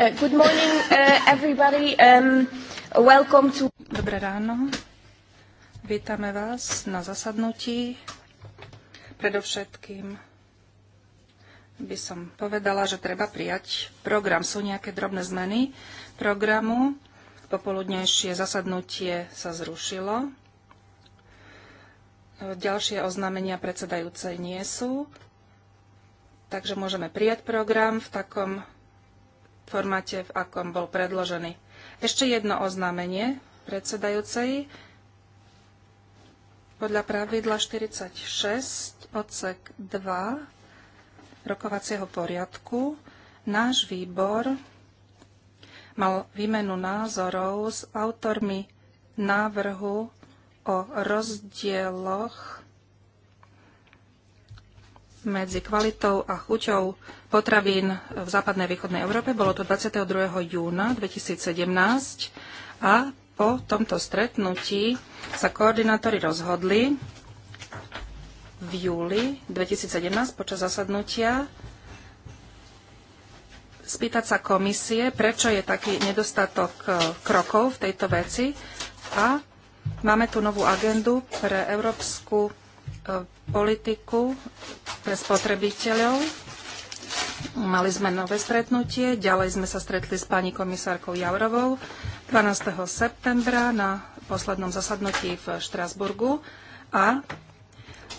Uh, good morning, uh, everybody. Um, welcome to... Dobré ráno. Vítame vás na zasadnutí. Predovšetkým by som povedala, že treba prijať program. Sú nejaké drobné zmeny programu. Popoludnejšie zasadnutie sa zrušilo. Ďalšie oznámenia predsedajúcej nie sú. Takže môžeme prijať program v takom formáte, v akom bol predložený. Ešte jedno oznámenie predsedajúcej. Podľa pravidla 46 odsek 2 rokovacieho poriadku náš výbor mal výmenu názorov s autormi návrhu o rozdieloch medzi kvalitou a chuťou potravín v západnej a východnej Európe. Bolo to 22. júna 2017 a po tomto stretnutí sa koordinátori rozhodli v júli 2017 počas zasadnutia spýtať sa komisie, prečo je taký nedostatok e, krokov v tejto veci a máme tu novú agendu pre európsku E, politiku pre spotrebiteľov. Mali sme nové stretnutie, ďalej sme sa stretli s pani komisárkou Javrovou 12. septembra na poslednom zasadnutí v Štrasburgu a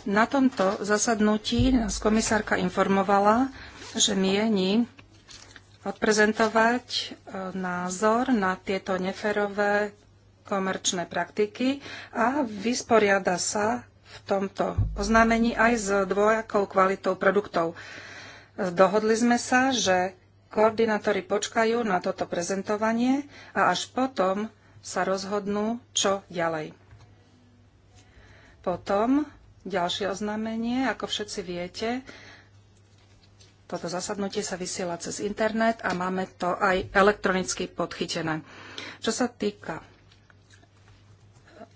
na tomto zasadnutí nás komisárka informovala, že mieni odprezentovať e, názor na tieto neferové komerčné praktiky a vysporiada sa v tomto oznámení aj s dvojakou kvalitou produktov. Dohodli sme sa, že koordinátori počkajú na toto prezentovanie a až potom sa rozhodnú, čo ďalej. Potom ďalšie oznámenie, ako všetci viete, toto zasadnutie sa vysiela cez internet a máme to aj elektronicky podchytené. Čo sa týka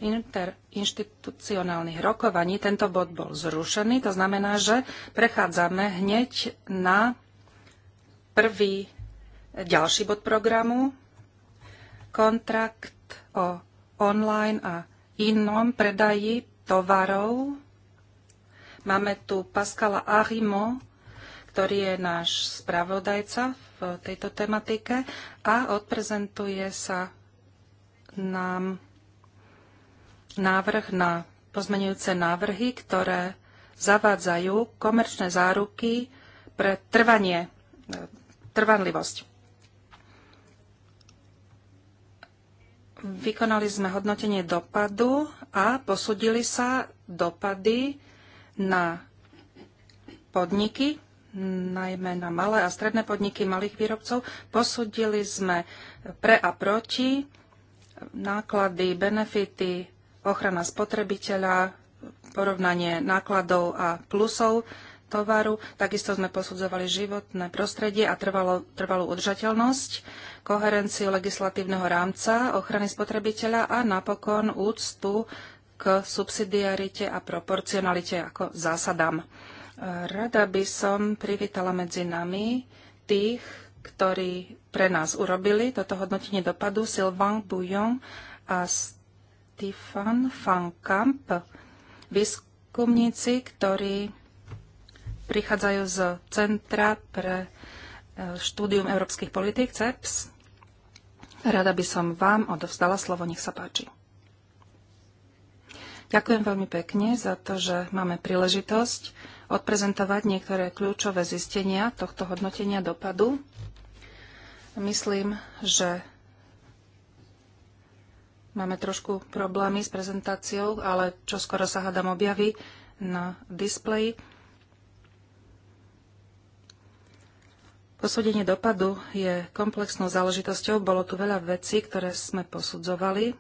interinstitucionálnych rokovaní tento bod bol zrušený. To znamená, že prechádzame hneď na prvý ďalší bod programu. Kontrakt o online a inom predaji tovarov. Máme tu Pascala Arimo, ktorý je náš spravodajca v tejto tematike a odprezentuje sa nám návrh na pozmenujúce návrhy, ktoré zavádzajú komerčné záruky pre trvanie, e, trvanlivosť. Vykonali sme hodnotenie dopadu a posudili sa dopady na podniky, najmä na malé a stredné podniky malých výrobcov. Posudili sme pre a proti náklady, benefity, ochrana spotrebiteľa, porovnanie nákladov a plusov tovaru. Takisto sme posudzovali životné prostredie a trvalo, trvalú udržateľnosť, koherenciu legislatívneho rámca ochrany spotrebiteľa a napokon úctu k subsidiarite a proporcionalite ako zásadám. Rada by som privítala medzi nami tých, ktorí pre nás urobili toto hodnotenie dopadu, Sylvain Bouillon a Stefan van Kamp, výskumníci, ktorí prichádzajú z Centra pre e, štúdium európskych politík CEPS. Rada by som vám odovzdala slovo, nech sa páči. Ďakujem veľmi pekne za to, že máme príležitosť odprezentovať niektoré kľúčové zistenia tohto hodnotenia dopadu. Myslím, že Máme trošku problémy s prezentáciou, ale čo skoro sa hádam objaví na displeji. Posúdenie dopadu je komplexnou záležitosťou. Bolo tu veľa vecí, ktoré sme posudzovali.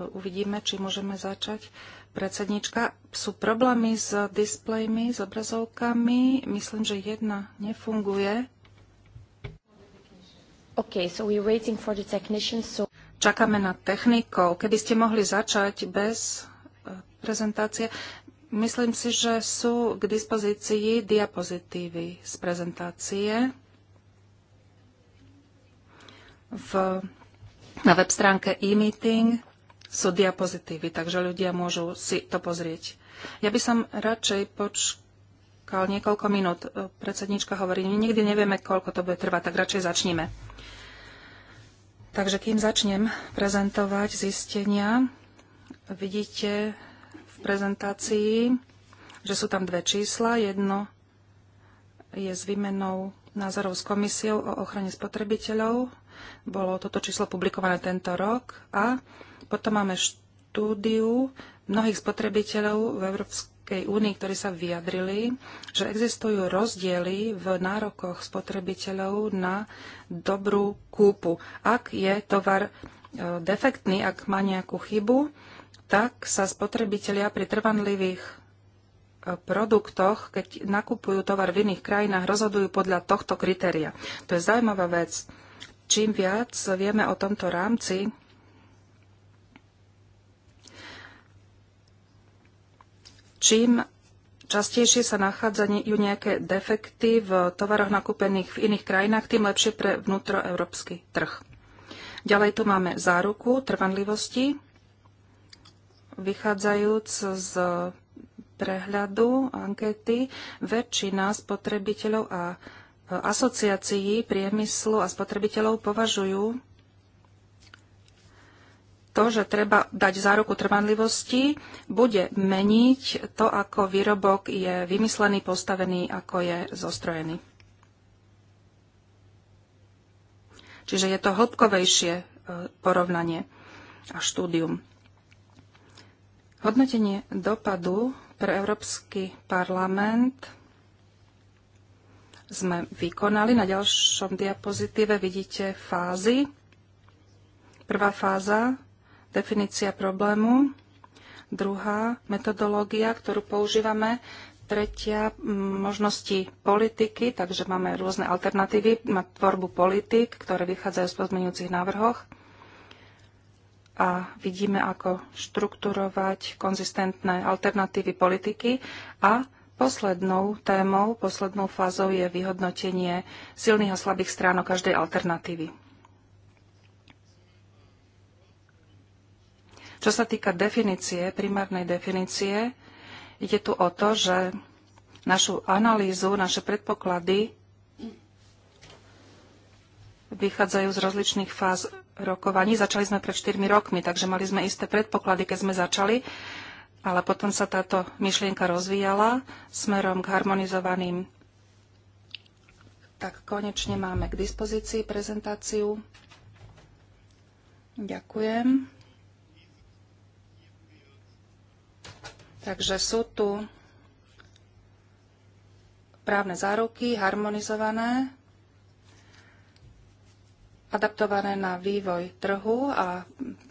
No, uvidíme, či môžeme začať. Predsednička, sú problémy s displejmi, s obrazovkami. Myslím, že jedna nefunguje. Okay, so we're waiting for the technician, so čakáme na technikov. Keby ste mohli začať bez e, prezentácie, myslím si, že sú k dispozícii diapozitívy z prezentácie v, na web stránke e-meeting sú diapozitívy, takže ľudia môžu si to pozrieť. Ja by som radšej počkal niekoľko minút. E, predsednička hovorí, nikdy nevieme, koľko to bude trvať, tak radšej začníme. Takže kým začnem prezentovať zistenia, vidíte v prezentácii, že sú tam dve čísla. Jedno je s výmenou názorov s komisiou o ochrane spotrebiteľov. Bolo toto číslo publikované tento rok. A potom máme štúdiu mnohých spotrebiteľov v Európskej Európskej únii, ktorí sa vyjadrili, že existujú rozdiely v nárokoch spotrebiteľov na dobrú kúpu. Ak je tovar e, defektný, ak má nejakú chybu, tak sa spotrebitelia pri trvanlivých e, produktoch, keď nakupujú tovar v iných krajinách, rozhodujú podľa tohto kritéria. To je zaujímavá vec. Čím viac vieme o tomto rámci, čím častejšie sa nachádzajú nejaké defekty v tovaroch nakúpených v iných krajinách, tým lepšie pre vnútroeurópsky trh. Ďalej tu máme záruku trvanlivosti, vychádzajúc z prehľadu ankety, väčšina spotrebiteľov a asociácií priemyslu a spotrebiteľov považujú to, že treba dať záruku trvanlivosti, bude meniť to, ako výrobok je vymyslený, postavený, ako je zostrojený. Čiže je to hĺbkovejšie e, porovnanie a štúdium. Hodnotenie dopadu pre Európsky parlament sme vykonali. Na ďalšom diapozitíve vidíte fázy. Prvá fáza definícia problému, druhá metodológia, ktorú používame, tretia možnosti politiky, takže máme rôzne alternatívy na tvorbu politik, ktoré vychádzajú z pozmeňujúcich návrhoch a vidíme, ako štrukturovať konzistentné alternatívy politiky a poslednou témou, poslednou fázou je vyhodnotenie silných a slabých stránok každej alternatívy. Čo sa týka definície, primárnej definície, ide tu o to, že našu analýzu, naše predpoklady vychádzajú z rozličných fáz rokovaní. Začali sme pred 4 rokmi, takže mali sme isté predpoklady, keď sme začali, ale potom sa táto myšlienka rozvíjala smerom k harmonizovaným. Tak konečne máme k dispozícii prezentáciu. Ďakujem. Takže sú tu právne záruky harmonizované, adaptované na vývoj trhu a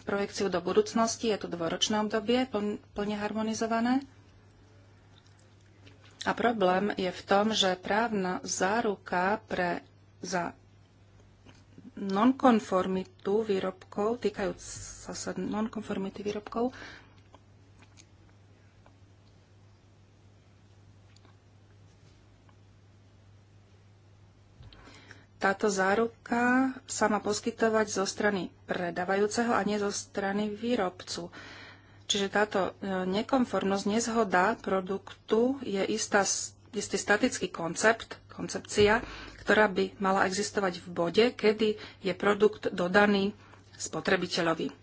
projekciu do budúcnosti. Je to dvoročné obdobie, plne harmonizované. A problém je v tom, že právna záruka pre za nonkonformitu výrobkov, týkajúca sa nonkonformity výrobkov, táto záruka sa má poskytovať zo strany predávajúceho a nie zo strany výrobcu. Čiže táto e, nekonformnosť, nezhoda produktu je istá, istý statický koncept, koncepcia, ktorá by mala existovať v bode, kedy je produkt dodaný spotrebiteľovi.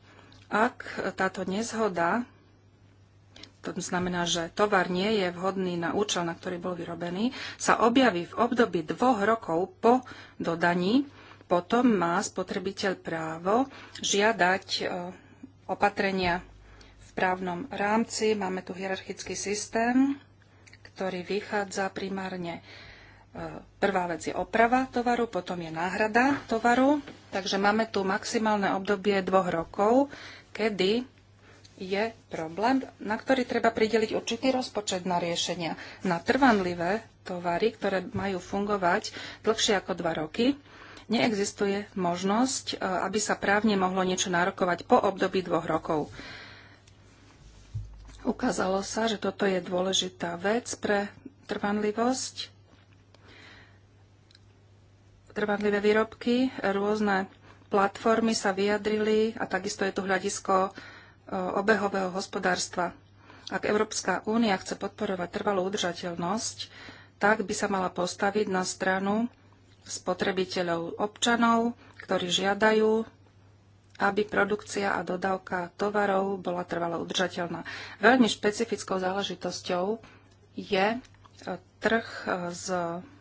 Ak táto nezhoda to znamená, že tovar nie je vhodný na účel, na ktorý bol vyrobený, sa objaví v období dvoch rokov po dodaní, potom má spotrebiteľ právo žiadať e, opatrenia v právnom rámci. Máme tu hierarchický systém, ktorý vychádza primárne. E, prvá vec je oprava tovaru, potom je náhrada tovaru. Takže máme tu maximálne obdobie dvoch rokov, kedy je problém, na ktorý treba prideliť určitý rozpočet na riešenia. Na trvanlivé tovary, ktoré majú fungovať dlhšie ako dva roky, neexistuje možnosť, e, aby sa právne mohlo niečo nárokovať po období dvoch rokov. Ukázalo sa, že toto je dôležitá vec pre trvanlivosť. Trvanlivé výrobky, rôzne platformy sa vyjadrili a takisto je tu hľadisko obehového hospodárstva. Ak Európska únia chce podporovať trvalú udržateľnosť, tak by sa mala postaviť na stranu spotrebiteľov občanov, ktorí žiadajú, aby produkcia a dodávka tovarov bola trvalo udržateľná. Veľmi špecifickou záležitosťou je e, trh e, s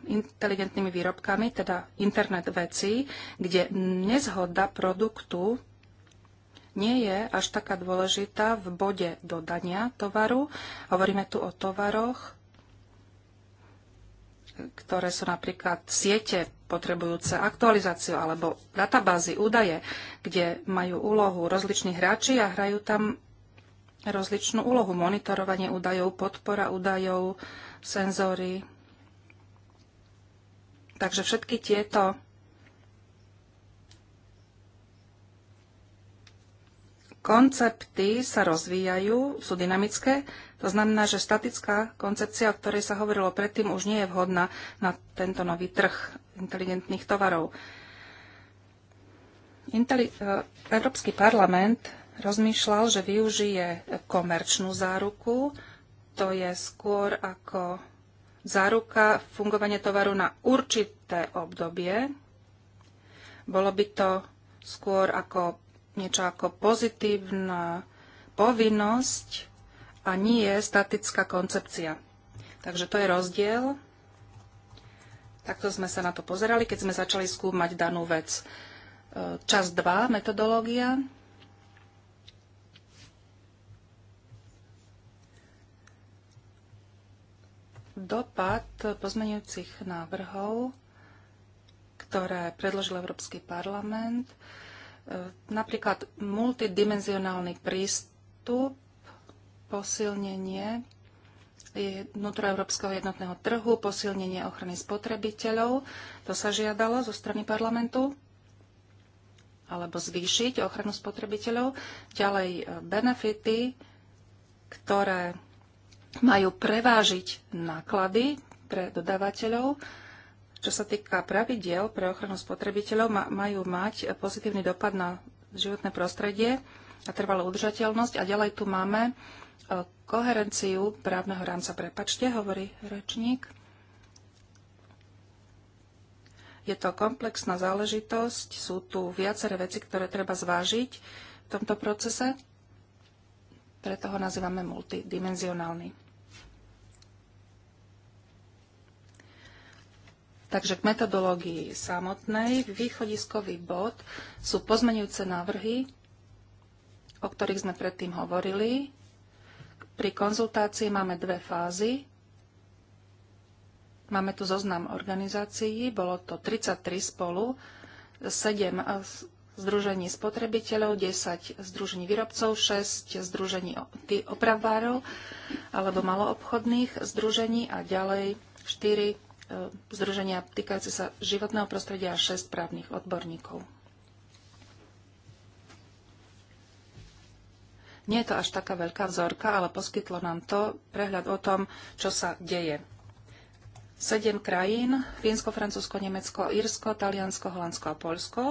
inteligentnými výrobkami, teda internet vecí, kde nezhoda produktu nie je až taká dôležitá v bode dodania tovaru. Hovoríme tu o tovaroch, ktoré sú napríklad siete potrebujúce aktualizáciu alebo databázy, údaje, kde majú úlohu rozličných hráči a hrajú tam rozličnú úlohu. Monitorovanie údajov, podpora údajov, senzory. Takže všetky tieto koncepty sa rozvíjajú, sú dynamické. To znamená, že statická koncepcia, o ktorej sa hovorilo predtým, už nie je vhodná na tento nový trh inteligentných tovarov. Inteli- e, Európsky parlament rozmýšľal, že využije komerčnú záruku, to je skôr ako záruka fungovanie tovaru na určité obdobie. Bolo by to skôr ako niečo ako pozitívna povinnosť a nie je statická koncepcia. Takže to je rozdiel. Takto sme sa na to pozerali, keď sme začali skúmať danú vec. E, čas 2, metodológia. Dopad pozmenujúcich návrhov, ktoré predložil Európsky parlament, E, napríklad multidimenzionálny prístup, posilnenie vnútroeurópskeho jednotného trhu, posilnenie ochrany spotrebiteľov. To sa žiadalo zo strany parlamentu alebo zvýšiť ochranu spotrebiteľov. Ďalej e, benefity, ktoré majú prevážiť náklady pre dodávateľov čo sa týka pravidiel pre ochranu spotrebiteľov, majú mať pozitívny dopad na životné prostredie a trvalú udržateľnosť. A ďalej tu máme e, koherenciu právneho rámca. Prepačte, hovorí rečník. Je to komplexná záležitosť, sú tu viaceré veci, ktoré treba zvážiť v tomto procese, preto ho nazývame multidimenzionálny. Takže k metodológii samotnej východiskový bod sú pozmenujúce návrhy, o ktorých sme predtým hovorili. Pri konzultácii máme dve fázy. Máme tu zoznam organizácií, bolo to 33 spolu, 7 združení spotrebiteľov, 10 združení výrobcov, 6 združení opravárov alebo maloobchodných združení a ďalej 4 E, združenia týkajúce sa životného prostredia a 6 právnych odborníkov. Nie je to až taká veľká vzorka, ale poskytlo nám to prehľad o tom, čo sa deje. Sedem krajín, Fínsko, Francúzsko, Nemecko, Írsko, Taliansko, Holandsko a Polsko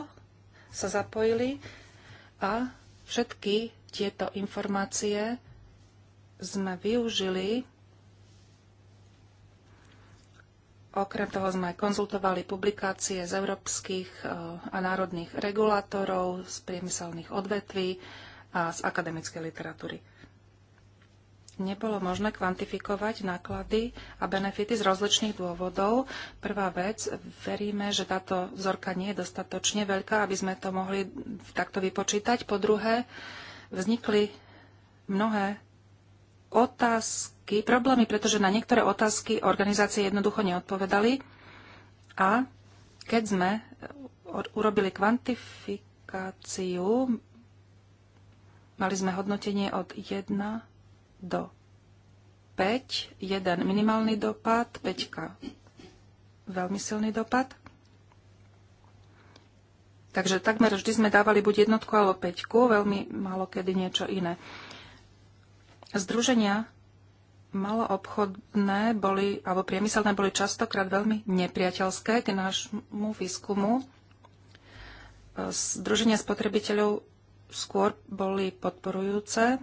sa zapojili a všetky tieto informácie sme využili Okrem toho sme konzultovali publikácie z európskych eh, a národných regulátorov, z priemyselných odvetví a z akademickej literatúry. Nebolo možné kvantifikovať náklady a benefity z rozličných dôvodov. Prvá vec, veríme, že táto vzorka nie je dostatočne veľká, aby sme to mohli takto vypočítať. Po druhé, vznikli mnohé otázky, otázky, problémy, pretože na niektoré otázky organizácie jednoducho neodpovedali. A keď sme e, urobili kvantifikáciu, mali sme hodnotenie od 1 do 5, 1 minimálny dopad, 5 veľmi silný dopad. Takže takmer vždy sme dávali buď jednotku alebo peťku, veľmi málo kedy niečo iné. Združenia maloobchodné boli, alebo priemyselné boli častokrát veľmi nepriateľské k nášmu výskumu. E, združenia spotrebiteľov skôr boli podporujúce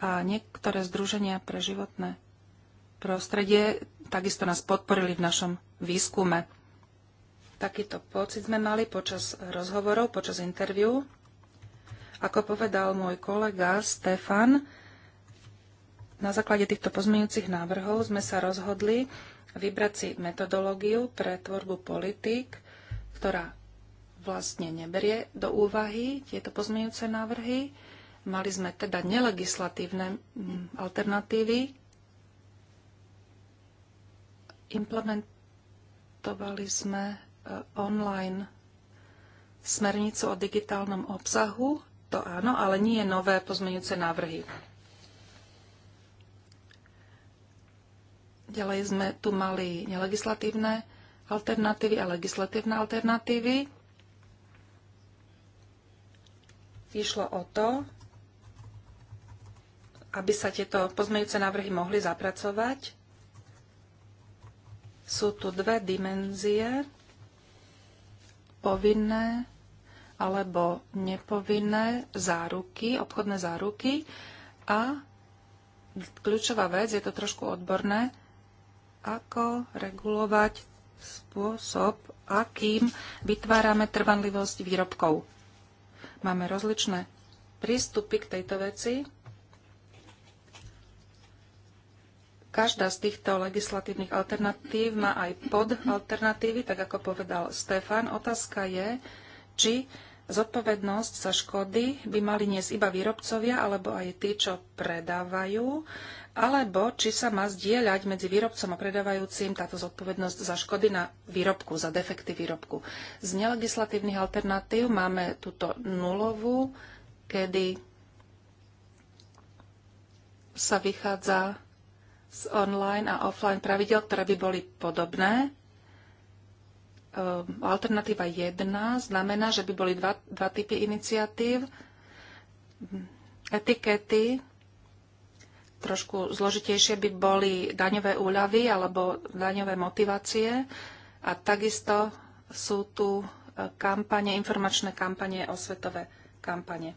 a niektoré združenia pre životné prostredie takisto nás podporili v našom výskume. Takýto pocit sme mali počas rozhovorov, počas interviu. Ako povedal môj kolega Stefan, na základe týchto pozmeňujúcich návrhov sme sa rozhodli vybrať si metodológiu pre tvorbu politik, ktorá vlastne neberie do úvahy tieto pozmeňujúce návrhy. Mali sme teda nelegislatívne alternatívy. Implementovali sme e, online smernicu o digitálnom obsahu, to áno, ale nie nové pozmeňujúce návrhy. Ďalej sme tu mali nelegislatívne alternatívy a legislatívne alternatívy. Išlo o to, aby sa tieto pozmeňujúce návrhy mohli zapracovať. Sú tu dve dimenzie, povinné alebo nepovinné záruky, obchodné záruky a kľúčová vec, je to trošku odborné, ako regulovať spôsob, akým vytvárame trvanlivosť výrobkov. Máme rozličné prístupy k tejto veci. Každá z týchto legislatívnych alternatív má aj podalternatívy, tak ako povedal Stefan. Otázka je, či Zodpovednosť za škody by mali niesť iba výrobcovia alebo aj tí, čo predávajú, alebo či sa má zdieľať medzi výrobcom a predávajúcim táto zodpovednosť za škody na výrobku, za defekty výrobku. Z nelegislatívnych alternatív máme túto nulovú, kedy sa vychádza z online a offline pravidel, ktoré by boli podobné Ehm, alternatíva 1 znamená, že by boli dva, dva typy iniciatív. Etikety trošku zložitejšie by boli daňové úľavy alebo daňové motivácie. A takisto sú tu e, kampane, informačné kampanie, osvetové kampanie.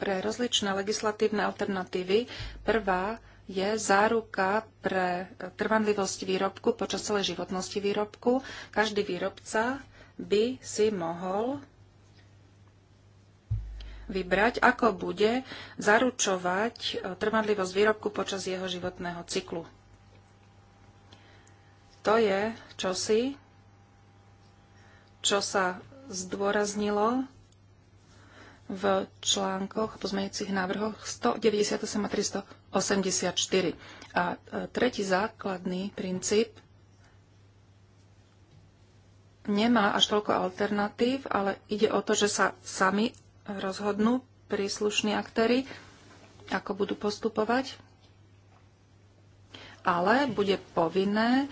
Pre rozličné legislatívne alternatívy prvá je záruka pre trvanlivosť výrobku počas celej životnosti výrobku. Každý výrobca by si mohol vybrať, ako bude zaručovať e, trvanlivosť výrobku počas jeho životného cyklu. To je čosi, čo sa zdôraznilo v článkoch, pozmeňujúcich návrhoch 198 a 384. A e, tretí základný princíp nemá až toľko alternatív, ale ide o to, že sa sami rozhodnú príslušní aktéry, ako budú postupovať, ale bude povinné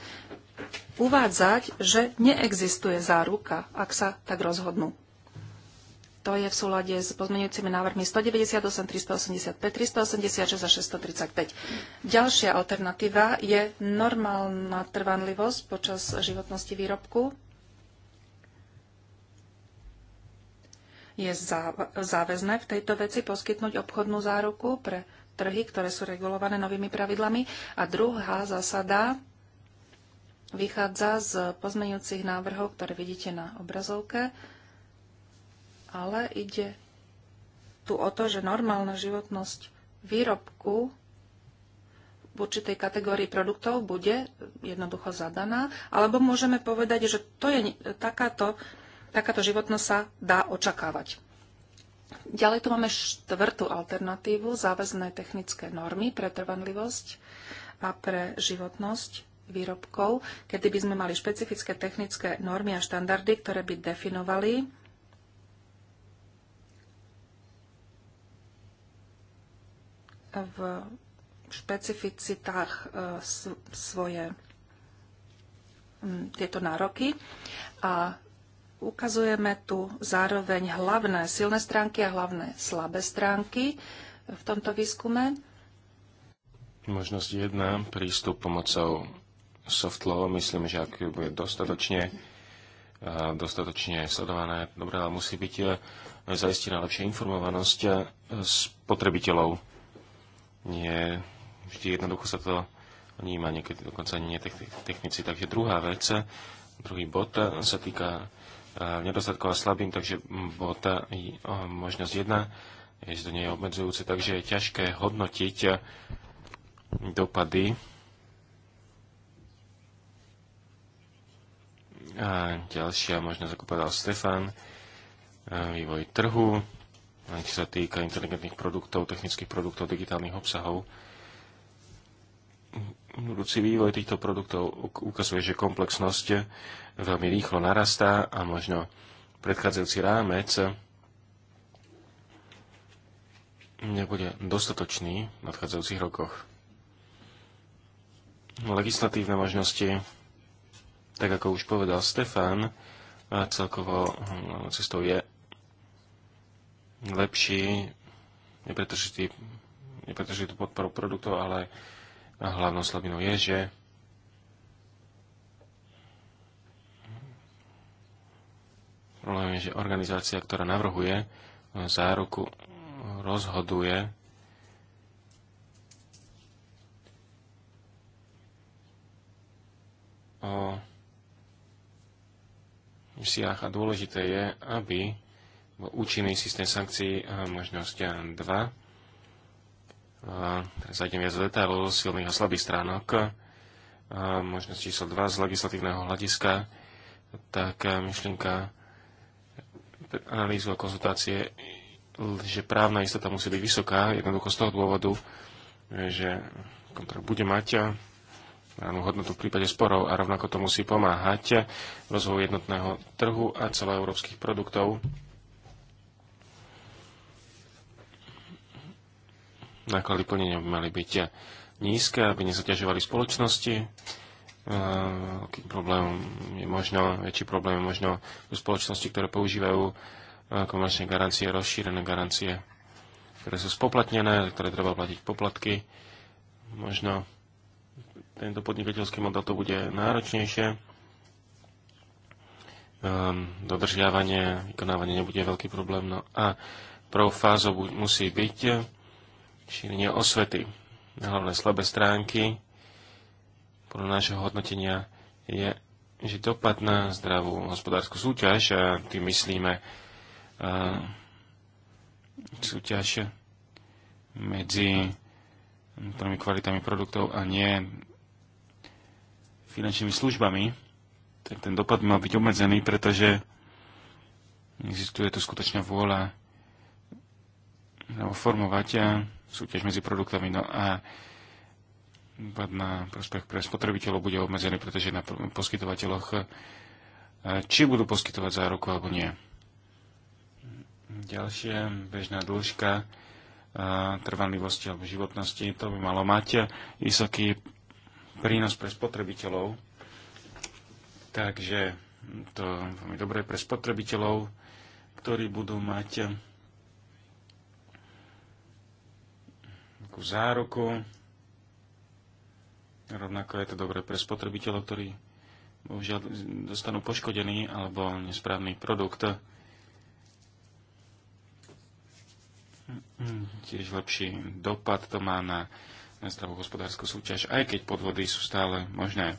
uvádzať, že neexistuje záruka, ak sa tak rozhodnú. To je v súlade s pozmeňujúcimi návrhmi 198, 385, 386 a 635. Ďalšia alternatíva je normálna trvanlivosť počas životnosti výrobku. Je záväzné v tejto veci poskytnúť obchodnú záruku pre trhy, ktoré sú regulované novými pravidlami. A druhá zásada vychádza z pozmeňujúcich návrhov, ktoré vidíte na obrazovke ale ide tu o to, že normálna životnosť výrobku v určitej kategórii produktov bude jednoducho zadaná, alebo môžeme povedať, že to je, takáto, takáto životnosť sa dá očakávať. Ďalej tu máme štvrtú alternatívu, záväzné technické normy pre trvanlivosť a pre životnosť výrobkov, kedy by sme mali špecifické technické normy a štandardy, ktoré by definovali v špecificitách e, svoje tieto nároky a ukazujeme tu zároveň hlavné silné stránky a hlavné slabé stránky v tomto výskume. Možnosť jedna, prístup pomocou soft law, myslím, že ak bude dostatočne, dostatočne sledované, dobrá, musí byť e, zaistená lepšia informovanosť e, spotrebiteľov nie vždy jednoducho sa to vníma, niekedy dokonca ani nie technici. Takže druhá vec, druhý bod sa týka e, nedostatkov a slabín, takže bod e, možnosť jedna, je, to nie je obmedzujúce, takže je ťažké hodnotiť dopady A ďalšia možnosť, ako povedal Stefan, e, vývoj trhu, čo sa týka inteligentných produktov, technických produktov, digitálnych obsahov. Budúci vývoj týchto produktov ukazuje, že komplexnosť veľmi rýchlo narastá a možno predchádzajúci rámec nebude dostatočný v nadchádzajúcich rokoch. Legislatívne možnosti, tak ako už povedal Stefan, celkovo no, cestou je lepší, nepretože tu podporu produktov, ale hlavnou slabinou je, že problém je, že organizácia, ktorá navrhuje záruku, rozhoduje o misiách a dôležité je, aby účinný systém sankcií, možnosť 2. Zajdem viac do detailov silných a slabých stránok. Možnosť číslo 2 z legislatívneho hľadiska, tak myšlienka analýzu a konzultácie, že právna istota musí byť vysoká, jednoducho z toho dôvodu, že kontrol bude mať právnu hodnotu v prípade sporov a rovnako to musí pomáhať rozvoju jednotného trhu a celoeurópskych produktov náklady plnenia by mali byť nízke, aby nezaťažovali spoločnosti. E, veľký problém je možno, väčší problém je možno u spoločnosti, ktoré používajú e, komerčné garancie, rozšírené garancie, ktoré sú spoplatnené, ktoré treba platiť poplatky. Možno tento podnikateľský model to bude náročnejšie. E, dodržiavanie, vykonávanie nebude veľký problém. No a prvou fázou musí byť šírenie osvety. Na Hlavné slabé stránky podľa nášho hodnotenia je, že dopad na zdravú hospodárskú súťaž, a tým myslíme a, súťaž medzi tými kvalitami produktov a nie finančnými službami, tak ten dopad mal byť obmedzený, pretože existuje tu skutočná vôľa formovať a súťaž medzi produktami. No a dopad na prospech pre spotrebiteľov bude obmedzený, pretože na poskytovateľoch e, či budú poskytovať záruku alebo nie. Ďalšia bežná dĺžka e, trvanlivosti alebo životnosti, to by malo mať vysoký prínos pre spotrebiteľov. Takže to je veľmi dobré pre spotrebiteľov, ktorí budú mať nejakú záruku. Rovnako je to dobré pre spotrebiteľov, ktorí bohužiaľ dostanú poškodený alebo nesprávny produkt. Hm, tiež lepší dopad to má na, na zdravú hospodárskú súťaž, aj keď podvody sú stále možné.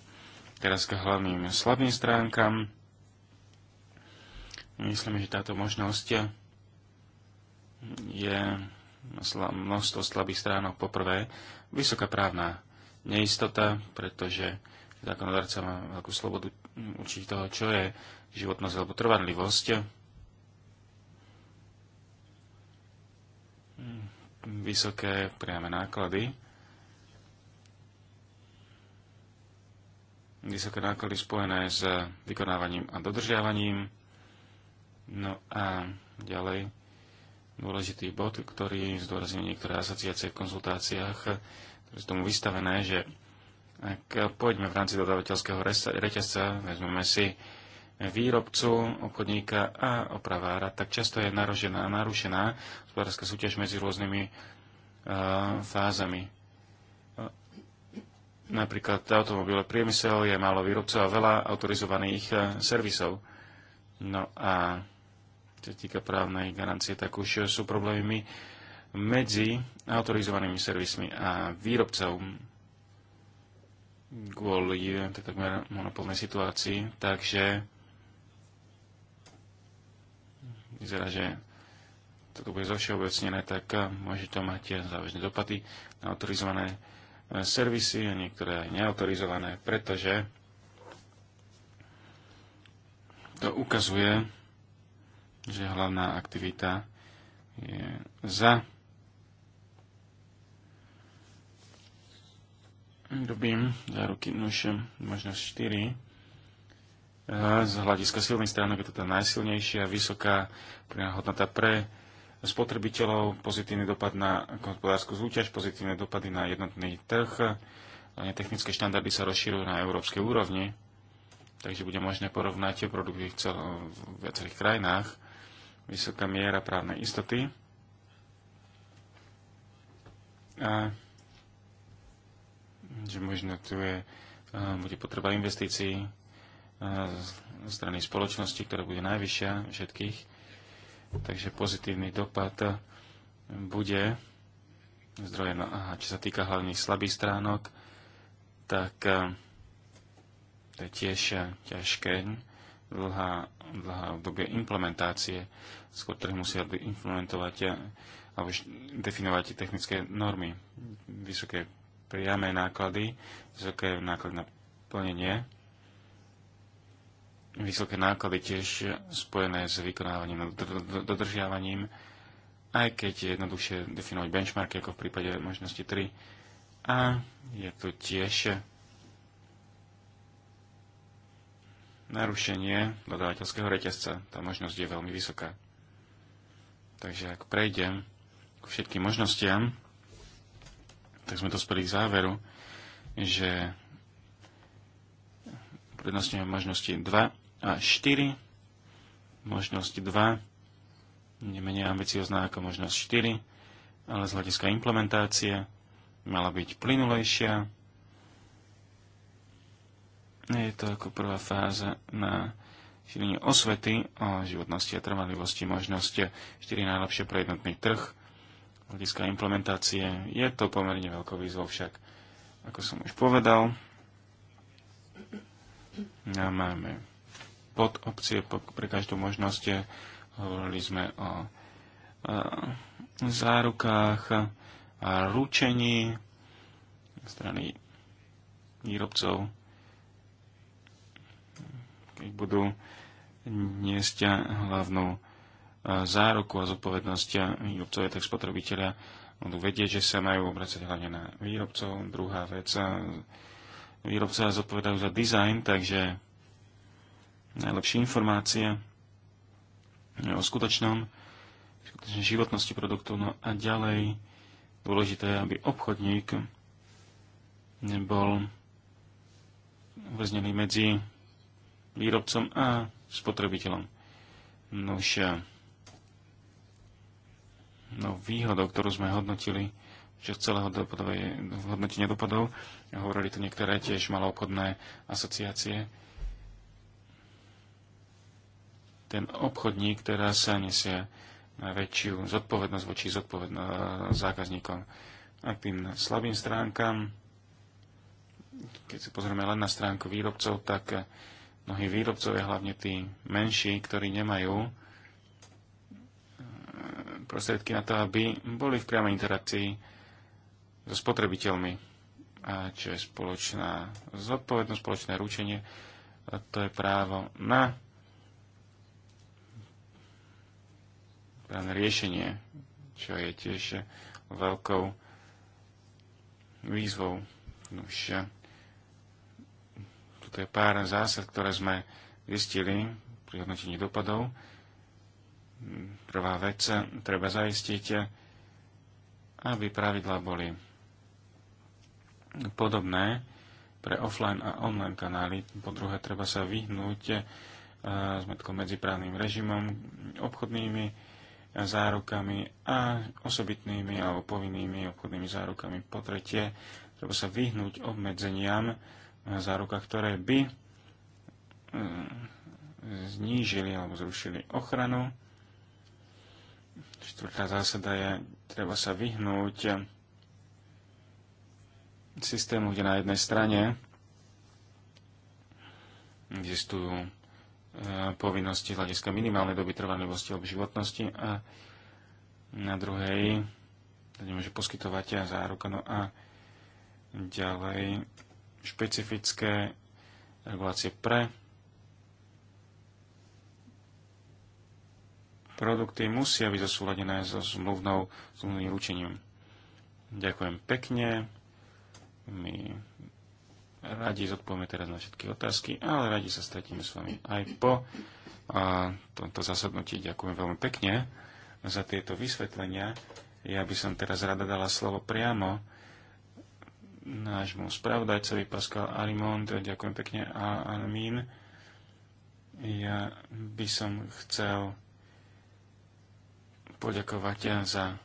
Teraz k hlavným slabým stránkam. Myslím, že táto možnosť je množstvo slabých stránok. Poprvé, vysoká právna neistota, pretože zákonodárca má veľkú slobodu mm, určiť toho, čo je životnosť alebo trvanlivosť. Mm, vysoké priame náklady. Vysoké náklady spojené s vykonávaním a dodržiavaním. No a ďalej dôležitý bod, ktorý zdôrazňujú niektoré asociácie v konzultáciách, ktoré sú tomu vystavené, že ak poďme v rámci dodavateľského reťazca, vezmeme si výrobcu, obchodníka a opravára, tak často je narušená, narušená hospodárska súťaž medzi rôznymi uh, fázami. Napríklad automobil priemysel je málo výrobcov a veľa autorizovaných uh, servisov. No a čo týka právnej garancie, tak už sú problémy medzi autorizovanými servismi a výrobcov kvôli takmer monopolnej situácii. Takže vyzerá, že toto bude zovšeobecnené, tak môže to mať závažné dopady na autorizované e, servisy a niektoré aj neautorizované, pretože to ukazuje že hlavná aktivita je za dobím ruky nožem možnosť 4. Z hľadiska silných stránok je to tá najsilnejšia, vysoká hodnota pre spotrebiteľov, pozitívny dopad na hospodárskú zúťaž, pozitívne dopady na jednotný trh, technické štandardy sa rozšírujú na európskej úrovni, takže bude možné porovnať produkty v, v viacerých krajinách vysoká miera právnej istoty a že možno tu je, bude potreba investícií zo strany spoločnosti, ktorá bude najvyššia všetkých. Takže pozitívny dopad bude zdroje, No, aha, čo sa týka hlavných slabých stránok, tak to je tiež ťažké. Dlhá v obdobie implementácie. Skôr trhy musia implementovať alebo definovať technické normy. Vysoké priame náklady, vysoké náklady na plnenie, vysoké náklady tiež spojené s vykonávaním, a dodržiavaním, aj keď je jednoduchšie definovať benchmarky ako v prípade možnosti 3. A je tu tiež narušenie dodávateľského reťazca. Tá možnosť je veľmi vysoká. Takže ak prejdem k všetkým možnostiam, tak sme dospeli k záveru, že prednostňujeme možnosti 2 a 4. Možnosť 2 nemenej ambiciozná ako možnosť 4, ale z hľadiska implementácie mala byť plynulejšia, je to ako prvá fáza na šírenie osvety o životnosti a trvalivosti, možnosť 4 najlepšie pre jednotný trh, hľadiska implementácie. Je to pomerne veľkou výzvou však, ako som už povedal. A máme pod opcie pre každú možnosť. Hovorili sme o zárukách a ručení strany výrobcov ich budú niesť hlavnú e, záruku a zodpovednosť výrobcovia, tak spotrebitelia budú vedieť, že sa majú obracať hlavne na výrobcov. Druhá vec, e, výrobca zodpovedajú za dizajn, takže najlepšie informácie o skutočnom, skutočnej životnosti produktu. No a ďalej dôležité je, aby obchodník nebol uväznený medzi výrobcom a spotrebiteľom. Nož, no výhodou, ktorú sme hodnotili, že z celého hodnotenia dopadov, hovorili tu niektoré tiež maloobchodné asociácie, ten obchodník teraz sa nesie väčšiu zodpovednosť voči zákazníkom. A k tým slabým stránkam, keď si pozrieme len na stránku výrobcov, tak mnohí výrobcovia, hlavne tí menší, ktorí nemajú e, prostriedky na to, aby boli v priamej interakcii so spotrebiteľmi. A čo je spoločná zodpovednosť, spoločné ručenie, to je právo na právne riešenie, čo je tiež veľkou výzvou. sure. Toto je pár zásad, ktoré sme zistili pri hodnotení dopadov. Prvá vec, treba zaistiť, aby pravidlá boli podobné pre offline a online kanály. Po druhé, treba sa vyhnúť s eh, medzi právnym režimom, obchodnými zárukami a osobitnými alebo povinnými obchodnými zárukami. Po tretie, treba sa vyhnúť obmedzeniam záruka, ktoré by eh, znížili alebo zrušili ochranu. Štvrtá zásada je, treba sa vyhnúť systému, kde na jednej strane existujú eh, povinnosti hľadiska minimálnej doby trvanlivosti alebo životnosti a na druhej to nemôže poskytovať záruka. No a ďalej špecifické regulácie pre produkty musia byť zosúladené so zmluvnou, zmluvným ručením. Ďakujem pekne. My radi zodpovieme teraz na všetky otázky, ale radi sa stretíme s vami aj po a, tomto zasadnutí. Ďakujem veľmi pekne za tieto vysvetlenia. Ja by som teraz rada dala slovo priamo nášmu spravodajcovi Pascal Arimond, ďakujem pekne a Armin. Ja by som chcel poďakovať za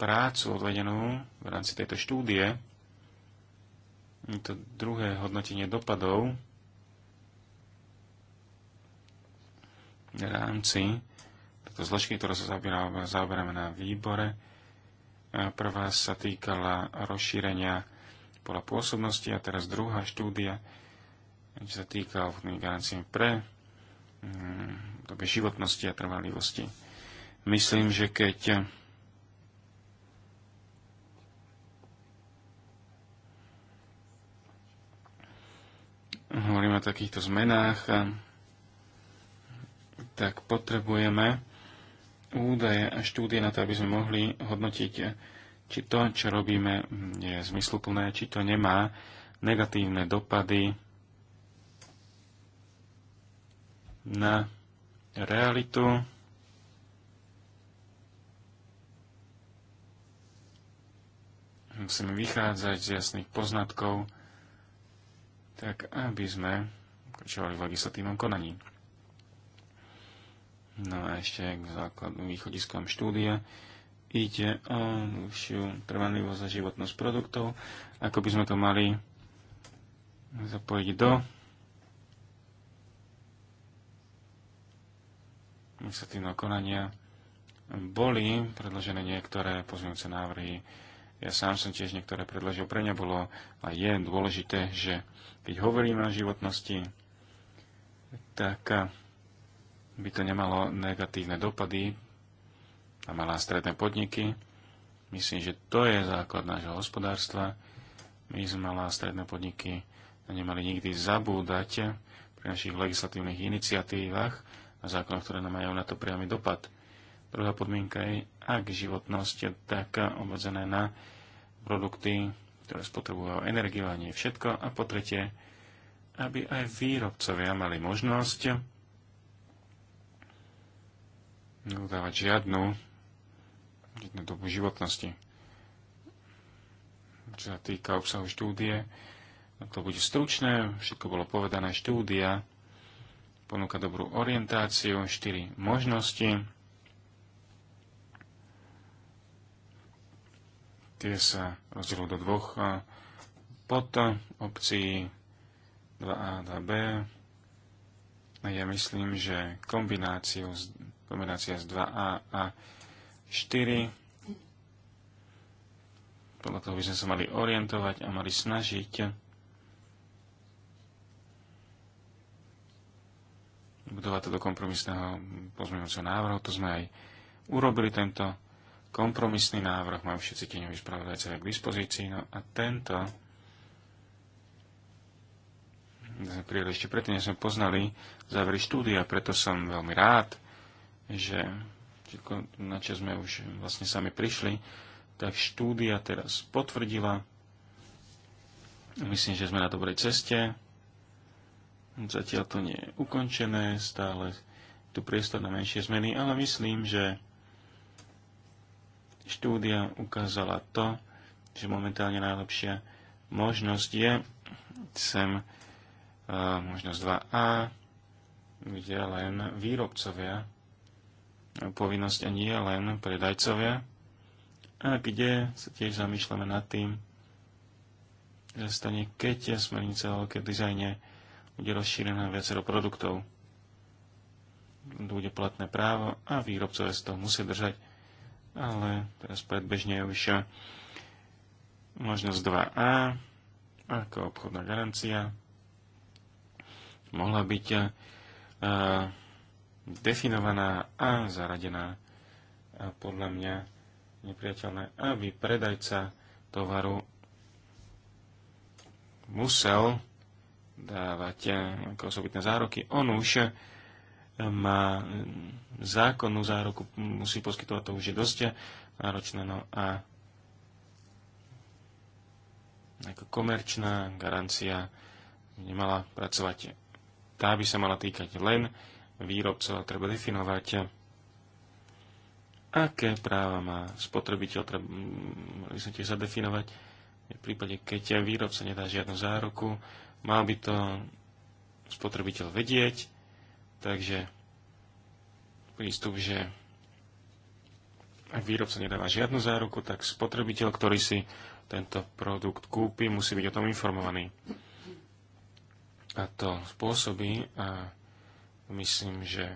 prácu odvedenú v rámci tejto štúdie. Je to druhé hodnotenie dopadov v rámci tejto zložky, ktoré sa zaoberáme na výbore. Prvá sa týkala rozšírenia bola pôsobnosti a teraz druhá štúdia, čo sa týka ochotnými garanciami pre mm, dobe životnosti a trvalivosti. Myslím, že keď hovoríme o takýchto zmenách, tak potrebujeme údaje a štúdie na to, aby sme mohli hodnotiť či to, čo robíme, je zmysluplné, či to nemá negatívne dopady na realitu. Musíme vychádzať z jasných poznatkov, tak aby sme pokračovali v legislatívnom konaní. No a ešte k základným východiskom štúdia ide o dlhšiu trvanlivosť a životnosť produktov, ako by sme to mali zapojiť do legislatívneho konania. Boli predložené niektoré pozmeňujúce návrhy. Ja sám som tiež niektoré predložil. Pre mňa bolo a je dôležité, že keď hovoríme o životnosti, tak eh, by to nemalo negatívne dopady a malé a stredné podniky. Myslím, že to je základ nášho hospodárstva. My sme malé a stredné podniky nemali nikdy zabúdať pri našich legislatívnych iniciatívach a zákonoch, ktoré nám majú na to priamy dopad. Druhá podmienka je, ak životnosť je taká obmedzená na produkty, ktoré spotrebujú energiu a nie všetko. A po tretie, aby aj výrobcovia mali možnosť neudávať žiadnu jednej dobu životnosti. Čo sa týka obsahu štúdie, to bude stručné, všetko bolo povedané, štúdia ponúka dobrú orientáciu, štyri možnosti. Tie sa rozdielujú do dvoch pod obcí 2A a 2B. Ja myslím, že kombináciu, kombinácia z 2A a 4. Podľa toho by sme sa mali orientovať a mali snažiť budovať to do kompromisného pozmeňujúceho návrhu. To sme aj urobili tento kompromisný návrh. Majú všetci tieňoví spravodajcovia k dispozícii. No a tento sme prijeli ešte predtým, než sme poznali závery štúdia, preto som veľmi rád, že na čo sme už vlastne sami prišli, tak štúdia teraz potvrdila. Myslím, že sme na dobrej ceste. Zatiaľ to nie je ukončené, stále tu priestor na menšie zmeny, ale myslím, že štúdia ukázala to, že momentálne najlepšia možnosť je sem možnosť 2A, kde len výrobcovia povinnosť a nie len predajcovia. A kde sa tiež zamýšľame nad tým, že stane, keď je smernica o keď dizajne bude rozšírená viacero produktov. Bude platné právo a výrobcovia z toho musia držať, ale teraz predbežne je vyššia možnosť 2a ako obchodná garancia. Mohla byť uh, definovaná a zaradená. A podľa mňa nepriateľné, aby predajca tovaru musel dávať eh, osobitné zároky. On už eh, má zákonnú zároku, musí poskytovať to už je dosť eh, náročné. No a ako komerčná garancia nemala pracovať. Tá by sa mala týkať len výrobca a treba definovať, aké práva má spotrebiteľ. Treba, mm, mali sme tiež zadefinovať, v prípade, keď výrobca nedá žiadnu záruku, mal by to spotrebiteľ vedieť, takže prístup, že ak výrobca nedáva žiadnu záruku, tak spotrebiteľ, ktorý si tento produkt kúpi, musí byť o tom informovaný. A to spôsobí a Myslím, že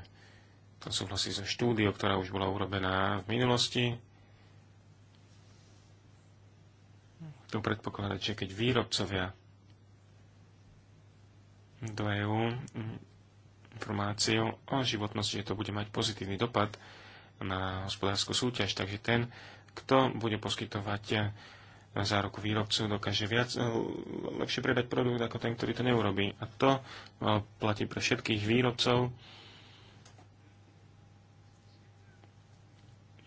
to súhlasí so štúdiou, ktorá už bola urobená v minulosti. Tu predpokladať, že keď výrobcovia do EU informáciu o životnosti, že to bude mať pozitívny dopad na hospodárskú súťaž. Takže ten, kto bude poskytovať záruku výrobcu dokáže viac, eh, lepšie predať produkt ako ten, ktorý to neurobí. A to eh, platí pre všetkých výrobcov.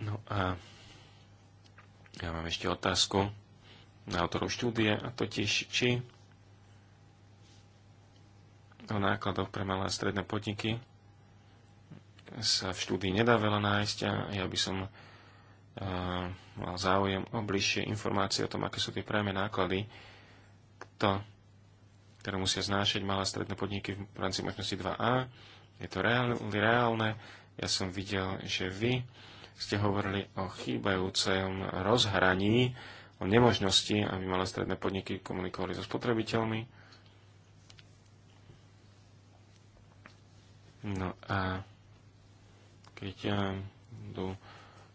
No a ja mám ešte otázku na autorov štúdie, a totiž či o nákladoch pre malé a stredné podniky sa v štúdii nedá veľa nájsť a ja by som mal záujem o bližšie informácie o tom, aké sú tie prajme náklady, kto, ktoré musia znášať malé stredné podniky v rámci možnosti 2A. Je to reálne. Ja som videl, že vy ste hovorili o chýbajúcem rozhraní, o nemožnosti, aby malé stredné podniky komunikovali so spotrebiteľmi. No a keď ja idú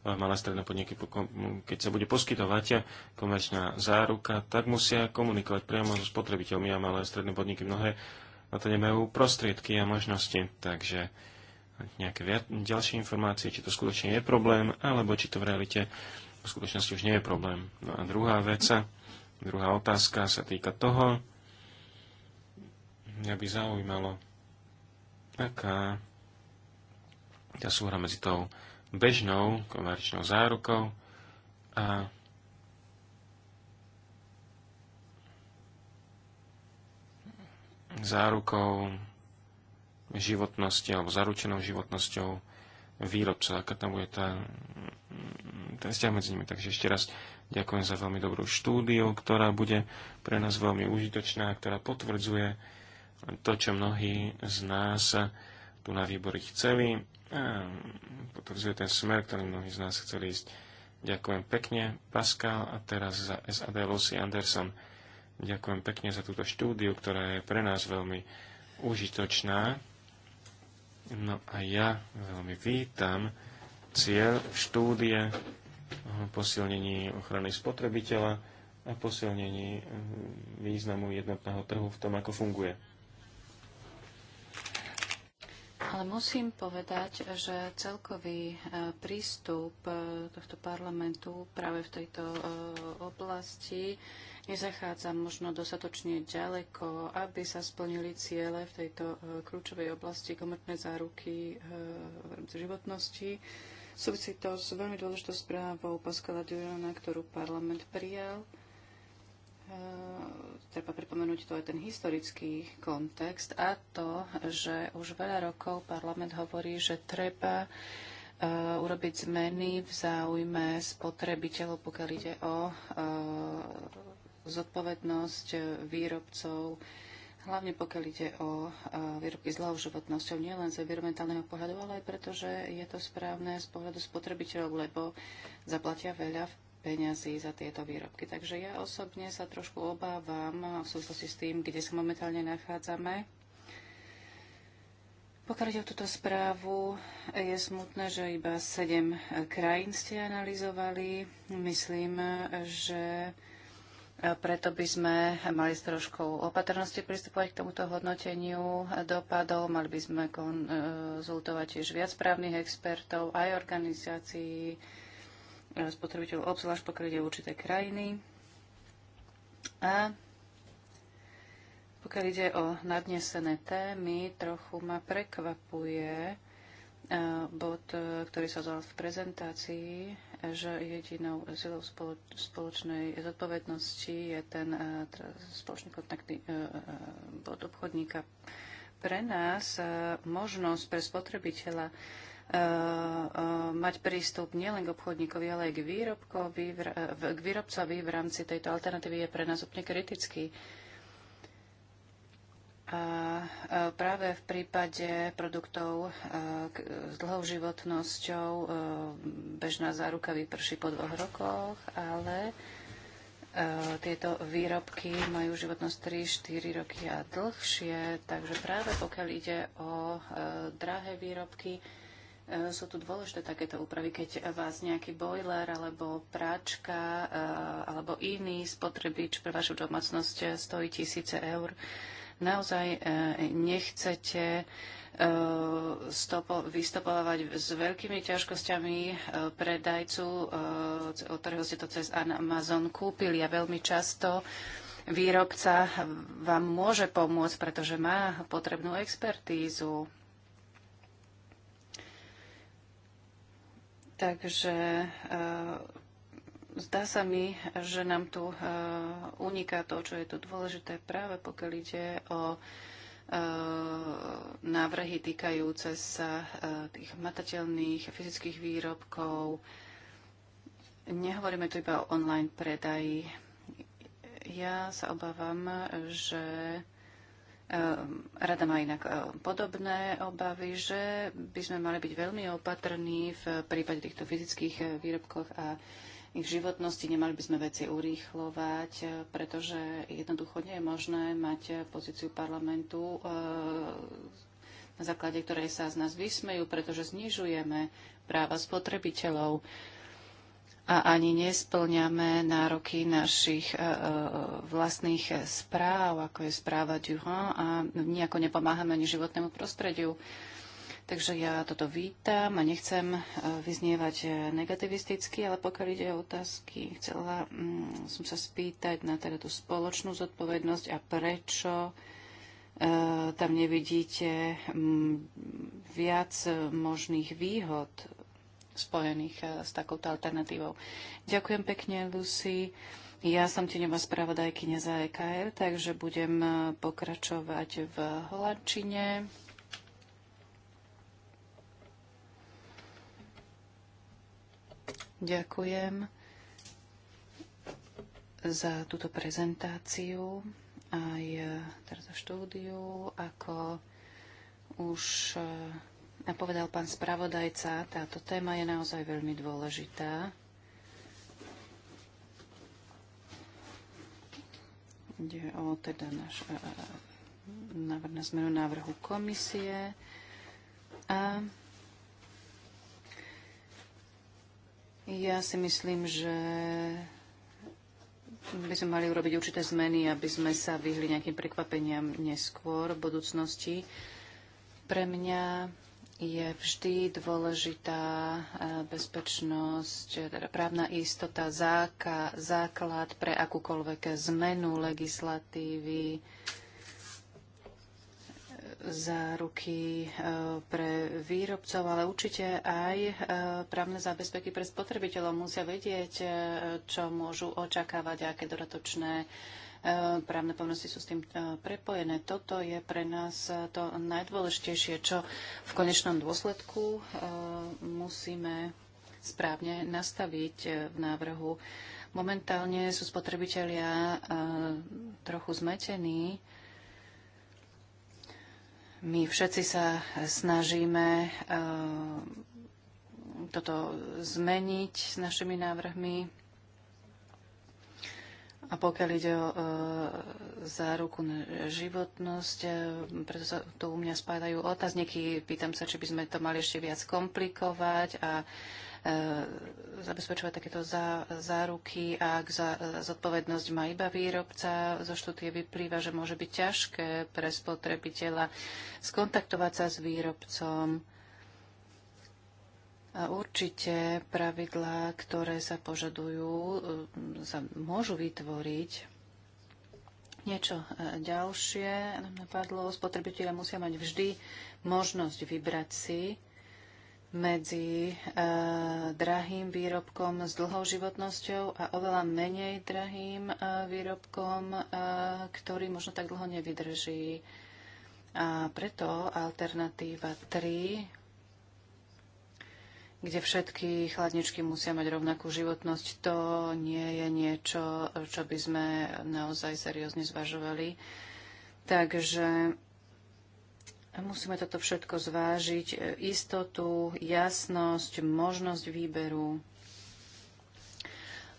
malé stredné podniky, keď sa bude poskytovať komerčná záruka, tak musia komunikovať priamo so spotrebiteľmi a malé stredné podniky mnohé na to nemajú prostriedky a možnosti. Takže nejaké viac, ďalšie informácie, či to skutočne je problém, alebo či to v realite v skutočnosti už nie je problém. No a druhá vec, druhá otázka sa týka toho, mňa by zaujímalo, aká tá súhra medzi tou bežnou komerčnou zárukou a zárukou životnosti alebo zaručenou životnosťou výrobcov, aká tam bude tá, ten vzťah medzi nimi. Takže ešte raz ďakujem za veľmi dobrú štúdiu, ktorá bude pre nás veľmi užitočná, ktorá potvrdzuje to, čo mnohí z nás tu na výbory chceli. A potvrdzuje ten smer, ktorý mnohí z nás chceli ísť. Ďakujem pekne, Pascal, a teraz za SAD Lucy Anderson. Ďakujem pekne za túto štúdiu, ktorá je pre nás veľmi užitočná. No a ja veľmi vítam cieľ štúdie o posilnení ochrany spotrebiteľa a posilnení eh, významu jednotného trhu v tom, ako funguje. Ale musím povedať, že celkový e, prístup e, tohto parlamentu práve v tejto e, oblasti nezachádza možno dostatočne ďaleko, aby sa splnili ciele v tejto kľúčovej oblasti komerčné záruky v rámci životnosti. Súvisí to s veľmi dôležitou správou Pascala Durana, ktorú parlament prijal Eh, treba pripomenúť to aj ten historický kontext a to, že už veľa rokov parlament hovorí, že treba eh, urobiť zmeny v záujme spotrebiteľov, pokiaľ ide o eh, zodpovednosť výrobcov, hlavne pokiaľ ide o výrobky s životnosťou, nielen z environmentálneho pohľadu, ale aj preto, že je to správne z pohľadu spotrebiteľov, lebo zaplatia veľa v peňazí za tieto výrobky. Takže ja osobne sa trošku obávam v súvislosti s tým, kde sa momentálne nachádzame. Pokiaľ ide o túto správu, je smutné, že iba sedem krajín ste analyzovali. Myslím, že preto by sme mali s troškou opatrnosti pristupovať k tomuto hodnoteniu dopadov. Mali by sme konzultovať tiež viac právnych expertov, aj organizácií, E, spotrebiteľov, obzvlášť pokiaľ ide určité krajiny. A pokiaľ ide o nadnesené témy, trochu ma prekvapuje e, bod, e, ktorý sa zval v prezentácii, že jedinou silou spoločnej zodpovednosti je ten spoločný kontaktný bod obchodníka. Pre nás možnosť pre spotrebiteľa Eh, mať prístup nielen k obchodníkovi, ale aj k, výrobkovi, k výrobcovi v rámci tejto alternatívy je pre nás úplne kritický. A práve v prípade produktov s dlhou životnosťou bežná záruka vyprší po dvoch rokoch, ale tieto výrobky majú životnosť 3-4 roky a dlhšie, takže práve pokiaľ ide o drahé výrobky, E, sú tu dôležité takéto úpravy, keď vás nejaký boiler alebo práčka e, alebo iný spotrebič pre vašu domácnosť stojí tisíce eur. Naozaj e, nechcete stopo, vystopovať s veľkými ťažkosťami predajcu, od ktorého ste to cez Amazon kúpili a veľmi často výrobca vám môže pomôcť, pretože má potrebnú expertízu Takže e, zdá sa mi, že nám tu e, uniká to, čo je tu dôležité práve pokiaľ ide o e, návrhy týkajúce sa tých matateľných fyzických výrobkov. Nehovoríme tu iba o online predaji. Ja sa obávam, že Ehm, rada má inak ehm, podobné obavy, že by sme mali byť veľmi opatrní v prípade týchto fyzických eh, výrobkoch a ich životnosti. Nemali by sme veci urýchlovať, eh, pretože jednoducho nie je možné mať eh, pozíciu parlamentu, na základe ktorej sa z nás vysmejú, pretože znižujeme práva spotrebiteľov a ani nesplňame nároky našich e, e, vlastných správ, ako je správa Duha a nejako nepomáhame ani životnému prostrediu. Takže ja toto vítam a nechcem e, vyznievať negativisticky, ale pokiaľ ide o otázky, chcela mm, som sa spýtať na teda tú spoločnú zodpovednosť a prečo tam nevidíte mm, viac možných výhod spojených e, s takouto alternatívou. Ďakujem pekne, Lucy. Ja som tieňová spravodajkyňa za EKR, takže budem e, pokračovať v holandčine. Ďakujem za túto prezentáciu aj e, teraz štúdiu, ako už nám povedal pán spravodajca, táto téma je naozaj veľmi dôležitá. Ide o teda náš návrh na zmenu návrhu komisie. A ja si myslím, že by sme mali urobiť určité zmeny, aby sme sa vyhli nejakým prekvapeniam neskôr v budúcnosti. Pre mňa je vždy dôležitá eh, bezpečnosť, eh, teda právna istota, záka, základ pre akúkoľvek zmenu legislatívy, eh, záruky pre výrobcov, ale určite aj právne zábezpeky pre spotrebiteľov musia vedieť, čo môžu očakávať, aké dodatočné E, právne povinnosti sú s tým e, prepojené. Toto je pre nás e, to najdôležitejšie, čo v konečnom dôsledku musíme správne nastaviť v návrhu. Momentálne sú spotrebitelia trochu zmetení, my všetci sa snažíme toto zmeniť s našimi návrhmi. A pokiaľ ide o e, záruku na životnosť, e, preto sa tu u mňa spádajú otázniky. Pýtam sa, či by sme to mali ešte viac komplikovať a e, zabezpečovať takéto zá, záruky. ak za, e, zodpovednosť má iba výrobca, zo štúdie vyplýva, že môže byť ťažké pre spotrebiteľa skontaktovať sa s výrobcom, Určite pravidlá, ktoré sa požadujú, e, sa môžu vytvoriť. Niečo e, ďalšie nám napadlo. Spotrebitelia musia mať vždy možnosť vybrať si medzi e, drahým výrobkom s dlhou životnosťou a oveľa menej drahým e, výrobkom, e, ktorý možno tak dlho nevydrží. A preto alternatíva 3 kde všetky chladničky musia mať rovnakú životnosť. To nie je niečo, čo by sme naozaj seriózne zvažovali. Takže musíme toto všetko zvážiť. Istotu, jasnosť, možnosť výberu.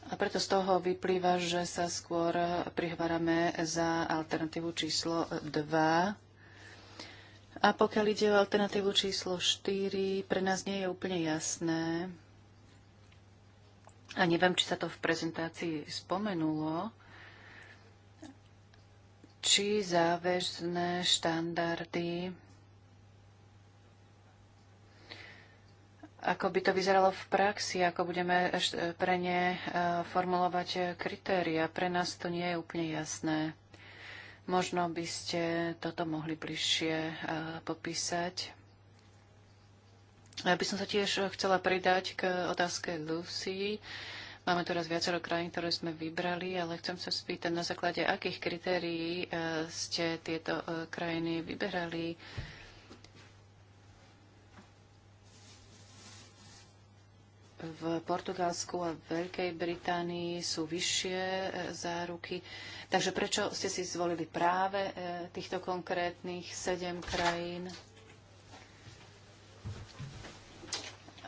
A preto z toho vyplýva, že sa skôr prihvárame za alternatívu číslo 2 a pokiaľ ide o alternatívu číslo 4, pre nás nie je úplne jasné, a neviem, či sa to v prezentácii spomenulo, či záväzné štandardy, ako by to vyzeralo v praxi, ako budeme pre ne eh, formulovať kritéria. Pre nás to nie je úplne jasné. Možno by ste toto mohli bližšie e, popísať. Ja by som sa tiež chcela pridať k otázke Lucy. Máme teraz viacero krajín, ktoré sme vybrali, ale chcem sa spýtať, na základe akých kritérií e, ste tieto e, krajiny vyberali? v Portugalsku a v Veľkej Británii sú vyššie e, záruky. Takže prečo ste si zvolili práve e, týchto konkrétnych sedem krajín?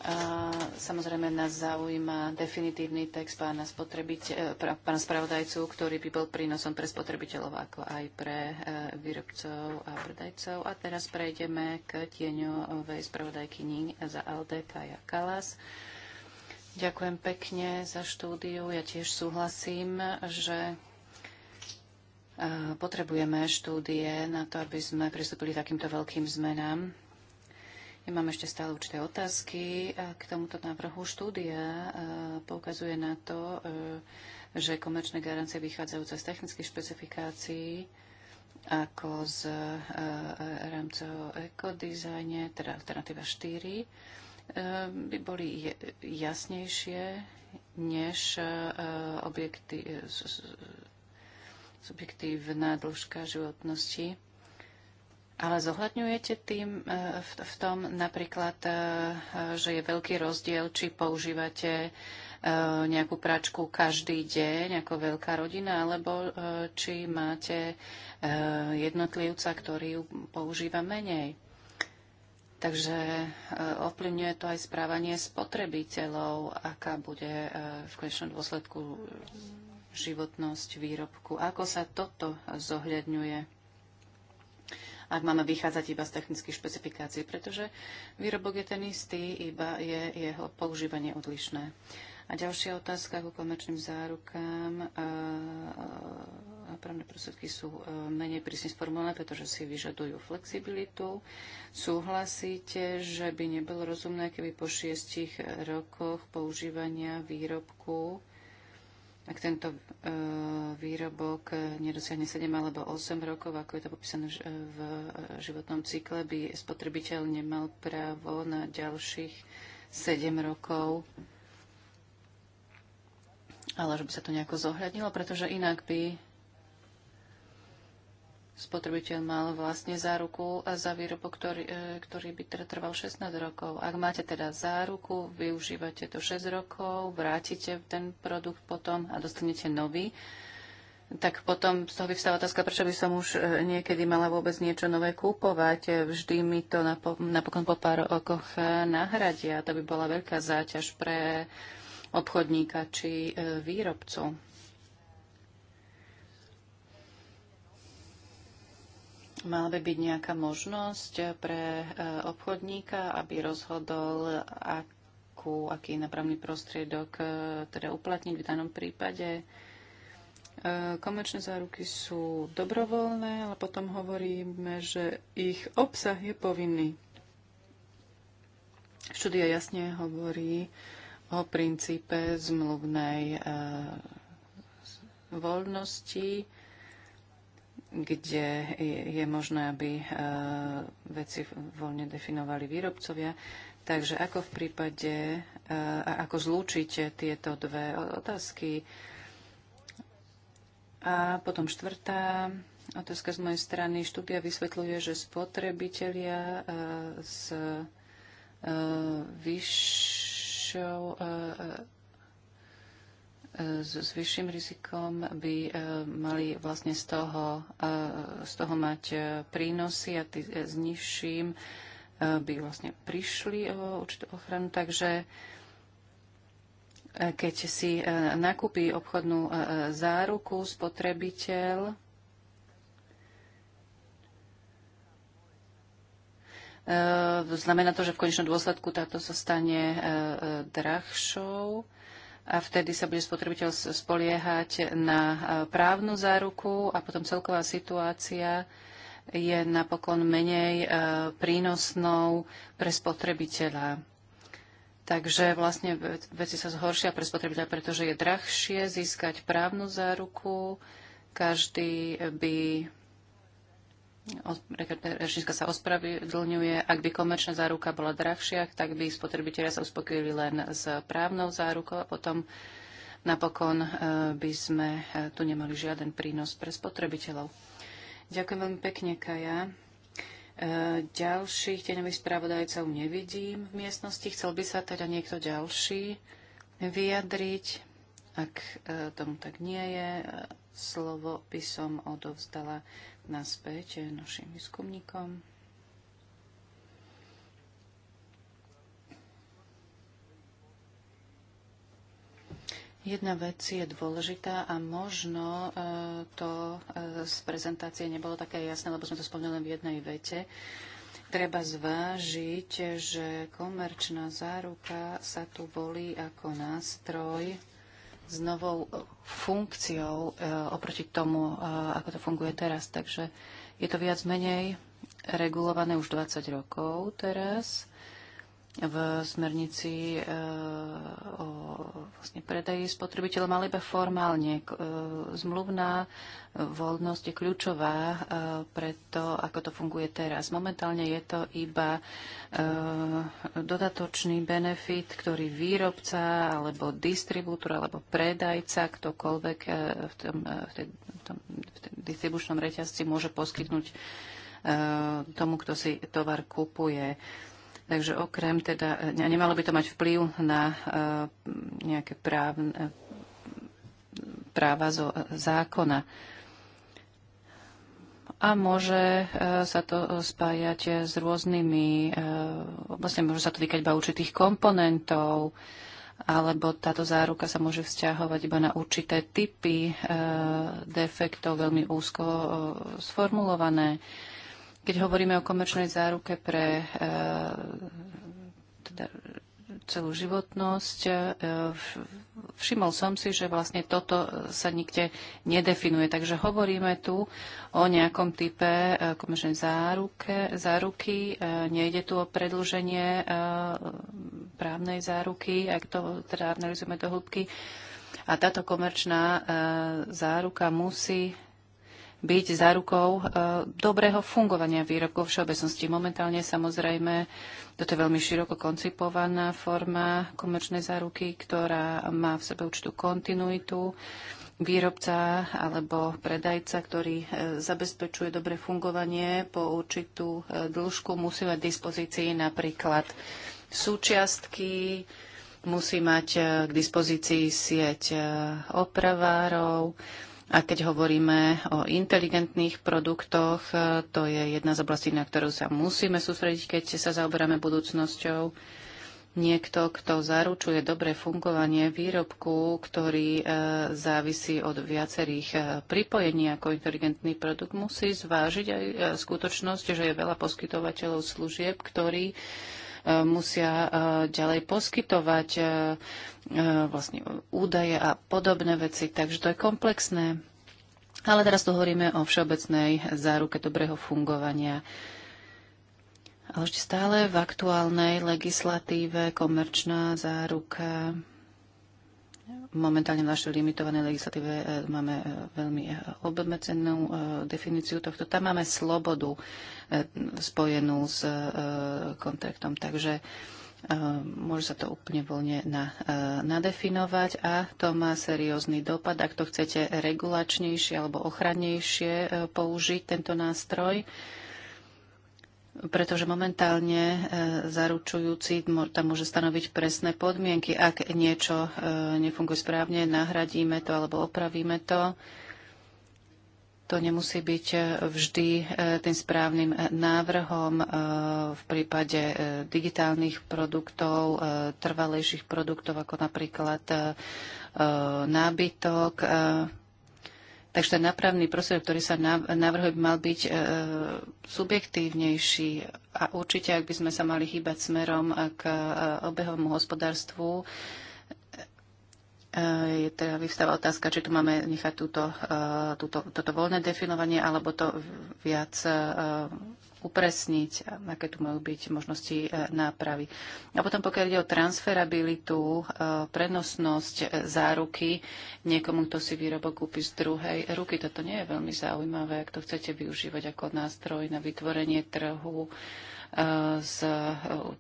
A samozrejme nás zaujíma definitívny text pána, e, pána spravodajcu, ktorý by bol prínosom pre spotrebiteľov, ako aj pre výrobcov a predajcov. A teraz prejdeme k tieňovej spravodajkyni za LDK Kaja Kalas. Ďakujem pekne za štúdiu. Ja tiež súhlasím, že e, potrebujeme štúdie na to, aby sme pristúpili takýmto veľkým zmenám. Ja mám ešte stále určité otázky e, k tomuto návrhu. Štúdia e, poukazuje na to, že komerčné garancie vychádzajúce z technických špecifikácií ako z rámcov ekodizajne, teda alternatíva 4, Ehm, by boli jasnejšie než e, objekty, e, subjektívna dĺžka životnosti. Ale zohľadňujete tým e, v tom napríklad, že je veľký rozdiel, či používate nejakú pračku každý deň ako veľká rodina, alebo či máte jednotlivca, ktorý ju používa menej. Takže e, ovplyvňuje to aj správanie spotrebiteľov, aká bude e, v konečnom dôsledku životnosť výrobku. Ako sa toto zohľadňuje, ak máme vychádzať iba z technických špecifikácií, pretože výrobok je ten istý, iba je jeho používanie odlišné. A ďalšia otázka ku komerčným zárukám. právne prostriedky sú e, menej prísne sformulované, pretože si vyžadujú flexibilitu. Súhlasíte, že by nebolo rozumné, keby po šiestich rokoch používania výrobku ak tento e, výrobok nedosiahne 7 alebo 8 rokov, ako je to popísané v životnom cykle, by spotrebiteľ nemal právo na ďalších 7 rokov ale že by sa to nejako zohľadnilo, pretože inak by spotrebiteľ mal vlastne záruku za výrobok, ktorý, e, ktorý by teda trval 16 rokov. Ak máte teda záruku, využívate to 6 rokov, vrátite ten produkt potom a dostanete nový, tak potom z toho vyvstáva otázka, prečo by som už e, niekedy mala vôbec niečo nové kúpovať. Vždy mi to napokon po pár okoch nahradia. To by bola veľká záťaž pre obchodníka či e, výrobcu. Mala by byť nejaká možnosť e, pre e, obchodníka, aby rozhodol, akú, aký napravný prostriedok teda uplatniť v danom prípade. Komerčné záruky sú dobrovoľné, ale potom hovoríme, že ich obsah je povinný. Štúdia jasne hovorí o princípe zmluvnej e, voľnosti, kde je možné, aby e, veci voľne definovali výrobcovia. Takže ako v prípade, e, ako zlúčite tieto dve otázky. A potom štvrtá otázka z mojej strany. Štúdia vysvetľuje, že spotrebitelia z vyš rodičov e, e, s vyšším rizikom by e, mali vlastne z toho, z toho mať prínosy a tí s nižším by vlastne prišli o určitú ochranu. Takže keď si nakúpi obchodnú záruku spotrebiteľ, E, znamená to, že v konečnom dôsledku táto sa stane e, e, drahšou a vtedy sa bude spotrebiteľ spoliehať na právnu záruku a potom celková situácia je napokon menej prínosnou pre spotrebiteľa. Takže vlastne veci sa zhoršia pre spotrebiteľa, pretože je drahšie získať právnu záruku. Každý by E, rečnička sa ospravedlňuje, ak by komerčná záruka bola drahšia, tak by spotrebitelia sa uspokojili len s právnou zárukou a potom napokon e, by sme e, tu nemali žiaden prínos pre spotrebiteľov. Ďakujem veľmi pekne, Kaja. Ďalších teňových spravodajcov nevidím v miestnosti. Chcel by sa teda niekto ďalší vyjadriť. Ak tomu tak nie je, slovo by som odovzdala naspäť našim výskumníkom. Jedna vec je dôležitá a možno e, to e, z prezentácie nebolo také jasné, lebo sme to spomínali len v jednej vete. Treba zvážiť, že komerčná záruka sa tu volí ako nástroj, s novou e, funkciou e, oproti tomu, e, ako to funguje teraz. Takže je to viac menej regulované už 20 rokov teraz v smernici e, o vlastne predaji spotrebiteľom, ale iba formálne. E, zmluvná voľnosť je kľúčová e, pre to, ako to funguje teraz. Momentálne je to iba dodatočný benefit, ktorý výrobca alebo distribútor alebo predajca, ktokoľvek v tom, v tej, v tom, v tom distribučnom reťazci môže poskytnúť tomu, kto si tovar kupuje. Takže okrem teda, e, nemalo by to mať vplyv na e, nejaké právne, e, práva zo zákona. A môže sa to spájať s rôznymi, vlastne môže sa to týkať iba určitých komponentov, alebo táto záruka sa môže vzťahovať iba na určité typy defektov, veľmi úzko sformulované. Keď hovoríme o komerčnej záruke pre e, teda celú životnosť, e, všimol som si, že vlastne toto sa nikde nedefinuje. Takže hovoríme tu o nejakom type e, komerčnej záruke, záruky. Nejde tu o predlženie právnej záruky, ak to teda analizujeme do hĺbky. A táto komerčná záruka musí byť zárukou e, dobrého fungovania výrobkov v všeobecnosti. Momentálne samozrejme, toto je veľmi široko koncipovaná forma komerčnej záruky, ktorá má v sebe určitú kontinuitu výrobca alebo predajca, ktorý e, zabezpečuje dobre fungovanie po určitú e, dĺžku, musí mať dispozícii napríklad súčiastky, musí mať k dispozícii sieť opravárov, a keď hovoríme o inteligentných produktoch, e, to je jedna z oblastí, na ktorú sa musíme sústrediť, keď sa zaoberáme budúcnosťou. Niekto, kto zaručuje dobré fungovanie výrobku, ktorý e, závisí od viacerých e, pripojení ako inteligentný produkt, musí zvážiť aj skutočnosť, že je veľa poskytovateľov služieb, ktorí musia e, ďalej poskytovať e, e, vlastne údaje a podobné veci. Takže to je komplexné. Ale teraz tu hovoríme o všeobecnej záruke dobrého fungovania. Ale ešte stále v aktuálnej legislatíve komerčná záruka momentálne v našej limitovanej legislatíve e, máme e, veľmi e, obmedzenú definíciu tohto. Tam máme slobodu spojenú s kontraktom, takže môže sa to úplne voľne na, nadefinovať a to má seriózny dopad. Ak to chcete regulačnejšie alebo ochrannejšie použiť, tento nástroj, pretože momentálne e, zaručujúci tam môže stanoviť presné podmienky. Ak niečo e, nefunguje správne, nahradíme to alebo opravíme to. To nemusí byť e, vždy tým správnym návrhom v prípade digitálnych produktov, trvalejších produktov ako napríklad nábytok Takže ten napravný prostriedok, ktorý sa navrhuje, by mal byť e, subjektívnejší. A určite, ak by sme sa mali hýbať smerom k e, obehovému hospodárstvu, e, je teda vyvstáva otázka, či tu máme nechať túto, e, túto, toto voľné definovanie alebo to viac upresniť, aké tu majú byť možnosti e, nápravy. A potom pokiaľ ide o transferabilitu, e, prenosnosť e, záruky niekomu, kto si výrobok kúpi z druhej ruky, toto nie je veľmi zaujímavé, ak to chcete využívať ako nástroj na vytvorenie trhu s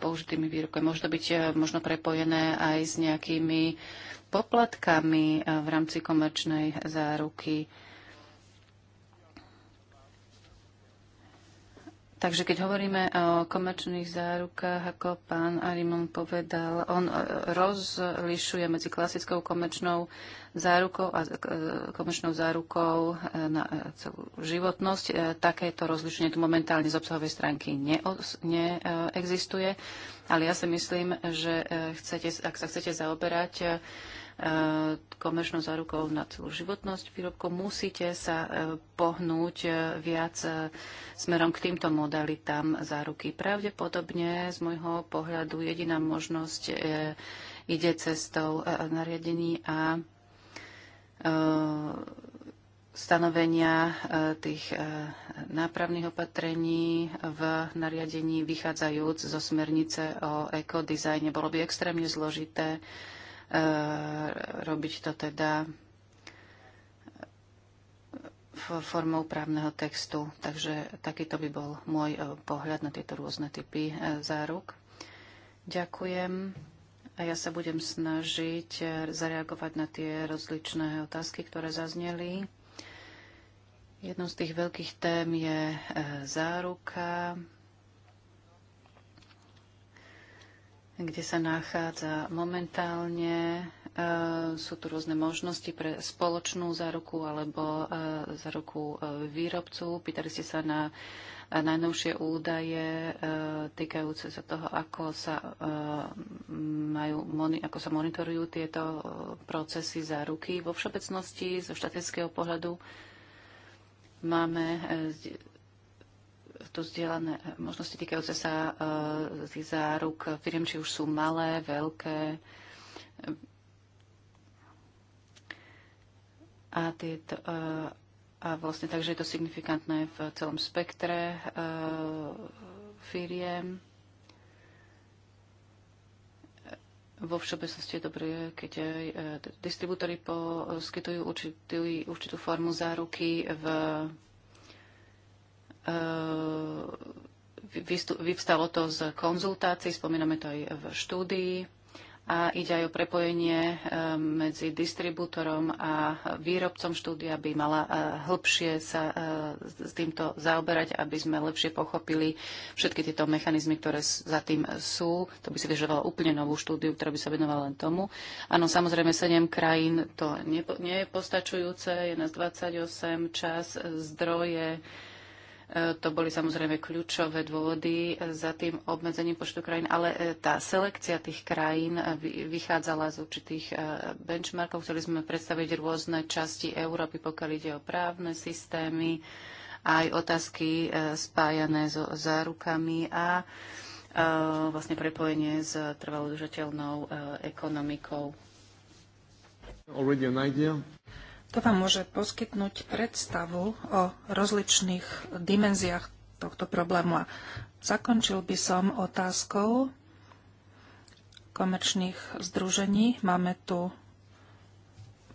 použitými výrobkami. Môže byť možno prepojené aj s nejakými poplatkami v rámci komerčnej záruky Takže keď hovoríme o komerčných zárukách, ako pán Arimon povedal, on e, rozlišuje medzi klasickou komerčnou zárukou a e, komerčnou zárukou e, na celú životnosť. Takéto rozlišenie tu momentálne z obsahovej stránky neexistuje, ale ja si myslím, že chcete, ak sa chcete zaoberať E, komerčnou zárukou na celú životnosť výrobkov, musíte sa e, pohnúť e, viac smerom k týmto modalitám záruky. Pravdepodobne z môjho pohľadu jediná možnosť ide cestou nariadení a stanovenia tých nápravných opatrení v nariadení vychádzajúc zo smernice o ekodizajne. Bolo by extrémne zložité Eh, robiť to teda eh, formou právneho textu. Takže takýto by bol môj eh, pohľad na tieto rôzne typy záruk. Ďakujem. A ja sa budem snažiť zareagovať na tie rozličné otázky, ktoré zazneli. Jednou z tých veľkých tém je záruka, kde sa nachádza momentálne. E, sú tu rôzne možnosti pre spoločnú záruku alebo e, záruku e, výrobcu. Pýtali ste sa na najnovšie údaje týkajúce sa toho, ako sa, majú, ako sa monitorujú tieto procesy záruky. Vo všeobecnosti zo štatického pohľadu máme to vzdielané možnosti týkajúce sa e, tých záruk firiem, či už sú malé, veľké. A, tieto, e, a vlastne takže je to signifikantné v celom spektre e, firiem. Vo všeobecnosti je dobré, keď aj distribútory poskytujú určitú, určitú formu záruky v Ehm, vyvstalo to z konzultácií, spomíname to aj v štúdii a ide aj o prepojenie ehm, medzi distribútorom a výrobcom štúdia by mala e, hĺbšie sa e, s týmto zaoberať, aby sme lepšie pochopili všetky tieto mechanizmy, ktoré za tým sú. To by si vyžadovalo úplne novú štúdiu, ktorá by sa venovala len tomu. Áno, samozrejme, 7 krajín to nie je postačujúce, je nás 28, čas, zdroje, to boli samozrejme kľúčové dôvody za tým obmedzením počtu krajín, ale e, tá selekcia tých krajín e, vychádzala z určitých e, benchmarkov. Chceli sme predstaviť rôzne časti Európy, pokiaľ ide o právne systémy, aj otázky spájané so zárukami a vlastne prepojenie s trvalodržateľnou ekonomikou. To vám môže poskytnúť predstavu o rozličných dimenziách tohto problému. A zakončil by som otázkou komerčných združení. Máme tu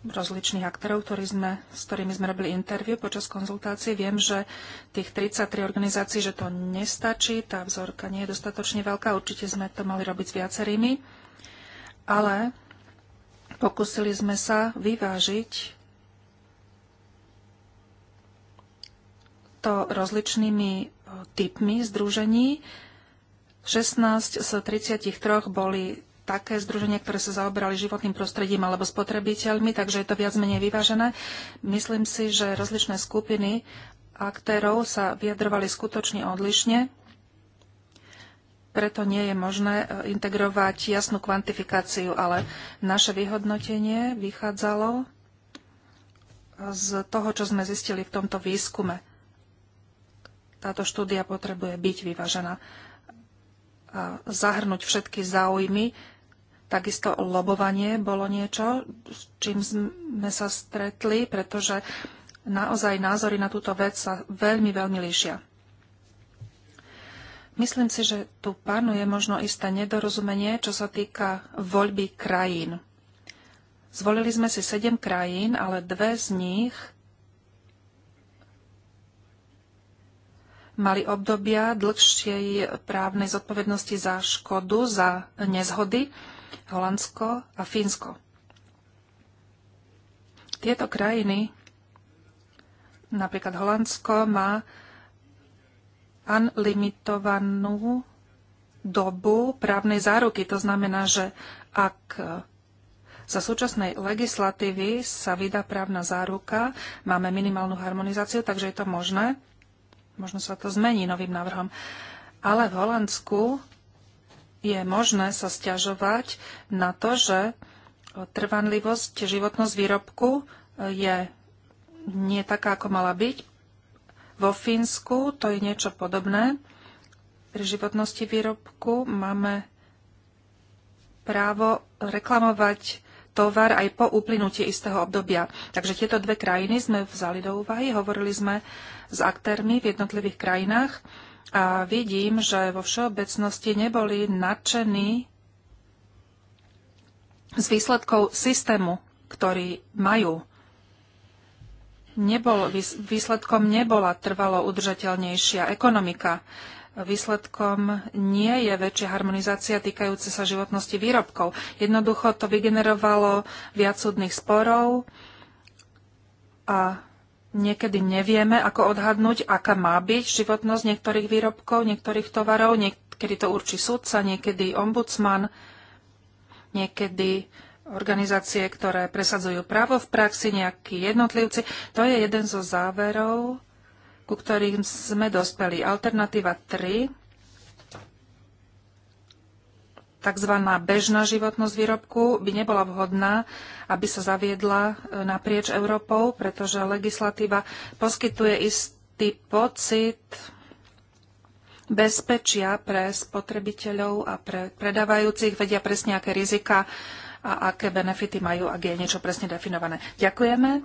rozličných aktérov, ktorý sme, s ktorými sme robili interviu počas konzultácií. Viem, že tých 33 organizácií, že to nestačí, tá vzorka nie je dostatočne veľká, určite sme to mali robiť s viacerými, ale pokúsili sme sa vyvážiť týmito rozličnými e, typmi združení. 16 z 33 boli také združenia, ktoré sa zaoberali životným prostredím alebo spotrebiteľmi, takže je to viac menej vyvážené. Myslím si, že rozličné skupiny aktérov sa vyjadrovali skutočne odlišne, preto nie je možné e, integrovať jasnú kvantifikáciu, ale naše vyhodnotenie vychádzalo z toho, čo sme zistili v tomto výskume táto štúdia potrebuje byť vyvážená a zahrnúť všetky záujmy. Takisto lobovanie bolo niečo, s čím sme sa stretli, pretože naozaj názory na túto vec sa veľmi, veľmi líšia. Myslím si, že tu panuje možno isté nedorozumenie, čo sa týka voľby krajín. Zvolili sme si sedem krajín, ale dve z nich mali obdobia dlhšej právnej zodpovednosti za škodu, za nezhody Holandsko a Fínsko. Tieto krajiny, napríklad Holandsko, má unlimitovanú dobu právnej záruky. To znamená, že ak za súčasnej legislatívy sa vydá právna záruka, máme minimálnu harmonizáciu, takže je to možné. Možno sa to zmení novým návrhom. Ale v Holandsku je možné sa stiažovať na to, že trvanlivosť, životnosť výrobku je nie taká, ako mala byť. Vo Fínsku to je niečo podobné. Pri životnosti výrobku máme právo reklamovať tovar aj po uplynutí istého obdobia. Takže tieto dve krajiny sme vzali do úvahy, hovorili sme s aktérmi v jednotlivých krajinách a vidím, že vo všeobecnosti neboli nadšení z výsledkov systému, ktorý majú. Nebol, výsledkom nebola trvalo udržateľnejšia ekonomika výsledkom nie je väčšia harmonizácia týkajúce sa životnosti výrobkov. Jednoducho to vygenerovalo viac súdnych sporov a niekedy nevieme, ako odhadnúť, aká má byť životnosť niektorých výrobkov, niektorých tovarov. Niekedy to určí súdca, niekedy ombudsman, niekedy organizácie, ktoré presadzujú právo v praxi, nejakí jednotlivci. To je jeden zo záverov ku ktorým sme dospeli. Alternatíva 3, tzv. bežná životnosť výrobku, by nebola vhodná, aby sa zaviedla e, naprieč Európou, pretože legislatíva poskytuje istý pocit bezpečia pre spotrebiteľov a pre predávajúcich, vedia presne, aké rizika a aké benefity majú, ak je niečo presne definované. Ďakujeme.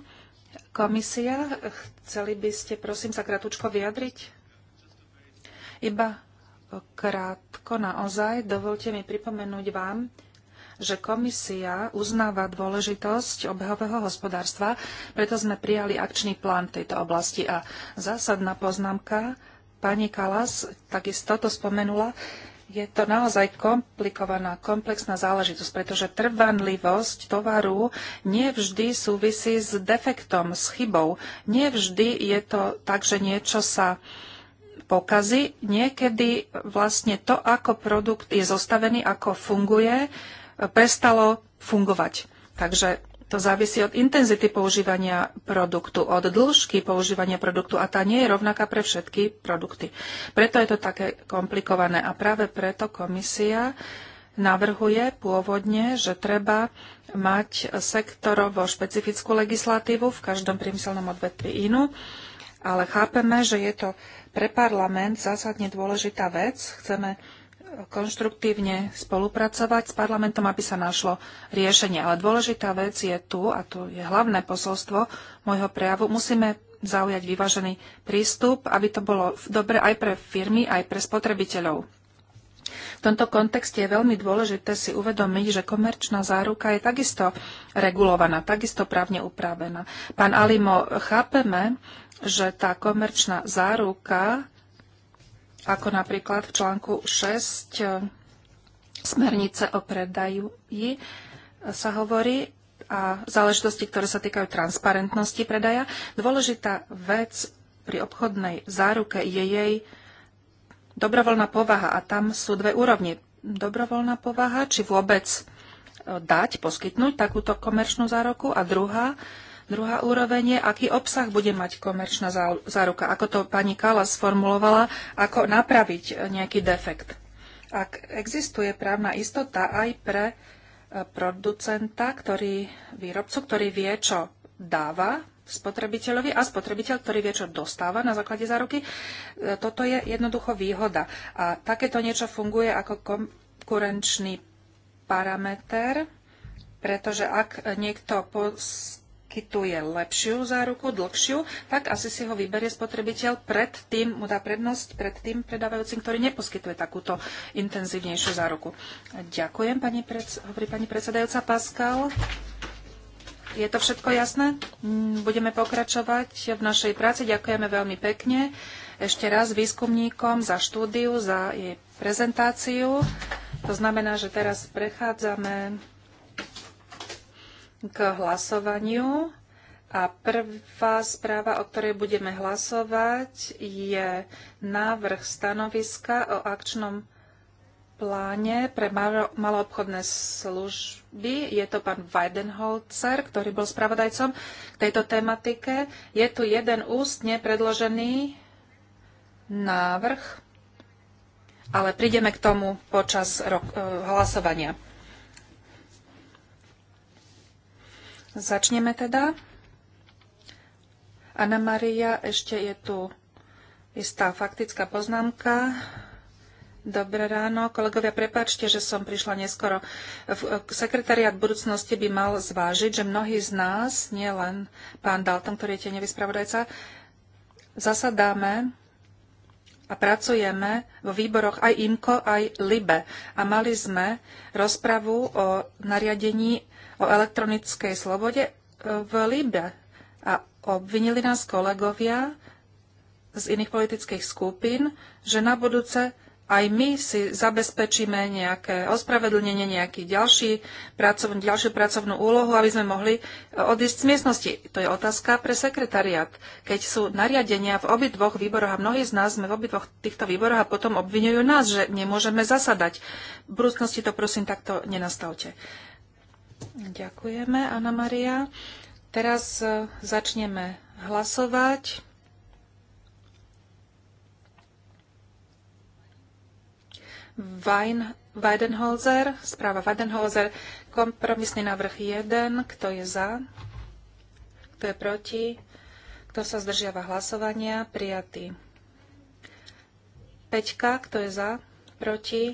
Komisia, chceli by ste, prosím, sa kratučko vyjadriť? Iba krátko naozaj. Dovolte mi pripomenúť vám, že komisia uznáva dôležitosť obehového hospodárstva, preto sme prijali akčný plán v tejto oblasti. A zásadná poznámka, pani Kalas takisto to spomenula, je to naozaj komplikovaná, komplexná záležitosť, pretože trvanlivosť tovaru nevždy súvisí s defektom, s chybou. Nevždy je to tak, že niečo sa pokazí. Niekedy vlastne to, ako produkt je zostavený, ako funguje, prestalo fungovať. Takže to závisí od intenzity používania produktu, od dĺžky používania produktu a tá nie je rovnaká pre všetky produkty. Preto je to také komplikované a práve preto komisia navrhuje pôvodne, že treba mať sektorovo špecifickú legislatívu, v každom priemyselnom odvetvi inú, ale chápeme, že je to pre parlament zásadne dôležitá vec. Chceme konštruktívne spolupracovať s parlamentom, aby sa našlo riešenie. Ale dôležitá vec je tu, a to je hlavné posolstvo môjho prejavu, musíme zaujať vyvážený prístup, aby to bolo dobre aj pre firmy, aj pre spotrebiteľov. V tomto kontexte je veľmi dôležité si uvedomiť, že komerčná záruka je takisto regulovaná, takisto právne upravená. Pán Alimo, chápeme, že tá komerčná záruka ako napríklad v článku 6 e, smernice o predaji e, sa hovorí a záležitosti, ktoré sa týkajú transparentnosti predaja. Dôležitá vec pri obchodnej záruke je jej dobrovoľná povaha a tam sú dve úrovne. Dobrovoľná povaha, či vôbec e, dať, poskytnúť takúto komerčnú zároku a druhá, Druhá úroveň je, aký obsah bude mať komerčná záruka, ako to pani Kala sformulovala, ako napraviť e, nejaký defekt. Ak existuje právna istota aj pre e, producenta, ktorý, výrobcu, ktorý vie, čo dáva spotrebiteľovi a spotrebiteľ, ktorý vie, čo dostáva na základe záruky. E, toto je jednoducho výhoda. A takéto niečo funguje ako konkurenčný parameter, pretože ak niekto poskytuje lepšiu záruku, dlhšiu, tak asi si ho vyberie spotrebiteľ pred tým, mu dá prednosť pred tým predávajúcim, ktorý neposkytuje takúto intenzívnejšiu záruku. Ďakujem, pani, preds- hovorí pani predsedajúca Pascal. Je to všetko jasné? Budeme pokračovať v našej práci. Ďakujeme veľmi pekne ešte raz výskumníkom za štúdiu, za jej prezentáciu. To znamená, že teraz prechádzame k hlasovaniu. A prvá správa, o ktorej budeme hlasovať, je návrh stanoviska o akčnom pláne pre maloobchodné služby. Je to pán Weidenholzer, ktorý bol spravodajcom k tejto tematike. Je tu jeden ústne predložený návrh, ale prídeme k tomu počas e, hlasovania. Začneme teda. Anna Maria, ešte je tu istá faktická poznámka. Dobré ráno. Kolegovia, prepáčte, že som prišla neskoro. E, sekretariat budúcnosti by mal zvážiť, že mnohí z nás, nie len pán Dalton, ktorý je tie nevyspravodajca, zasadáme a pracujeme vo výboroch aj IMKO, aj LIBE. A mali sme rozpravu o nariadení o elektronickej slobode e, v Libe a obvinili nás kolegovia z iných politických skupín, že na budúce aj my si zabezpečíme nejaké ospravedlnenie, nejaký ďalší pracovn, ďalšiu pracovnú úlohu, aby sme mohli e, odísť z miestnosti. To je otázka pre sekretariat. Keď sú nariadenia v obidvoch výboroch a mnohí z nás sme v obidvoch týchto výboroch a potom obvinujú nás, že nemôžeme zasadať. V budúcnosti to prosím takto nenastavte. Ďakujeme, Anna Maria. Teraz e, začneme hlasovať. Wein, Weidenholzer, správa Weidenholzer, kompromisný návrh 1, kto je za, kto je proti, kto sa zdržiava hlasovania, prijatý. Peťka, kto je za, proti,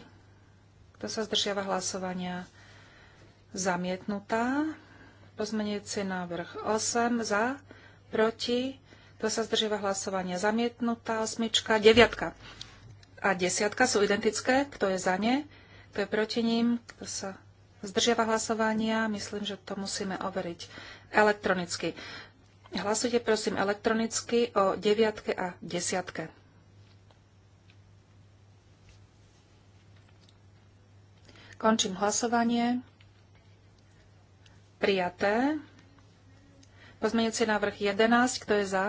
kto sa zdržiava hlasovania, prijatý zamietnutá. Pozmenujúci návrh 8 za, proti, to sa zdržíva hlasovania zamietnutá, osmička, deviatka a desiatka sú identické, kto je za ne, kto je proti ním, kto sa zdržiava hlasovania, myslím, že to musíme overiť elektronicky. Hlasujte prosím elektronicky o deviatke a desiatke. Končím hlasovanie. Prijaté. Pozmeňujúci návrh 11, kto je za?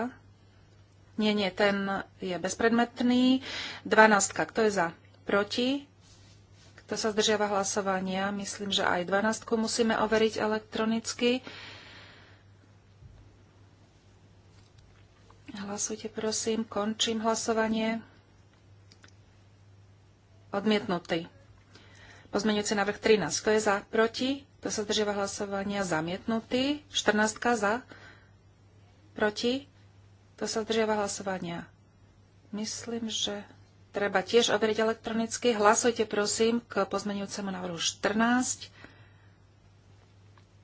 Nie, nie, ten je bezpredmetný. 12, kto je za? Proti? Kto sa zdržiava hlasovania? Myslím, že aj 12 musíme overiť elektronicky. Hlasujte, prosím. Končím hlasovanie. Odmietnutý. Pozmeňujúci návrh 13. Kto je za? Proti? To sa zdržiava hlasovania zamietnutý. 14 za. Proti. To sa zdržiava hlasovania. Myslím, že treba tiež overiť elektronicky. Hlasujte prosím k pozmenujúcemu návrhu 14.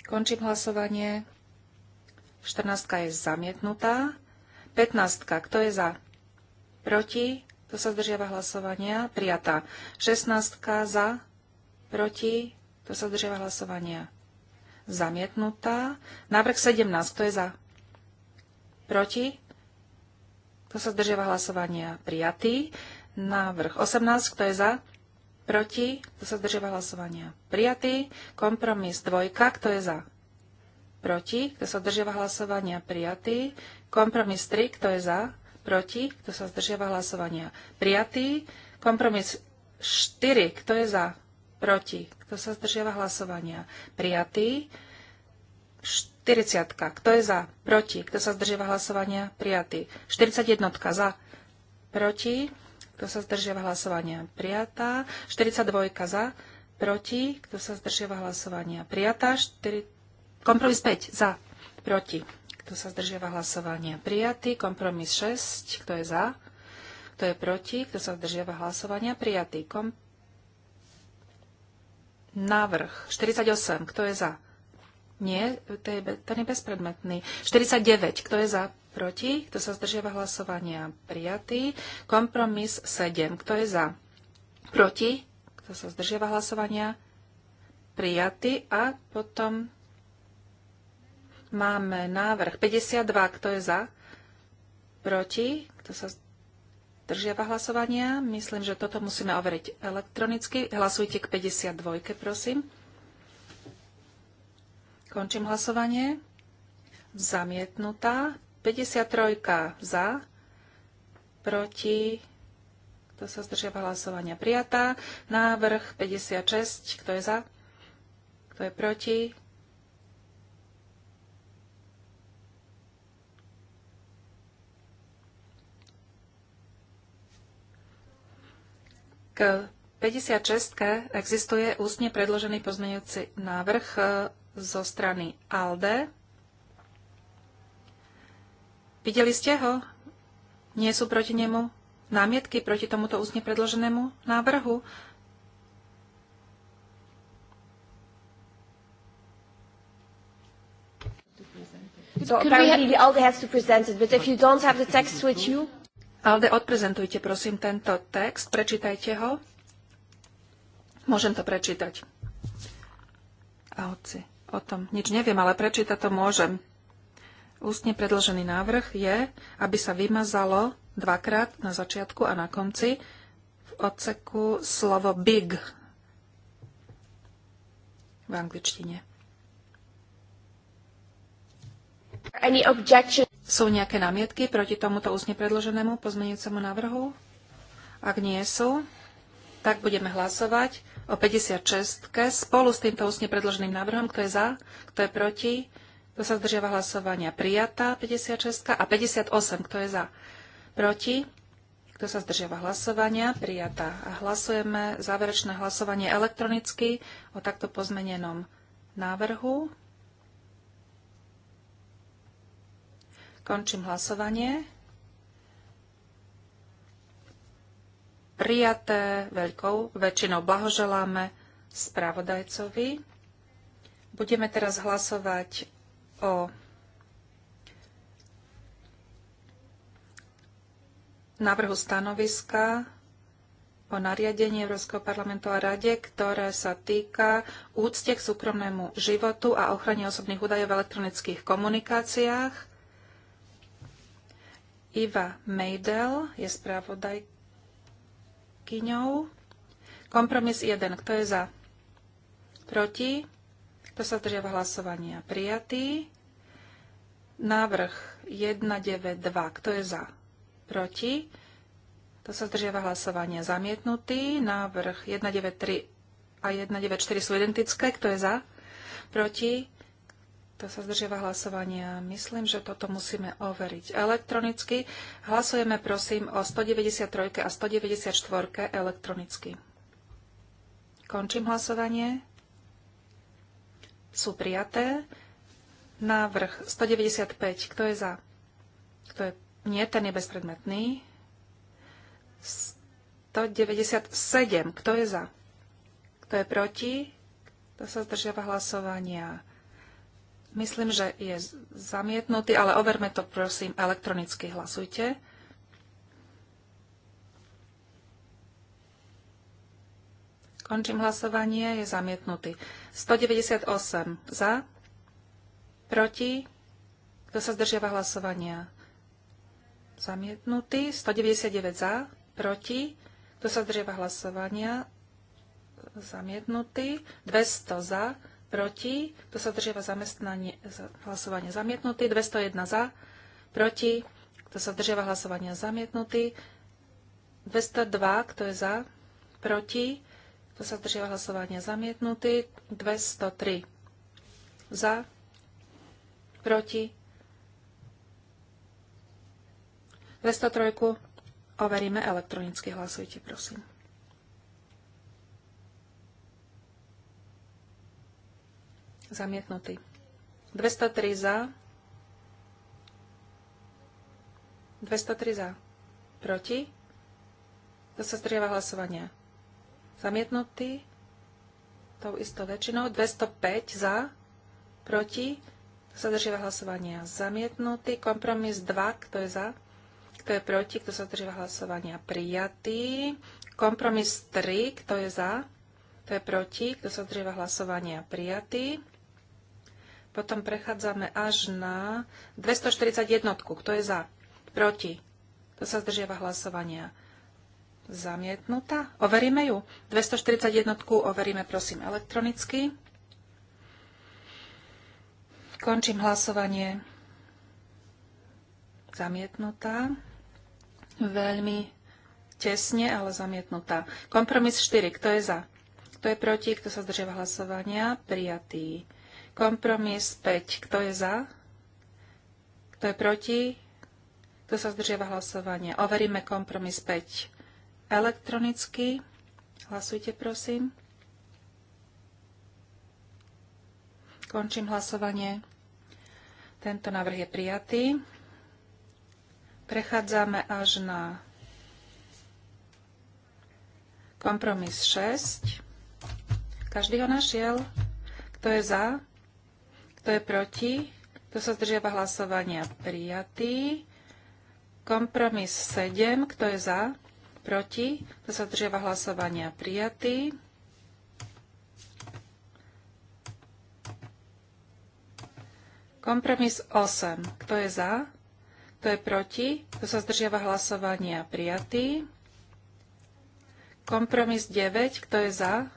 Končím hlasovanie. 14 je zamietnutá. 15. Kto je za? Proti? To sa zdržiava hlasovania. Prijatá. 16. Za? Proti? Kto sa držia hlasovania? Zamietnutá. Návrh 17. Kto je za? Proti? Kto sa zdržiava hlasovania? Prijatý. Návrh 18. Kto je za? Proti? Kto sa zdržiava hlasovania? Prijatý. Kompromis 2. Kto je za? Proti? Kto sa zdržiava hlasovania? Prijatý. Kompromis 3. Kto je za? Proti? Kto sa zdržiava hlasovania? Prijatý. Kompromis 4. Kto je za? proti, kto sa zdržiava hlasovania, prijatý. 40. Kto je za? Proti. Kto sa zdržiava hlasovania? Prijatý. 41. Za. Proti. Kto sa zdržiava hlasovania? Prijatá. 42. Za. Proti. Kto sa zdržiava hlasovania? Prijatá. 4... Kompromis 5. Za. Proti. Kto sa zdržiava hlasovania? Prijatý. Kompromis 6. Kto je za? Kto je proti? Kto sa zdržiava hlasovania? Prijatý. Kompromis Návrh 48. Kto je za? Nie, to je, ten je bezpredmetný. 49. Kto je za? Proti. Kto sa zdržiava hlasovania? Prijatý. Kompromis 7. Kto je za? Proti. Kto sa zdržiava hlasovania? Prijatý. A potom máme návrh 52. Kto je za? Proti. Kto sa zdržiava zdržiava hlasovania. Myslím, že toto musíme overiť elektronicky. Hlasujte k 52, prosím. Končím hlasovanie. Zamietnutá. 53 za, proti, kto sa zdržiava hlasovania, prijatá. Návrh 56, kto je za, kto je proti, K 56. existuje ústne predložený pozmeňujúci návrh e, zo strany ALDE. Videli ste ho? Nie sú proti nemu námietky proti tomuto ústne predloženému návrhu? So apparently the ALDE has to present it, but if you don't have the text with you... Alde, odprezentujte prosím tento text, prečítajte ho. Môžem to prečítať. A hoci o tom nič neviem, ale prečítať to môžem. Ústne predložený návrh je, aby sa vymazalo dvakrát na začiatku a na konci v odseku slovo big v angličtine. Any objection? Sú nejaké námietky proti tomuto ústne predloženému pozmeňujúcemu návrhu? Ak nie sú, tak budeme hlasovať o 56 spolu s týmto ústne predloženým návrhom. Kto je za? Kto je proti? Kto sa zdržiava hlasovania? Prijatá 56 a 58. Kto je za? Proti? Kto sa zdržiava hlasovania? Prijatá. A hlasujeme záverečné hlasovanie elektronicky o takto pozmenenom návrhu. Končím hlasovanie. Prijaté veľkou väčšinou blahoželáme spravodajcovi. Budeme teraz hlasovať o návrhu stanoviska o nariadení Európskeho parlamentu a rade, ktoré sa týka úcte k súkromnému životu a ochrane osobných údajov v elektronických komunikáciách. Iva Meidel je spravodajkyňou. Kompromis 1. Kto je za? Proti? Kto sa zdržiava hlasovania? Prijatý. Návrh 192. Kto je za? Proti? Kto sa zdržiava hlasovania? Zamietnutý. Návrh 193 a 194 sú identické. Kto je za? Proti? Kto sa zdržiava hlasovania? Myslím, že toto musíme overiť elektronicky. Hlasujeme prosím o 193 a 194 elektronicky. Končím hlasovanie. Sú prijaté. Návrh 195. Kto je za? Kto je... Nie, ten je bezpredmetný. 197. Kto je za? Kto je proti? Kto sa zdržiava hlasovania? Myslím, že je zamietnutý, ale overme to prosím elektronicky. Hlasujte. Končím hlasovanie. Je zamietnutý. 198 za. Proti. Kto sa zdržiava hlasovania? Zamietnutý. 199 za. Proti. Kto sa zdržiava hlasovania? Zamietnutý. 200 za proti, to sa držiava zamestnanie, hlasovanie zamietnutý, 201 za, proti, kto sa držiava hlasovanie zamietnutý, 202, kto je za, proti, kto sa držiava hlasovanie zamietnutý, 203 za, proti, 203 overíme elektronicky, hlasujte prosím. Zamietnutý. 203 za. 203 za. Proti. To sa zdrieva hlasovania. Zamietnutý. Tou istou väčšinou. 205 za. Proti. To sa zdržiava hlasovania. Zamietnutý. Kompromis 2. Kto je za? Kto je proti? Kto sa zdržiava hlasovania? Prijatý. Kompromis 3. Kto je za? Kto je proti? Kto sa zdržiava hlasovania? Prijatý. Potom prechádzame až na 241. Kto je za? Proti. To sa zdržiava hlasovania. Zamietnutá. Overíme ju. 241. Overíme, prosím, elektronicky. Končím hlasovanie. Zamietnutá. Veľmi tesne, ale zamietnutá. Kompromis 4. Kto je za? Kto je proti? Kto sa zdržiava hlasovania? Prijatý. Kompromis 5. Kto je za? Kto je proti? Kto sa zdržiava hlasovania? Overíme kompromis 5 elektronicky. Hlasujte, prosím. Končím hlasovanie. Tento návrh je prijatý. Prechádzame až na kompromis 6. Každý ho našiel? Kto je za? Kto je proti? Kto sa zdržiava hlasovania? Prijatý. Kompromis 7. Kto je za? Proti. Kto sa zdržiava hlasovania? Prijatý. Kompromis 8. Kto je za? Kto je proti? Kto sa zdržiava hlasovania? Prijatý. Kompromis 9. Kto je za?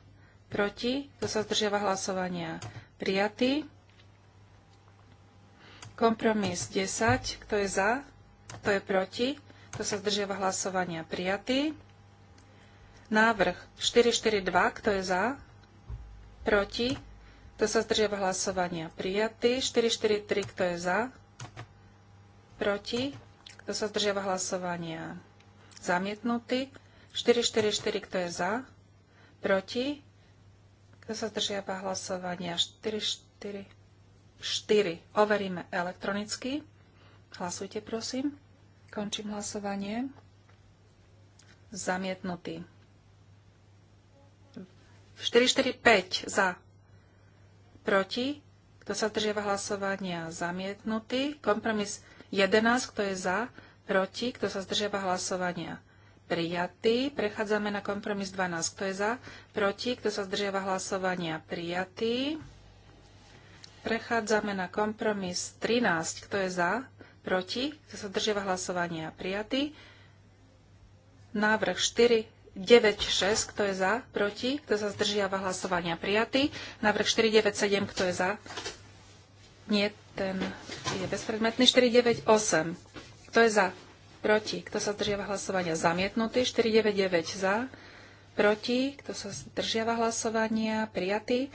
Proti? Kto sa zdržiava hlasovania? Prijatý. Kompromis 10. Kto je za? Kto je proti? Kto sa zdržiava hlasovania? Prijatý. Návrh 442. Kto je za? Proti? Kto sa zdržiava hlasovania? Prijatý. 443. Kto je za? Proti? Kto sa zdržiava hlasovania? Zamietnutý. 444. Kto je za? Proti? Kto sa zdržiava hlasovania? 444. 4 overíme elektronicky. Hlasujte, prosím. Končím hlasovanie. Zamietnutý. 4, 4, 5 za. Proti. Kto sa zdržiava hlasovania? Zamietnutý. Kompromis 11. Kto je za? Proti. Kto sa zdržiava hlasovania? Prijatý. Prechádzame na kompromis 12. Kto je za? Proti. Kto sa zdržiava hlasovania? Prijatý. Prechádzame na kompromis 13. Kto je za? Proti? Kto sa držiava hlasovania? Prijatý. Návrh 4. 9.6, kto je za, proti, kto sa zdržiava hlasovania, prijatý. Návrh 4.9.7, kto je za, nie, ten je bezpredmetný. 4.9.8, kto je za, proti, kto sa zdržiava hlasovania, zamietnutý. 4.9.9 za, proti, kto sa zdržiava hlasovania, prijatý.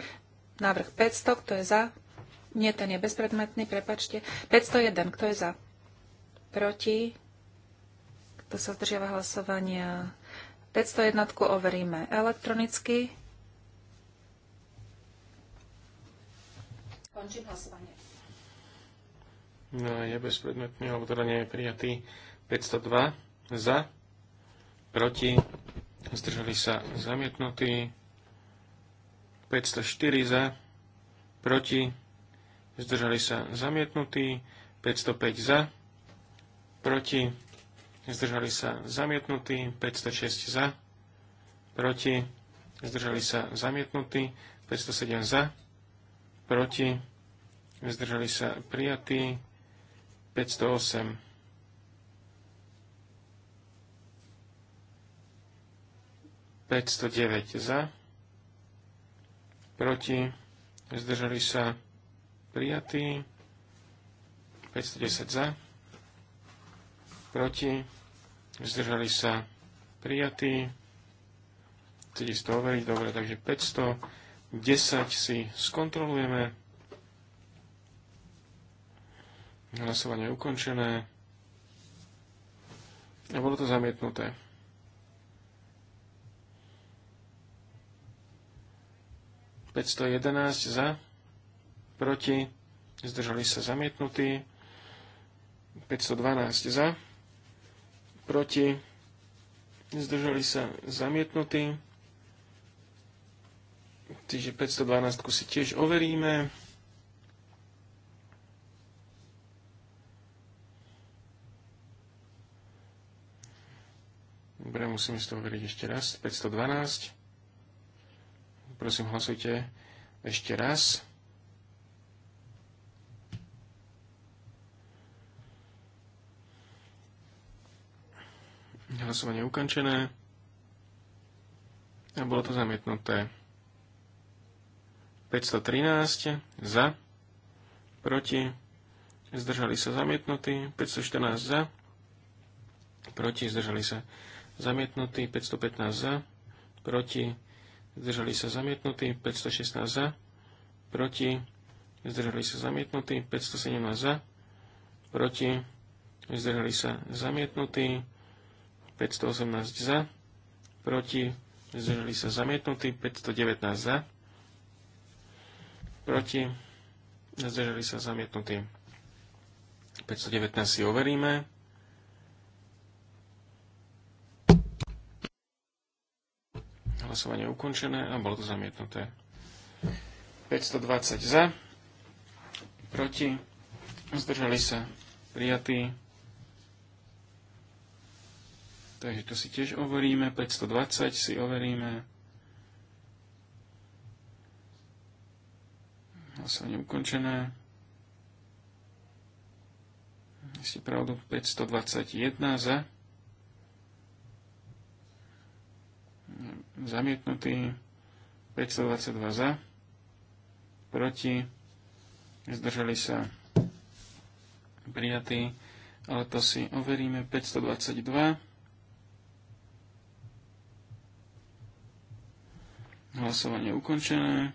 Návrh 500, kto je za, nie, ten je bezpredmetný, prepačte. 501, kto je za? Proti? Kto sa zdržiava hlasovania? 501 overíme elektronicky. Končím hlasovanie. No, je bezpredmetný, alebo teda nie je prijatý. 502 za, proti, zdržali sa zamietnutí. 504 za, proti, zdržali sa zamietnutí, 505 za, proti, zdržali sa zamietnutí, 506 za, proti, zdržali sa zamietnutí, 507 za, proti, zdržali sa prijatí, 508 509 za, proti, zdržali sa prijatý. 510 za, proti, zdržali sa prijatí. Chcete si to overiť? Dobre, takže 510 si skontrolujeme. Hlasovanie je ukončené. A bolo to zamietnuté. 511 za proti, zdržali sa zamietnutí, 512 za, proti, zdržali sa zamietnutí, čiže 512 si tiež overíme. Dobre, musíme si to overiť ešte raz. 512. Prosím, hlasujte ešte raz. Hlasovanie je ukončené. A bolo to zamietnuté. 513 za, proti, zdržali sa zamietnutí, 514 za, proti, zdržali sa zamietnutí, 515 za, proti, zdržali sa zamietnutí, 516 za, proti, zdržali sa zamietnutí, 517 za, proti, zdržali sa zamietnutí, 518 za, proti, zdržali sa zamietnutí, 519 za, proti, zdržali sa zamietnutí. 519 si overíme. Hlasovanie ukončené a bolo to zamietnuté. 520 za, proti, zdržali sa prijatí. Takže to si tiež overíme. 520 si overíme. Hlasovanie ukončené. Ste pravdu 521 za. Zamietnutý. 522 za. Proti. Zdržali sa prijatí. Ale to si overíme. 522. Hlasovanie ukončené.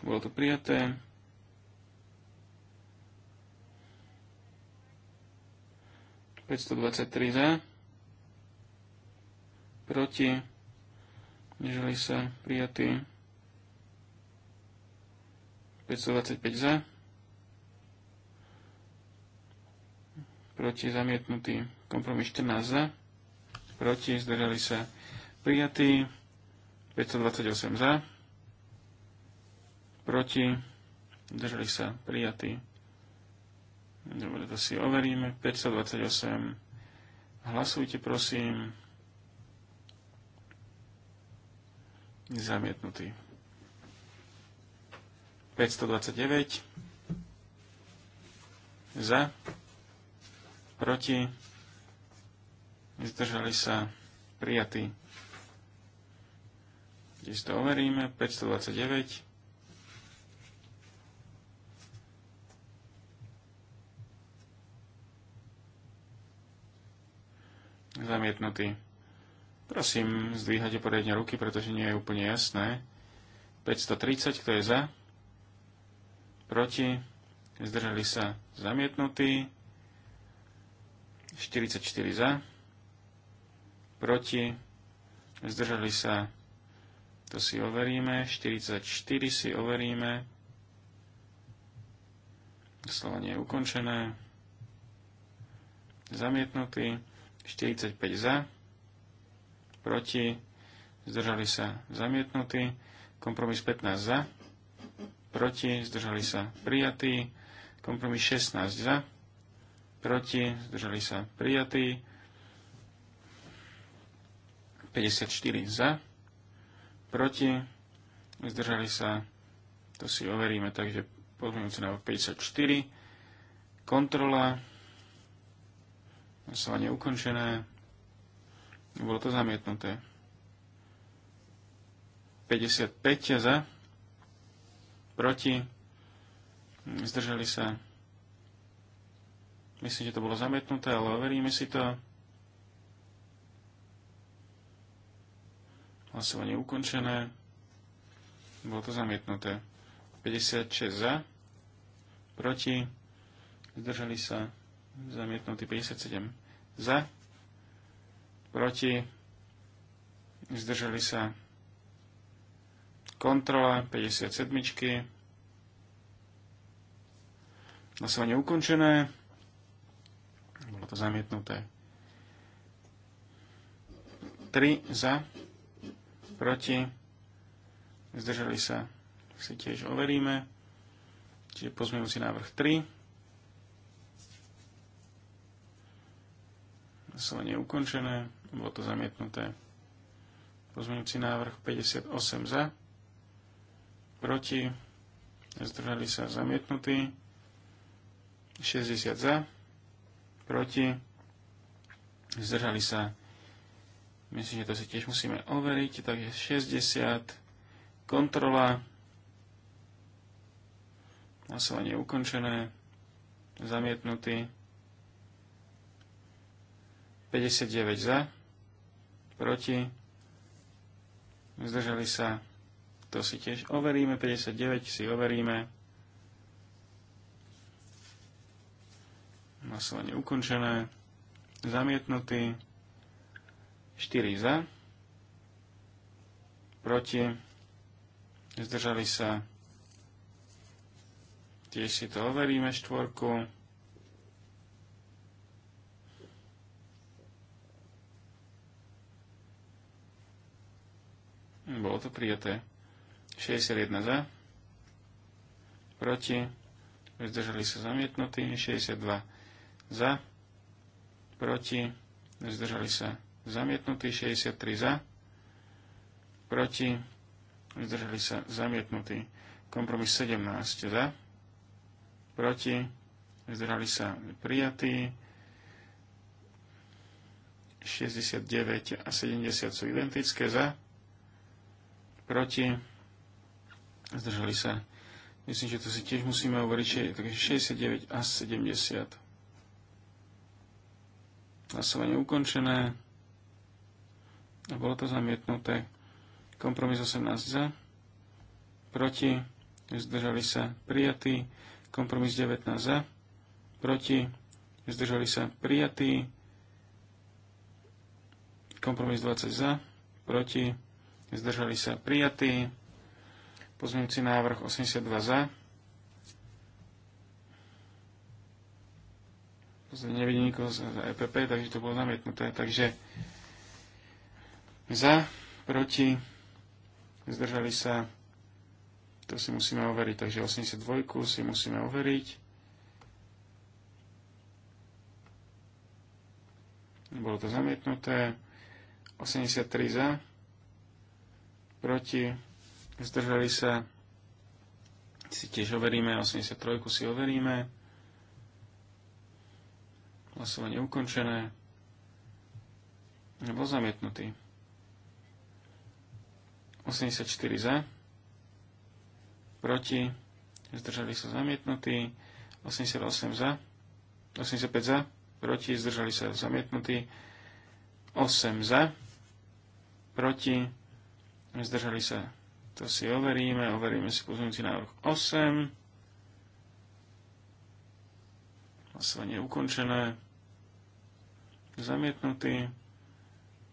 Bolo to prijaté. ...523 za, proti, neželi sa prijatí 525 za, proti zamietnutý kompromis 14 za, proti zdržali sa prijatí 528 za, proti, držali sa prijatí. Dobre, to si overíme. 528. Hlasujte, prosím. Zamietnutý. 529. Za. Proti. Zdržali sa prijatí kde si to overíme, 529. Zamietnutý. Prosím, zdvíhajte poriadne ruky, pretože nie je úplne jasné. 530, kto je za? Proti? Zdržali sa zamietnutí. 44 za. Proti? Zdržali sa to si overíme. 44 si overíme. Hlasovanie je ukončené. Zamietnutý. 45 za. Proti. Zdržali sa. Zamietnutý. Kompromis 15 za. Proti. Zdržali sa. Prijatý. Kompromis 16 za. Proti. Zdržali sa. Prijatý. 54 za proti, zdržali sa, to si overíme, takže pozmeňujúci návrh 54, kontrola, hlasovanie ukončené, bolo to zamietnuté. 55 za, proti, zdržali sa. Myslím, že to bolo zamietnuté, ale overíme si to. Hlasovanie ukončené. Bolo to zamietnuté. 56 za, proti, zdržali sa, zamietnutí 57 za, proti, zdržali sa, kontrola 57. Hlasovanie ukončené. Bolo to zamietnuté. 3 za, proti, zdržali sa, si tiež overíme. Čiže pozmeňujúci návrh 3. Hlasovanie je ukončené, bolo to zamietnuté. Pozmeňujúci návrh 58 za, proti, zdržali sa zamietnutí, 60 za, proti, zdržali sa Myslím, že to si tiež musíme overiť. Takže 60. Kontrola. Hlasovanie ukončené. Zamietnutý. 59 za. Proti. Zdržali sa. To si tiež overíme. 59 si overíme. Hlasovanie ukončené. Zamietnutý. 4 za, proti, zdržali sa, tiež si to overíme, štvorku. Bolo to prijaté. 61 za, proti, zdržali sa zamietnutí, 62 za, proti, zdržali sa zamietnutý, 63 za, proti, zdržali sa zamietnutý, kompromis 17 za, proti, zdržali sa prijatí, 69 a 70 sú identické za, proti, zdržali sa. Myslím, že to si tiež musíme hovoriť, že je takže 69 a 70. Hlasovanie ukončené. Bolo to zamietnuté. Kompromis 18 za. Proti. Zdržali sa prijatí. Kompromis 19 za. Proti. Zdržali sa prijatí. Kompromis 20 za. Proti. Zdržali sa prijatí. Pozmeňujúci návrh 82 za. Nevidím nikoho za EPP, takže to bolo zamietnuté, Takže za, proti, zdržali sa, to si musíme overiť, takže 82 si musíme overiť. Bolo to zamietnuté. 83 za, proti, zdržali sa, si tiež overíme, 83 si overíme. Hlasovanie ukončené. Nebol zamietnutý. 84 za, proti, zdržali sa zamietnutí, 88 za, 85 za, proti, zdržali sa zamietnutí, 8 za, proti, zdržali sa, to si overíme, overíme si pozornúci návrh 8, hlasovanie ukončené, zamietnutý,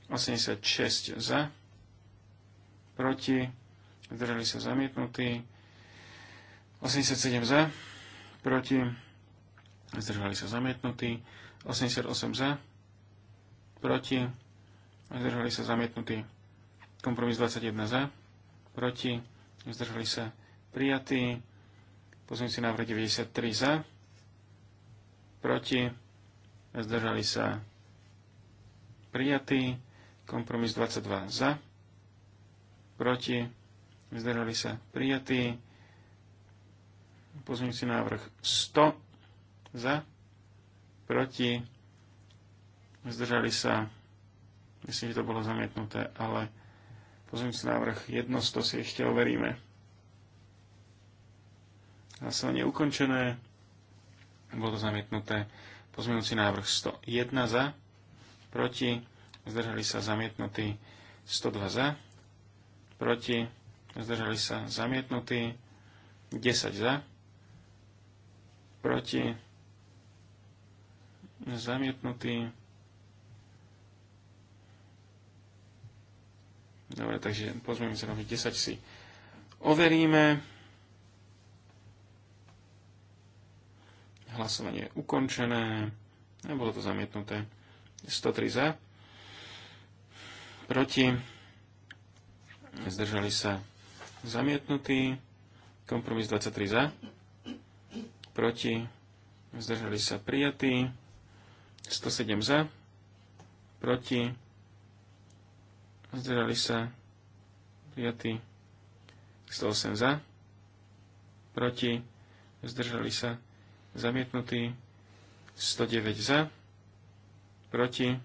86 za, proti, zdržali sa zamietnutí, 87 za, proti, zdržali sa zamietnutí, 88 za, proti, zdržali sa zamietnutí, kompromis 21 za, proti, zdržali sa prijatí, pozmeňujúci návrh 93 za, proti, zdržali sa prijatí, kompromis 22 za, proti, zdržali sa prijatí. Pozmeňujúci návrh 100 za, proti, zdržali sa, myslím, že to bolo zamietnuté, ale pozmeňujúci návrh 1 100 si ešte overíme. Hlasovanie ukončené, bolo to zamietnuté. Pozmeňujúci návrh 101 za, proti, zdržali sa zamietnutí 102 za, proti, zdržali sa zamietnutí, 10 za, proti, zamietnutí. Dobre, takže pozmeme sa na 10 si overíme. Hlasovanie je ukončené. nebolo to zamietnuté. 103 za. Proti zdržali sa zamietnutí, kompromis 23 za, proti, zdržali sa prijatí, 107 za, proti, zdržali sa prijatí, 108 za, proti, zdržali sa zamietnutí, 109 za, proti,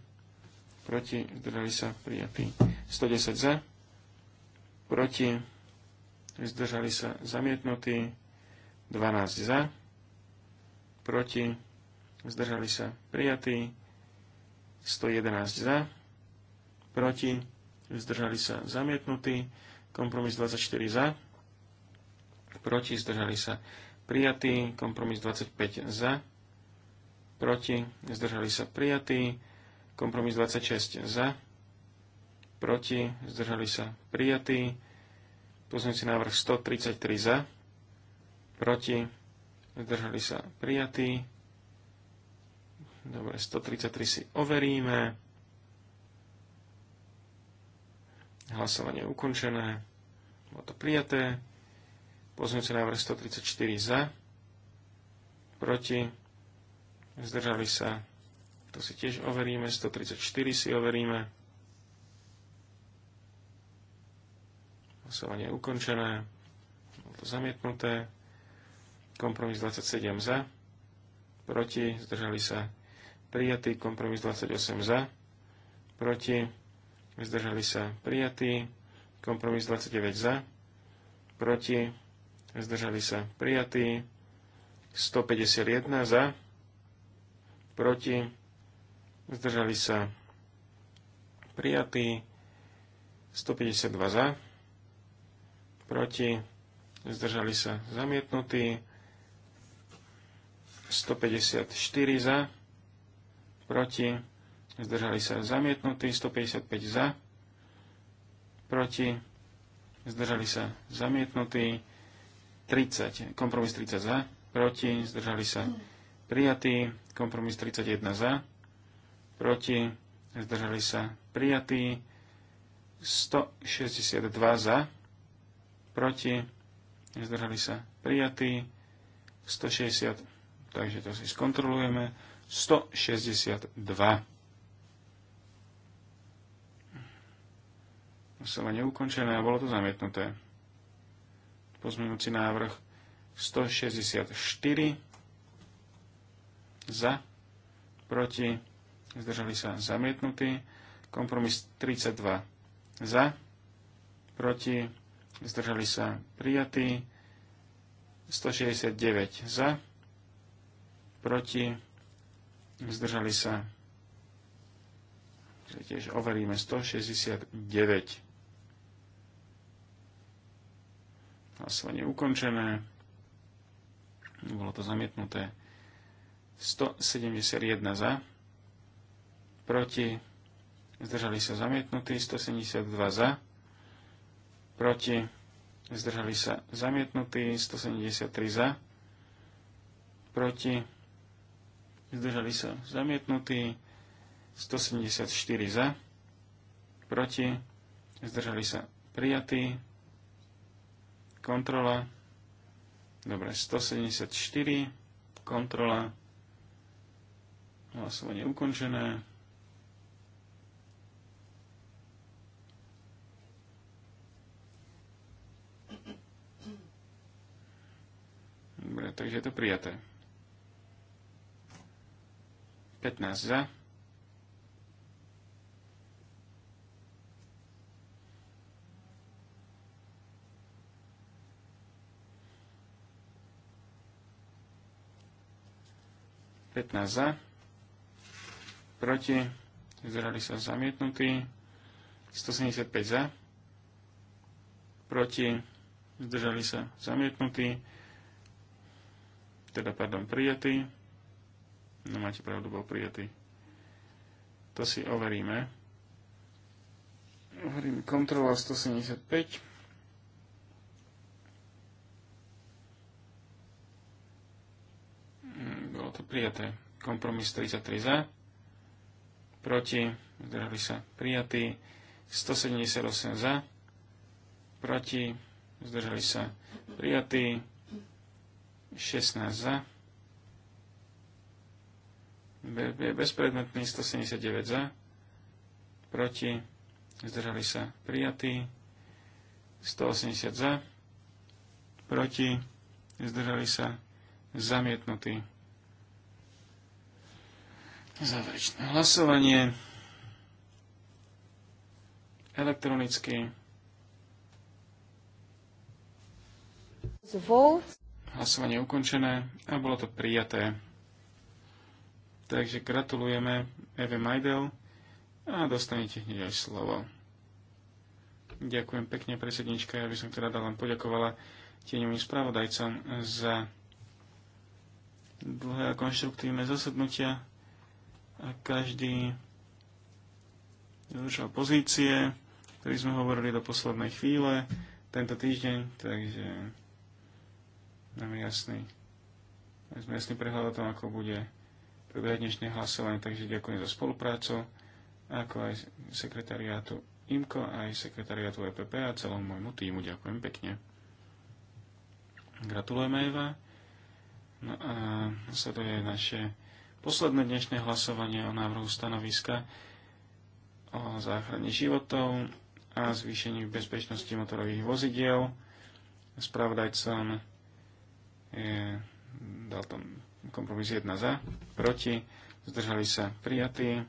proti, zdržali sa prijatí, 110 za, proti, zdržali sa zamietnutí, 12 za, proti, zdržali sa prijatí, 111 za, proti, zdržali sa zamietnutí, kompromis 24 za, proti, zdržali sa prijatí, kompromis 25 za, proti, zdržali sa prijatí, kompromis 26 za, proti, zdržali sa prijatí. Pozmeňujúci návrh 133 za, proti, zdržali sa prijatí. Dobre, 133 si overíme. Hlasovanie je ukončené. Bolo to prijaté. Pozmeňujúci návrh 134 za, proti, zdržali sa. To si tiež overíme. 134 si overíme. Hlasovanie je ukončené. Bolo to zamietnuté. Kompromis 27 za. Proti. Zdržali sa. Prijatý. Kompromis 28 za. Proti. Zdržali sa. Prijatý. Kompromis 29 za. Proti. Zdržali sa. Prijatý. 151 za. Proti. Zdržali sa. Prijatý. 152 za proti, zdržali sa zamietnutí, 154 za, proti, zdržali sa zamietnutí, 155 za, proti, zdržali sa zamietnutí, 30, kompromis 30 za, proti, zdržali sa prijatí, kompromis 31 za, proti, zdržali sa prijatí, 162 za, proti, zdržali sa prijatí, 160, takže to si skontrolujeme, 162. Musela neukončené a bolo to zamietnuté. Pozmenujúci návrh 164 za, proti, zdržali sa zamietnutí, kompromis 32 za, proti, zdržali sa prijatí, 169 za, proti, zdržali sa, tiež overíme 169. Hlasovanie ukončené, bolo to zamietnuté, 171 za, proti, zdržali sa zamietnutí, 172 za, proti, zdržali sa zamietnutí, 173 za, proti, zdržali sa zamietnutí, 174 za, proti, zdržali sa prijatí, kontrola, dobre, 174, kontrola, hlasovanie ukončené, Dobre, takže je to prijaté. 15 za. Petnáct za. Proti. Zdržali sa zamietnutí. 175 za. Proti. Zdržali sa zamietnutí teda, pardon, prijatý. No máte pravdu, bol prijatý. To si overíme. Overíme kontrola 175. Hm, bolo to prijaté. Kompromis 33 za. Proti. Zdrhali sa. Prijatý. 178 za. Proti. Zdržali sa. Prijatý. 16 za. Bezpredmetný 179 za. Proti. Zdržali sa prijatí. 180 za. Proti. Zdržali sa zamietnutí. Záverečné hlasovanie elektronicky. Zvol. Hlasovanie ukončené a bolo to prijaté. Takže gratulujeme Eve Majdel a dostanete hneď aj slovo. Ďakujem pekne, predsednička. Ja by som teda len poďakovala tieňovým spravodajcom za dlhé a konštruktívne zasadnutia. A každý dodržal pozície, ktorý sme hovorili do poslednej chvíle tento týždeň, takže Máme jasný, sme jasný prehľad o tom, ako bude prebiehať dnešné hlasovanie, takže ďakujem za spoluprácu, ako aj sekretariátu IMKO, aj sekretariátu EPP a celom môjmu týmu. Ďakujem pekne. Gratulujeme, Eva. No a sa je naše posledné dnešné hlasovanie o návrhu stanoviska o záchrane životov a zvýšení bezpečnosti motorových vozidiel. Spravodajcom dal tam kompromis 1 za, proti, zdržali sa prijatí,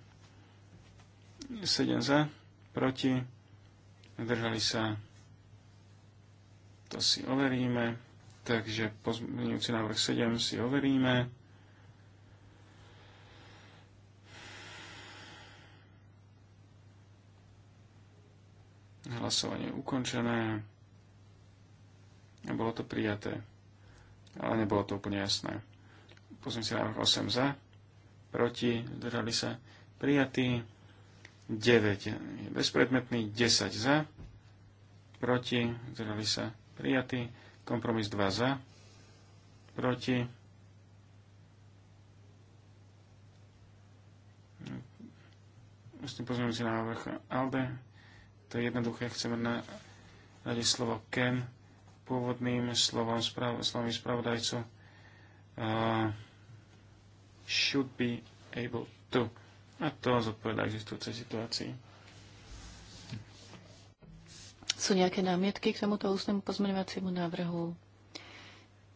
7 za, proti, zdržali sa, to si overíme, takže pozmeňujúci návrh 7 si overíme. Hlasovanie je ukončené a bolo to prijaté ale nebolo to úplne jasné. Pozriem si návrh 8 za, proti, zdržali sa, prijatý, 9 je bezpredmetný, 10 za, proti, zdržali sa, prijatý, kompromis 2 za, proti, ústny vlastne si návrh ALDE, to je jednoduché, chceme na rade slovo can, pôvodným slovom, sprav, slovami spravodajcu uh, should be able to. A to zodpovedá existujúcej situácii. Sú nejaké námietky k tomuto ústnemu pozmeňovaciemu návrhu?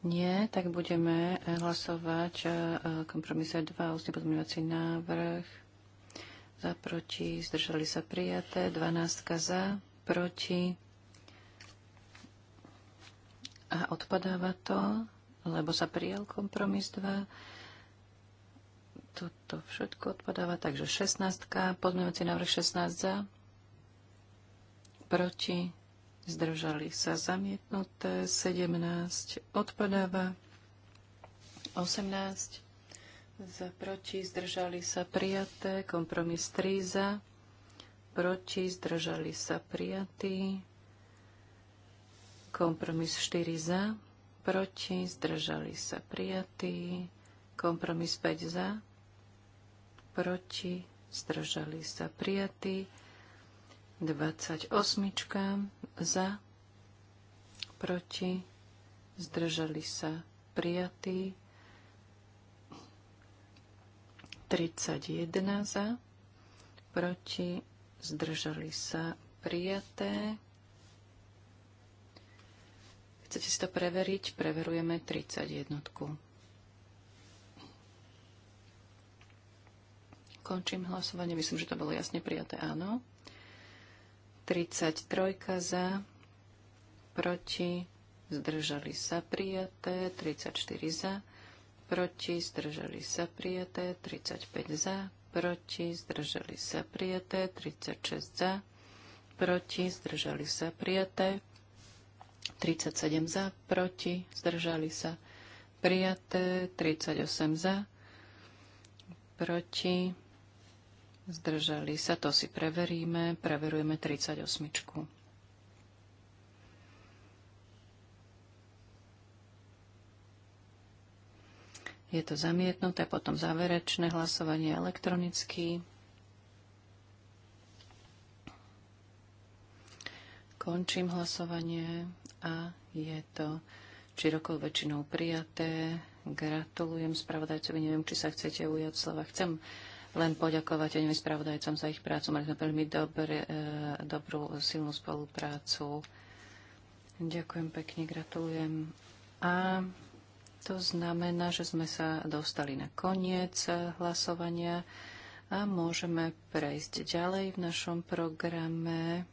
Nie, tak budeme eh, hlasovať eh, eh, kompromise 2, ústny pozmeňovací návrh. Za, proti, zdržali sa prijaté, 12 za, proti a odpadáva to, lebo sa prijal kompromis 2. Toto všetko odpadáva. Takže 16. Pozmeňujúci návrh 16 za. Proti. Zdržali sa zamietnuté. 17. Odpadáva. 18. Za proti. Zdržali sa prijaté. Kompromis 3 za. Proti. Zdržali sa prijatí. Kompromis 4 za, proti, zdržali sa prijatí. Kompromis 5 za, proti, zdržali sa prijatí. 28 za, proti, zdržali sa prijatí. 31 za, proti, zdržali sa prijaté. Chcete si to preveriť? Preverujeme 31. Končím hlasovanie. Myslím, že to bolo jasne prijaté. Áno. 33 za, proti, zdržali sa prijaté, 34 za, proti, zdržali sa prijaté, 35 za, proti, zdržali sa prijaté, 36 za, proti, zdržali sa prijaté, 37 za, proti, zdržali sa prijaté, 38 za, proti, zdržali sa, to si preveríme, preverujeme 38. Je to zamietnuté, potom záverečné hlasovanie elektronicky. Končím hlasovanie a je to širokou väčšinou prijaté. Gratulujem spravodajcovi, neviem, či sa chcete ujať slova. Chcem len poďakovať aj spravodajcom za ich prácu. Mali sme veľmi dobré, e, dobrú, silnú spoluprácu. Ďakujem pekne, gratulujem. A to znamená, že sme sa dostali na koniec hlasovania a môžeme prejsť ďalej v našom programe.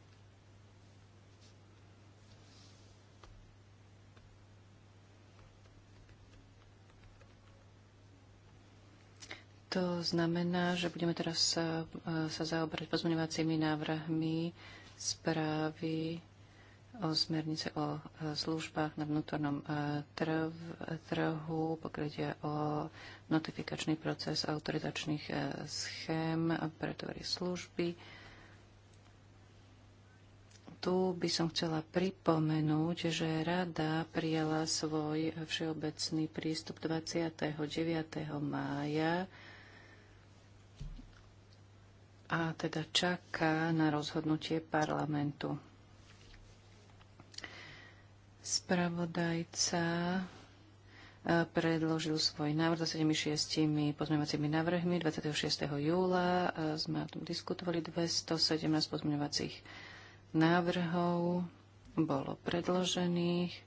To znamená, že budeme teraz sa, e, sa zaoberať pozmeňovacími návrhmi správy o smernice o e, službách na vnútornom e, trv, trhu, pokrytie o notifikačný proces autorizačných schém pre tvary služby. Tu by som chcela pripomenúť, že Rada prijala svoj všeobecný prístup 29. mája a teda čaká na rozhodnutie parlamentu. Spravodajca e, predložil svoj návrh za 76 pozmeňovacími návrhmi 26. júla. E, sme o tom diskutovali 217 pozmeňovacích návrhov bolo predložených.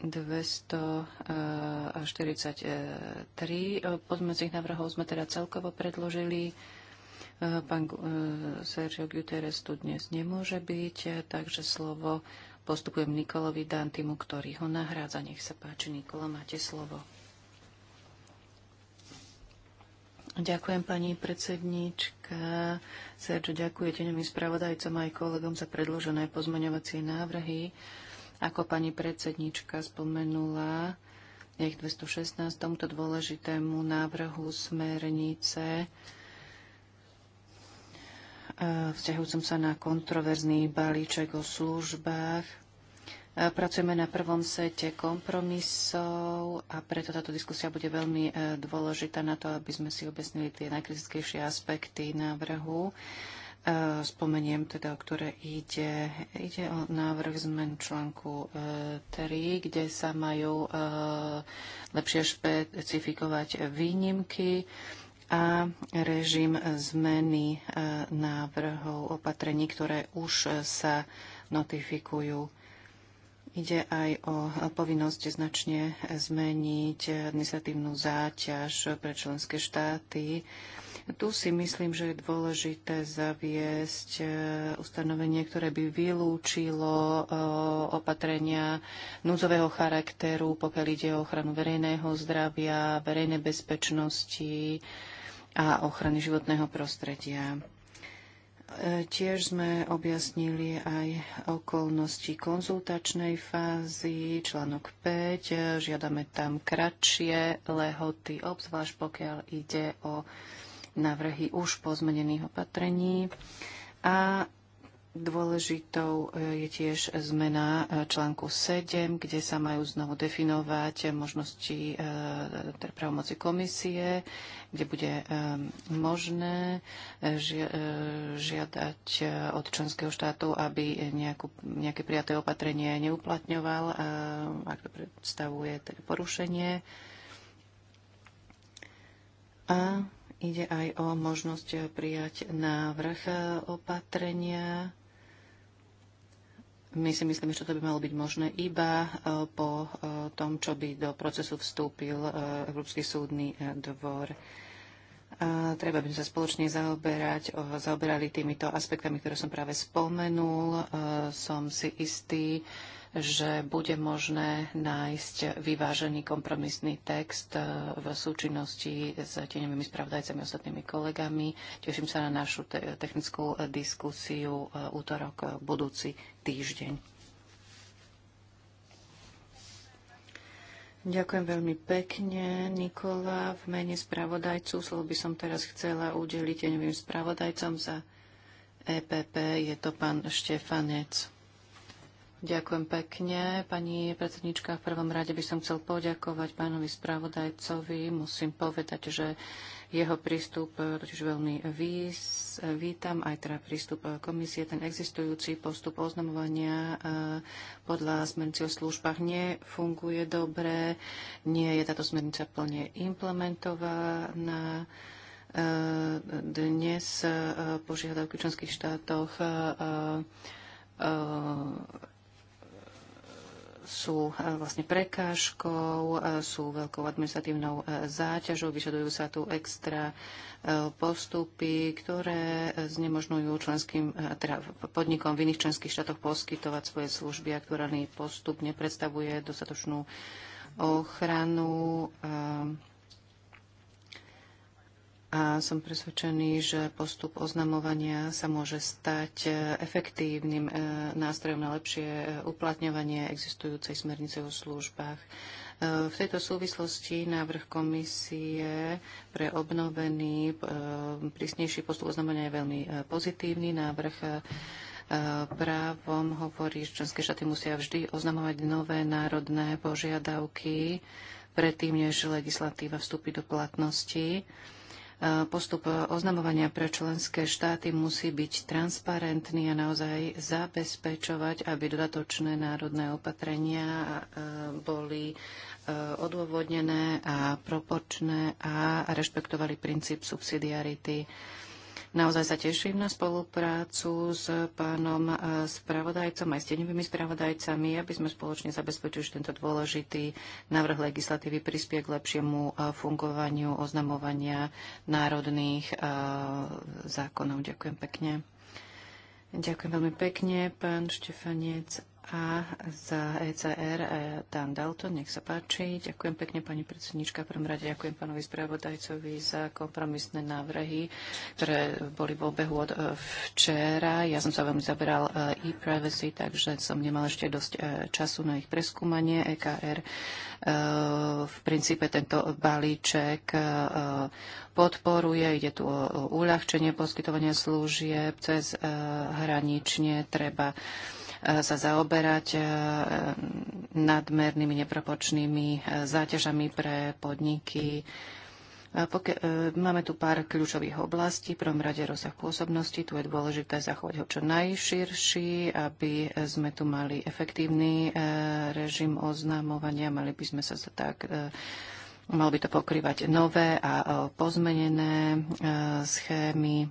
243 eh, eh, eh, pozmedzích návrhov sme teda celkovo predložili. Pán Sergio Guterres tu dnes nemôže byť, takže slovo postupujem Nikolovi Dantimu, ktorý ho nahrádza. Nech sa páči, Nikola, máte slovo. Ďakujem pani predsednička. Sergio, ďakujete tenovým spravodajcom aj kolegom za predložené pozmeňovacie návrhy. Ako pani predsednička spomenula, nech ich 216 tomuto dôležitému návrhu smernice e, vzťahujúcom sa na kontroverzný balíček o službách. E, pracujeme na prvom sete kompromisov a preto táto diskusia bude veľmi e, dôležitá na to, aby sme si objasnili tie najkritickejšie aspekty návrhu. Na E, spomeniem teda, o ktoré ide. Ide o návrh zmen článku 3, e, kde sa majú e, lepšie špecifikovať výnimky a režim zmeny návrhov opatrení, ktoré už sa notifikujú. Ide aj o povinnosť značne zmeniť administratívnu záťaž pre členské štáty tu si myslím, že je dôležité zaviesť e, ustanovenie, ktoré by vylúčilo e, opatrenia núdzového charakteru, pokiaľ ide o ochranu verejného zdravia, verejnej bezpečnosti a ochrany životného prostredia. E, tiež sme objasnili aj okolnosti konzultačnej fázy, článok 5. Žiadame tam kratšie lehoty, obzvlášť pokiaľ ide o návrhy už pozmenených opatrení. A Dôležitou e, je tiež zmena e, článku 7, kde sa majú znovu definovať možnosti e, teda pravomoci komisie, kde bude možné žiadať od členského štátu, aby nejakú, nejaké prijaté opatrenie neuplatňoval, ak to predstavuje teda porušenie. A Ide aj o možnosť prijať návrh opatrenia. My si myslíme, že to by malo byť možné iba e, po e, tom, čo by do procesu vstúpil e, Európsky súdny dvor. A treba by sme sa spoločne zaoberať, zaoberali týmito aspektami, ktoré som práve spomenul. Som si istý, že bude možné nájsť vyvážený kompromisný text e, v súčinnosti s tieňovými spravodajcami a ostatnými kolegami. Teším sa na našu te technickú e, diskusiu e, útorok budúci týždeň. Ďakujem veľmi pekne, Nikola. V mene spravodajcu slovo by som teraz chcela udeliť teňovým spravodajcom za EPP. Je to pán Štefanec. Ďakujem pekne. Pani predsednička, v prvom rade by som chcel poďakovať pánovi spravodajcovi. Musím povedať, že jeho prístup totiž veľmi vís, vítam, aj teda prístup komisie, ten existujúci postup oznamovania e, podľa smernice o službách nefunguje dobre, nie je táto smernica plne implementovaná e, dnes e, požiadavky členských štátoch sú e, vlastne prekážkou, e, sú veľkou administratívnou e, záťažou, vyžadujú sa tu extra postupy, ktoré znemožňujú členským, teda podnikom v iných členských štátoch poskytovať svoje služby. Aktuálny postup nepredstavuje dostatočnú ochranu a som presvedčený, že postup oznamovania sa môže stať e, efektívnym e, nástrojom na lepšie e, uplatňovanie existujúcej smernice o službách. V tejto súvislosti návrh komisie pre obnovený prísnejší postup oznamovania je veľmi pozitívny. Návrh právom hovorí, že členské štáty musia vždy oznamovať nové národné požiadavky predtým, než legislatíva vstúpi do platnosti. Postup oznamovania pre členské štáty musí byť transparentný a naozaj zabezpečovať, aby dodatočné národné opatrenia e, boli e, odôvodnené a proporčné a rešpektovali princíp subsidiarity. Naozaj sa teším na spoluprácu s pánom e, spravodajcom aj s tenivými spravodajcami, aby sme spoločne zabezpečili, že tento dôležitý návrh legislatívy prispie k lepšiemu e, fungovaniu oznamovania národných e, zákonov. Ďakujem pekne. Ďakujem veľmi pekne, pán Štefanec. A za ECR e, Dan Dalton, nech sa páči. Ďakujem pekne, pani predsednička. V prvom rade ďakujem pánovi spravodajcovi za kompromisné návrhy, ktoré boli v obehu od e, včera. Ja som sa veľmi zaberal e, e-privacy, takže som nemal ešte dosť času na ich preskúmanie. EKR v princípe tento balíček podporuje. Ide tu o uľahčenie poskytovania služieb cez hranične. Treba Eh, sa zaoberať eh, eh, nadmernými nepropočnými záťažami pre podniky. Máme tu pár kľúčových oblastí. V prvom rade rozsah pôsobnosti. Tu je dôležité zachovať ho čo najširší, aby sme tu mali efektívny režim oznámovania. Mali by sme sa tak Mal by to pokrývať nové a pozmenené schémy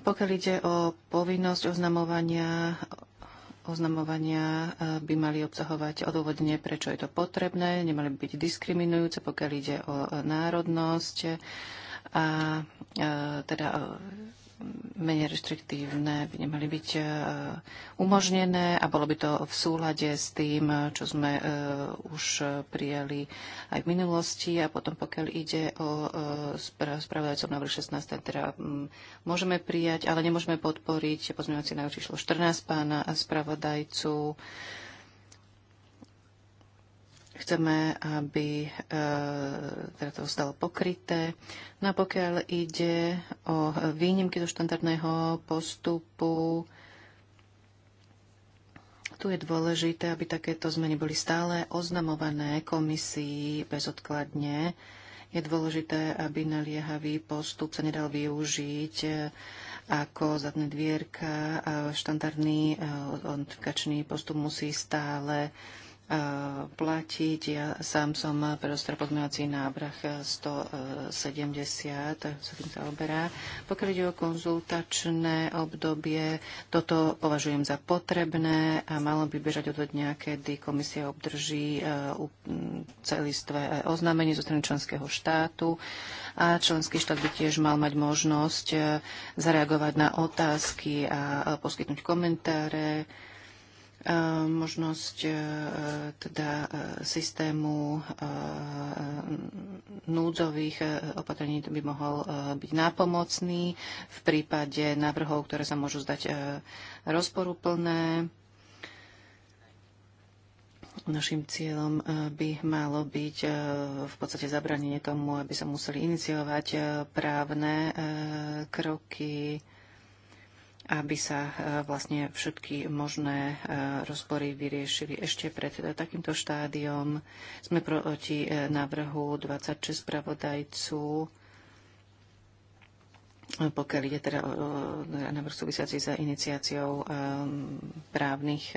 pokiaľ ide o povinnosť oznamovania, oznamovania e, by mali obsahovať odôvodne, prečo je to potrebné, nemali by byť diskriminujúce, pokiaľ ide o e, národnosť a e, teda menej reštriktívne by nemali byť e, umožnené a bolo by to v súlade s tým, e, čo sme e, už prijali aj v minulosti. A potom, pokiaľ ide o spravodajcov návrh 16, teda mm, môžeme prijať, ale nemôžeme podporiť pozmeňovací návrh číslo 14 pána spravodajcu Chceme, aby e, teda to zostalo pokryté. No a pokiaľ ide o výnimky do štandardného postupu, tu je dôležité, aby takéto zmeny boli stále oznamované komisii bezodkladne. Je dôležité, aby naliehavý postup sa nedal využiť e, ako zadné dvierka. Štandardný notifikačný e, postup musí stále platiť. Ja sám som predostrel podmienovací návrh 170, sa tým zaoberá. Pokiaľ ide o konzultačné obdobie, toto považujem za potrebné a malo by bežať od dňa, kedy komisia obdrží e, celistvé e, oznámenie zo strany členského štátu a členský štát by tiež mal mať možnosť e, zareagovať na otázky a poskytnúť komentáre E, možnosť e, teda e, systému núdzových opatrení by mohol byť nápomocný v prípade návrhov, ktoré sa môžu zdať rozporuplné. Našim cieľom by malo byť v podstate zabranenie tomu, aby sa museli iniciovať právne kroky aby sa e, vlastne všetky možné e, rozpory vyriešili ešte pred takýmto štádiom. Sme proti e, návrhu 26 spravodajcu pokiaľ ide teda o návrh súvisiaci s iniciáciou um, právnych e,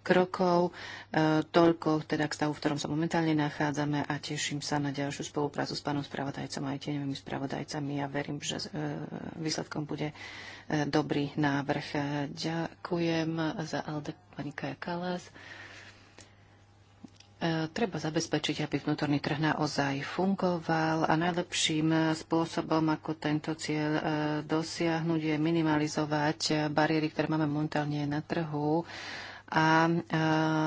krokov. E, toľko teda k stavu, v ktorom sa momentálne nachádzame a teším sa na ďalšiu spoluprácu s pánom spravodajcom a aj tieňovými spravodajcami. Ja verím, že e, výsledkom bude dobrý návrh. Ďakujem za Alde pani Kaja Kalas. E, treba zabezpečiť, aby vnútorný trh naozaj fungoval a najlepším spôsobom, ako tento cieľ e, dosiahnuť, je minimalizovať bariéry, ktoré máme momentálne na trhu a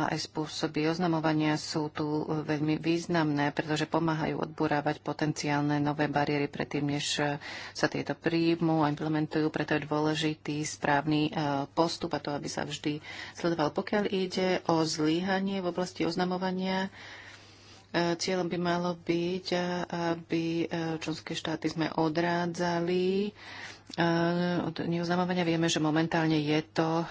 aj spôsoby oznamovania sú tu veľmi významné, pretože pomáhajú odburávať potenciálne nové bariéry predtým, než e, sa tieto príjmu a implementujú. Preto je dôležitý správny e, postup a to, aby sa vždy sledoval. Pokiaľ ide o zlíhanie v oblasti oznamovania, Cieľom by malo byť, aby e, členské štáty sme odrádzali e, od neoznamovania. Vieme, že momentálne je to e,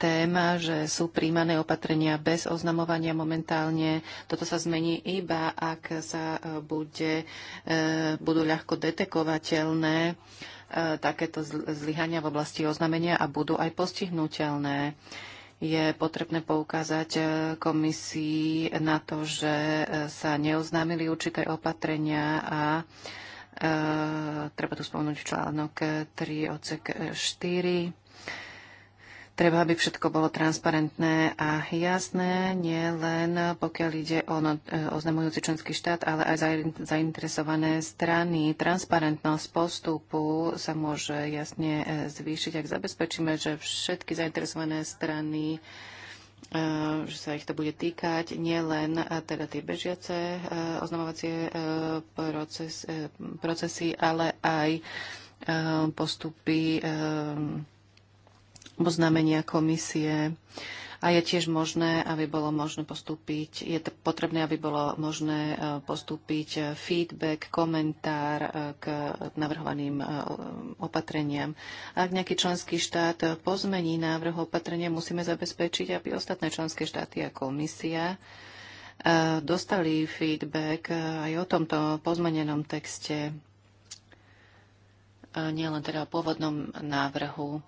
téma, že sú príjmané opatrenia bez oznamovania momentálne. Toto sa zmení iba, ak sa bude, budú ľahko detekovateľné takéto zlyhania v oblasti oznamenia a budú aj postihnutelné je potrebné poukázať e, komisii na to, že e, sa neoznámili určité opatrenia a e, treba tu spomenúť článok 3 odsek 4 e, Treba, aby všetko bolo transparentné a jasné, nie len pokiaľ ide o no- e, oznamujúci členský štát, ale aj zainteresované strany. Transparentnosť postupu sa môže jasne e, zvýšiť, ak zabezpečíme, že všetky zainteresované strany e, že sa ich to bude týkať, nielen teda tie bežiace oznamovacie procesy, ale aj postupy oznámenia komisie a je tiež možné, aby bolo možné postúpiť, je potrebné, aby bolo možné e, postúpiť e, feedback, komentár e, k navrhovaným opatreniam. Ak nejaký členský štát pozmení návrh opatrenia, musíme zabezpečiť, aby ostatné členské štáty a komisia dostali feedback aj o tomto pozmenenom texte, nielen teda o pôvodnom návrhu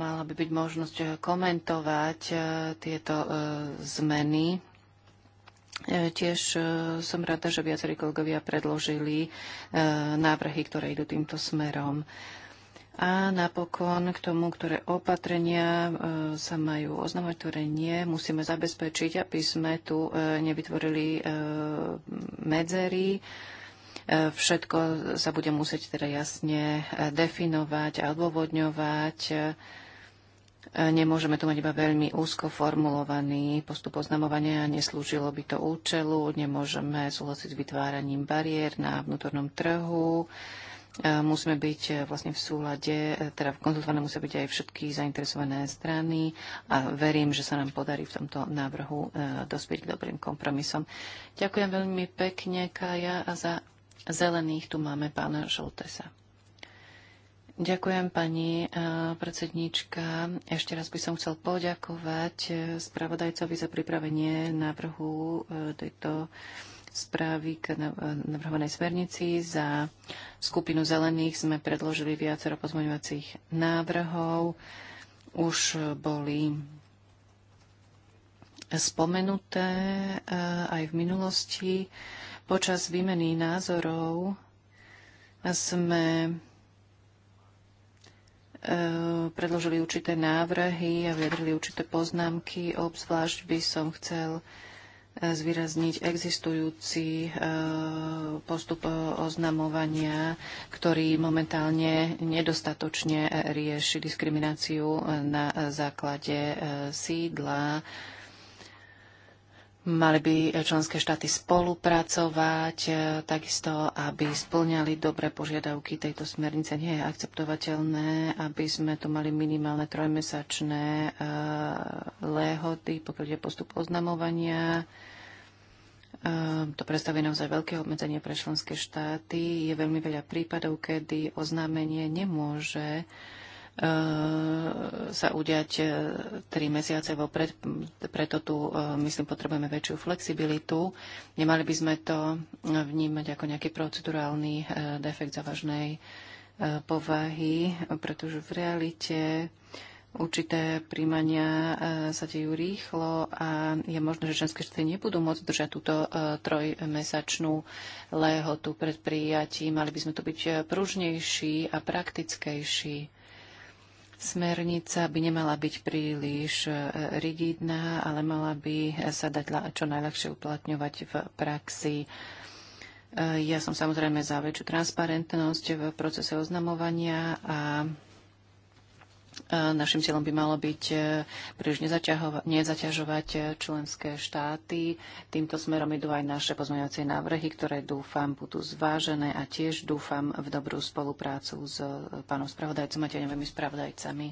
mala by byť možnosť eh, komentovať eh, tieto eh, zmeny. Tiež som rada, že viacerí kolegovia predložili návrhy, ktoré idú týmto smerom. A napokon k tomu, ktoré opatrenia sa majú oznamovať, ktoré nie, musíme zabezpečiť, aby sme tu nevytvorili medzery E, všetko sa bude musieť teda jasne e, definovať a odôvodňovať. E, nemôžeme tu mať iba veľmi úzko formulovaný postup oznamovania, neslúžilo by to účelu, nemôžeme súhlasiť s vytváraním bariér na vnútornom trhu, musíme byť vlastne v súlade, teda konzultované musia byť aj všetky zainteresované strany a verím, že sa nám podarí v tomto návrhu dospieť k dobrým kompromisom. Ďakujem veľmi pekne, Kaja, a za zelených tu máme pána Šoltesa. Ďakujem, pani e, predsedníčka. Ešte raz by som chcel poďakovať e, spravodajcovi za pripravenie návrhu e, tejto správy k navrhovanej smernici. Za skupinu zelených sme predložili viacero pozmeňovacích návrhov. Už boli spomenuté aj v minulosti. Počas výmeny názorov sme e, predložili určité návrhy a vyjadrili určité poznámky. Obzvlášť by som chcel e, zvýrazniť existujúci e, postup oznamovania, ktorý momentálne nedostatočne rieši diskrimináciu na základe sídla Mali by členské štáty spolupracovať, e, takisto, aby splňali dobré požiadavky tejto smernice. Nie je akceptovateľné, aby sme tu mali minimálne trojmesačné e, lehoty, pokiaľ je postup oznamovania. E, to predstavuje naozaj veľké obmedzenie pre členské štáty. Je veľmi veľa prípadov, kedy oznámenie nemôže E, sa udiať e, tri mesiace vopred, preto tu, e, myslím, potrebujeme väčšiu flexibilitu. Nemali by sme to vnímať ako nejaký procedurálny defekt závažnej povahy, pretože v realite určité príjmania sa dejú rýchlo a je možné, že ženské štáty nebudú môcť držať túto trojmesačnú lehotu pred prijatím. Mali by sme tu byť pružnejší a praktickejší. Smernica by nemala byť príliš e, rigidná, ale mala by sa dať čo najľahšie uplatňovať v praxi. E, ja som samozrejme za väčšiu transparentnosť v procese oznamovania a Našim cieľom by malo byť e, príliš nezaťažovať e, členské štáty. Týmto smerom idú aj naše pozmeňovacie návrhy, ktoré dúfam budú zvážené a tiež dúfam v dobrú spoluprácu s e, pánom spravodajcom a tieňovými spravodajcami.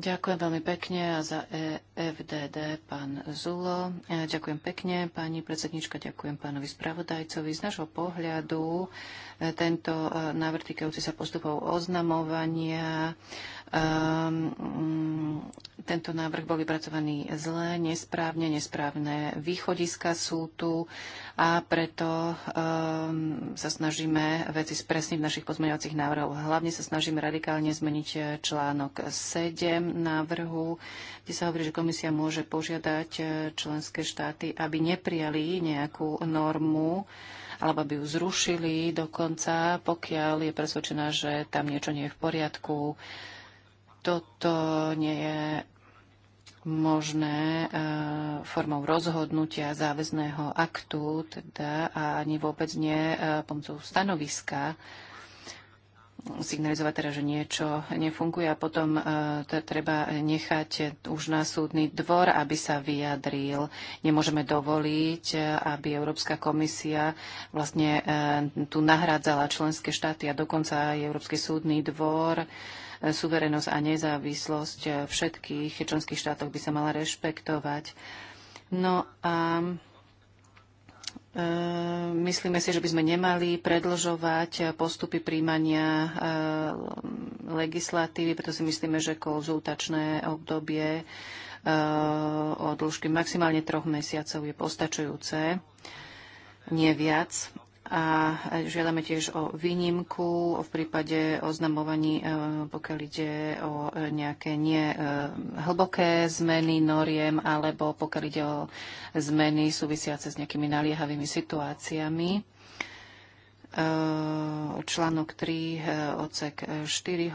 Ďakujem veľmi pekne a za EFDD pán Zulo. E, ďakujem pekne, pani predsednička, ďakujem pánovi spravodajcovi. Z našho pohľadu e, tento e, návrh týkajúci sa postupov oznamovania um, um, tento návrh bol vypracovaný zle, nesprávne, nesprávne východiska sú tu a preto um, sa snažíme veci spresniť v našich pozmeňovacích návrhov. Hlavne sa snažíme radikálne zmeniť článok 7 návrhu, kde sa hovorí, že komisia môže požiadať členské štáty, aby neprijali nejakú normu, alebo by ju zrušili dokonca, pokiaľ je presvedčená, že tam niečo nie je v poriadku. Toto nie je možné e, formou rozhodnutia záväzného aktu, teda a ani vôbec nie e, pomocou stanoviska signalizovať teda, že niečo nefunguje a potom e, treba nechať už na súdny dvor, aby sa vyjadril. Nemôžeme dovoliť, aby Európska komisia vlastne tu nahrádzala členské štáty a dokonca aj Európsky súdny dvor suverenosť a nezávislosť všetkých členských štátov by sa mala rešpektovať. No a e, Myslíme si, že by sme nemali predlžovať postupy príjmania e, legislatívy, preto si myslíme, že konzultačné obdobie e, o dĺžky maximálne troch mesiacov je postačujúce, nie viac a žiadame tiež o výnimku v prípade oznamovaní, e, pokiaľ ide o nejaké nie e, hlboké zmeny noriem alebo pokiaľ ide o zmeny súvisiace s nejakými naliehavými situáciami. E, článok 3 odsek 4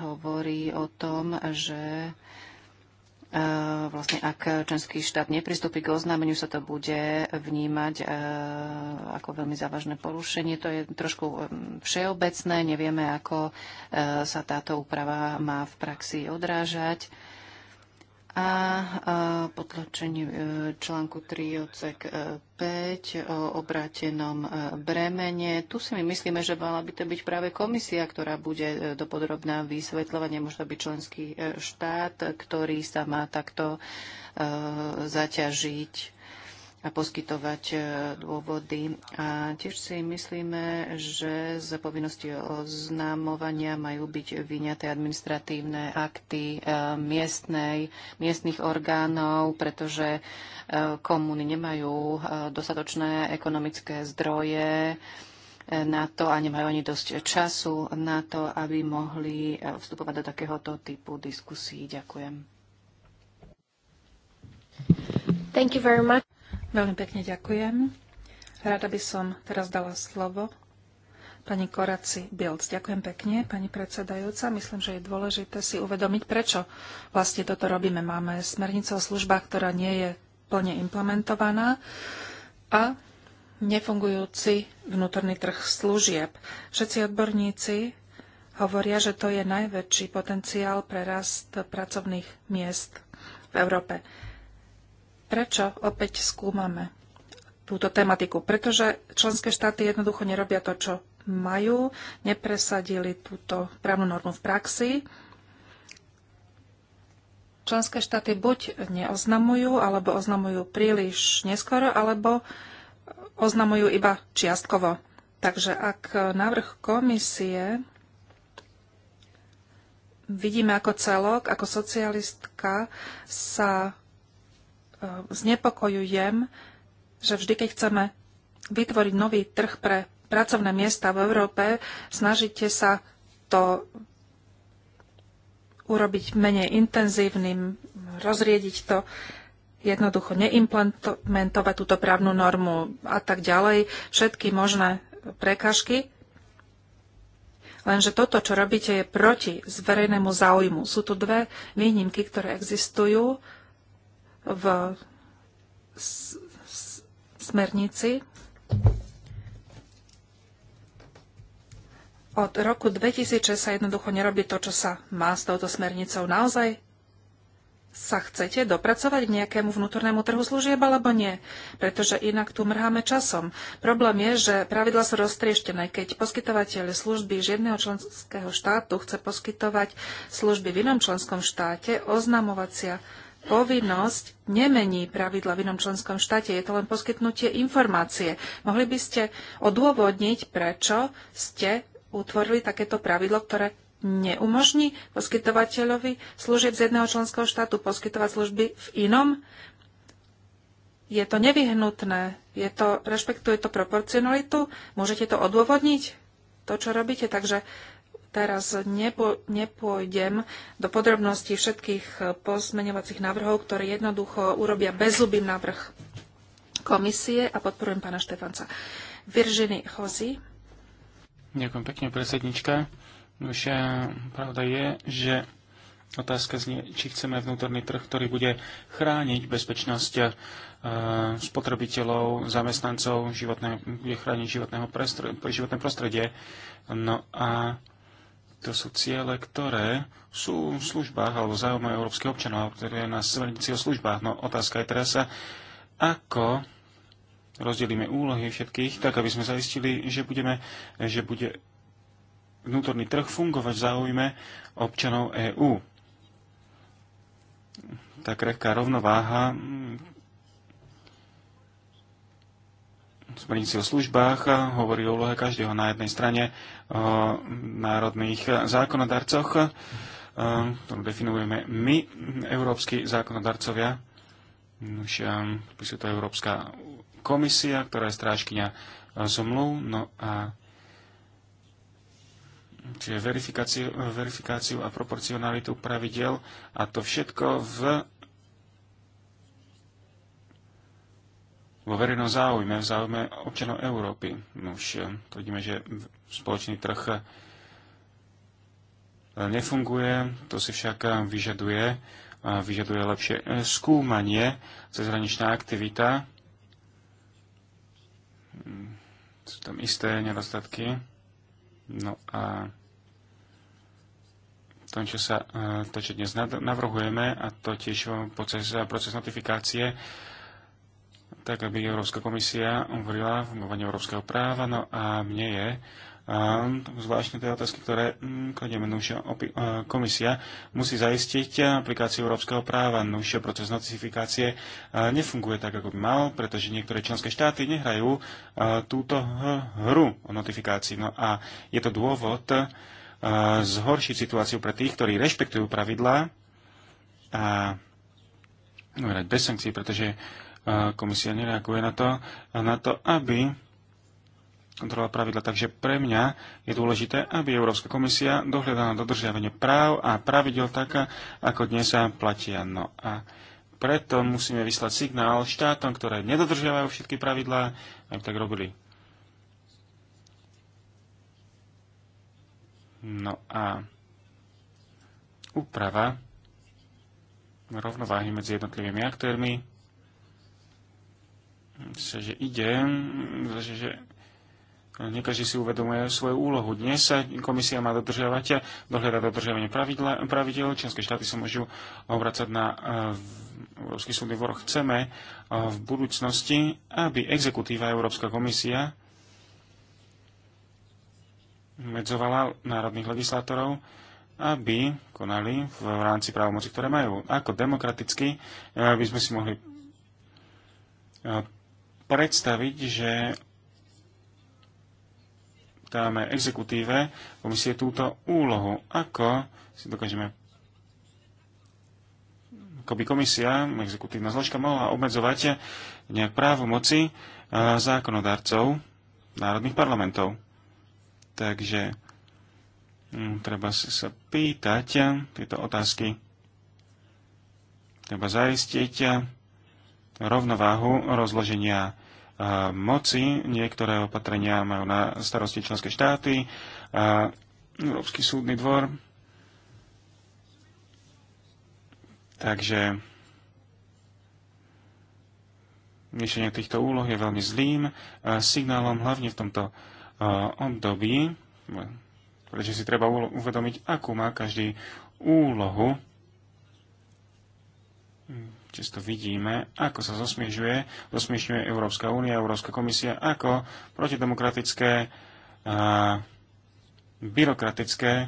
hovorí o tom, že E, vlastne ak členský štát nepristúpi k oznámeniu, sa to bude vnímať e, ako veľmi závažné porušenie. To je trošku e, všeobecné, nevieme, ako sa táto úprava má v praxi odrážať a potlačenie e, článku 3 odsek 5 e, o obrátenom e, bremene. Tu si my myslíme, že mala by to byť práve komisia, ktorá bude dopodrobná vysvetľovať, nemôže to byť členský štát, ktorý sa má takto zaťažiť a poskytovať e, dôvody. A tiež si myslíme, že z povinnosti oznámovania majú byť vyňaté administratívne akty e, miestnej, miestnych orgánov, pretože e, komúny nemajú dostatočné ekonomické zdroje na to a nemajú ani dosť času na to, aby mohli vstupovať do takéhoto typu diskusí. Ďakujem. Thank you very much. Veľmi pekne ďakujem. Rada by som teraz dala slovo pani Koraci Bilc. Ďakujem pekne, pani predsedajúca. Myslím, že je dôležité si uvedomiť, prečo vlastne toto robíme. Máme smernicu o službách, ktorá nie je plne implementovaná a nefungujúci vnútorný trh služieb. Všetci odborníci hovoria, že to je najväčší potenciál pre rast pracovných miest v Európe. Prečo opäť skúmame túto tematiku? Pretože členské štáty jednoducho nerobia to, čo majú, nepresadili túto právnu normu v praxi. Členské štáty buď neoznamujú, alebo oznamujú príliš neskoro, alebo oznamujú iba čiastkovo. Takže ak návrh komisie vidíme ako celok, ako socialistka sa znepokojujem, že vždy, keď chceme vytvoriť nový trh pre pracovné miesta v Európe, snažíte sa to urobiť menej intenzívnym, rozriediť to, jednoducho neimplementovať túto právnu normu a tak ďalej, všetky možné prekažky. Lenže toto, čo robíte, je proti zverejnému záujmu. Sú tu dve výnimky, ktoré existujú v smernici od roku 2006 sa jednoducho nerobí to, čo sa má s touto smernicou. Naozaj sa chcete dopracovať k nejakému vnútornému trhu služieb alebo nie? Pretože inak tu mrháme časom. Problém je, že pravidla sú roztrieštené. Keď poskytovateľ služby z jedného členského štátu chce poskytovať služby v inom členskom štáte, oznamovacia povinnosť nemení pravidla v inom členskom štáte, je to len poskytnutie informácie. Mohli by ste odôvodniť, prečo ste utvorili takéto pravidlo, ktoré neumožní poskytovateľovi služieb z jedného členského štátu poskytovať služby v inom? Je to nevyhnutné? Je to, rešpektuje to proporcionalitu? Môžete to odôvodniť? To, čo robíte? Takže teraz nepo, nepôjdem do podrobností všetkých pozmeňovacích návrhov, ktoré jednoducho urobia bezubým návrh komisie a podporujem pána Štefanca. Viržiny Hozi. Ďakujem pekne, predsednička. Už pravda je, že otázka znie, či chceme vnútorný trh, ktorý bude chrániť bezpečnosť eh, spotrebiteľov, zamestnancov, životné, bude chrániť životného životné prostredie. No a to sú ciele, ktoré sú v službách alebo záujme európskych občanov, ktoré je na smernici o službách. No otázka je teraz, ako rozdelíme úlohy všetkých, tak aby sme zaistili, že, budeme, že bude vnútorný trh fungovať v záujme občanov EÚ. Tá krehká rovnováha smernici o službách hovorí o úlohe každého na jednej strane o eh, národných zákonodarcoch, eh, ktorú definujeme my, európsky zákonodarcovia. Už je eh, to Európska komisia, ktorá je strážkynia zmluv, no a čiže verifikáciu, verifikáciu a proporcionalitu pravidel a to všetko v vo verejnom záujme, v záujme občanov Európy. No už eh, to vidíme, že spoločný trh eh, nefunguje, to si však eh, vyžaduje, vyžaduje lepšie skúmanie, cezhraničná aktivita, hmm, sú tam isté nedostatky. No a tom, čo sa to, čo dnes navrhujeme, a totiž proces, proces notifikácie, tak aby Európska komisia hovorila fungovanie európskeho práva, no a mne je um, zvláštne tie otázky, ktoré mm, kladieme nuž, komisia musí zaistiť aplikáciu európskeho práva. Nuž proces notifikácie nefunguje tak, ako by mal, pretože niektoré členské štáty nehrajú túto hru o notifikácii. No a je to dôvod zhoršiť situáciu pre tých, ktorí rešpektujú pravidlá a no, bez sankcií, pretože uh, komisia nereaguje na to, na to, aby kontrola pravidla. Takže pre mňa je dôležité, aby Európska komisia dohľadala na dodržiavanie práv a pravidel tak, ako dnes sa platia. No a preto musíme vyslať signál štátom, ktoré nedodržiavajú všetky pravidlá, aby tak robili. No a úprava rovnováhy medzi jednotlivými aktérmi sa, že ide, že, že nie každý si uvedomuje svoju úlohu. Dnes sa komisia má dodržiavať, dohľadať dodržiavanie pravidel. Členské štáty sa môžu obracať na e, Európsky súdny dvor. Chceme e, v budúcnosti, aby exekutíva Európska komisia medzovala národných legislátorov, aby konali v rámci právomoci, ktoré majú. Ako demokraticky aby e, sme si mohli predstaviť, že dáme exekutíve komisie túto úlohu. Ako si dokážeme ako by komisia, exekutívna zložka, mohla obmedzovať nejak právo moci e, zákonodarcov národných parlamentov. Takže mm, treba sa pýtať e, tieto otázky. Treba zaistiť e, rovnováhu rozloženia e, moci. Niektoré opatrenia majú na starosti členské štáty, e, Európsky súdny dvor. Takže riešenie týchto úloh je veľmi zlým e, signálom, hlavne v tomto období, pretože si treba uvedomiť, akú má každý úlohu Čisto vidíme, ako sa zosmiežuje, zosmiešňuje Európska únia, Európska komisia, ako protidemokratické a byrokratické a,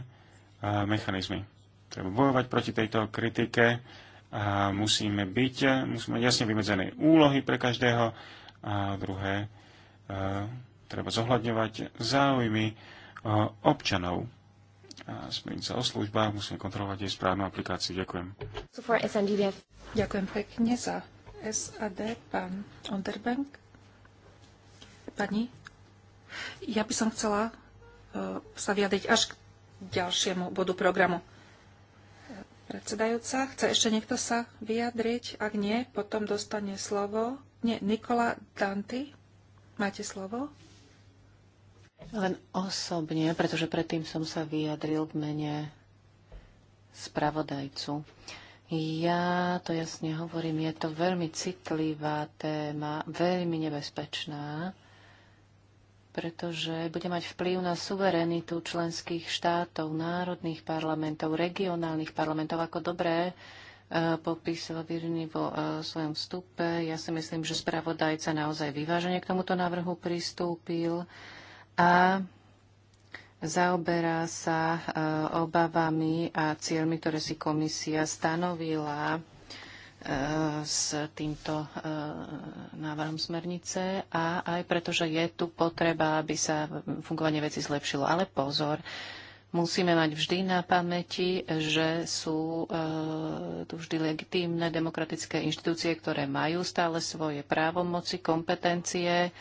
mechanizmy. Treba bojovať proti tejto kritike a musíme byť, musíme mať jasne vymedzené úlohy pre každého a druhé, a, treba zohľadňovať záujmy a, občanov. A sa o službách musíme kontrolovať jej správnu aplikáciu. Ďakujem. Ďakujem pekne za SAD, pán Onderbank. Pani, ja by som chcela e, sa vyjadriť až k ďalšiemu bodu programu. Predsedajúca, chce ešte niekto sa vyjadriť? Ak nie, potom dostane slovo. Nie, Nikola Danti, máte slovo? Len osobne, pretože predtým som sa vyjadril k mene spravodajcu. Uh, ja to jasne hovorím, je to veľmi citlivá téma, veľmi nebezpečná, pretože bude mať vplyv na suverenitu členských štátov, národných parlamentov, regionálnych parlamentov, ako dobré e, popísal Virni vo e, svojom vstupe. Ja si myslím, že spravodajca naozaj vyvážene k tomuto návrhu pristúpil a zaoberá sa eh, obavami a cieľmi, ktoré si komisia stanovila eh, s týmto eh, návrhom smernice a aj preto, že je tu potreba, aby sa fungovanie veci zlepšilo. Ale pozor, musíme mať vždy na pamäti, že sú tu vždy legitímne demokratické inštitúcie, ktoré majú stále svoje právomoci, kompetencie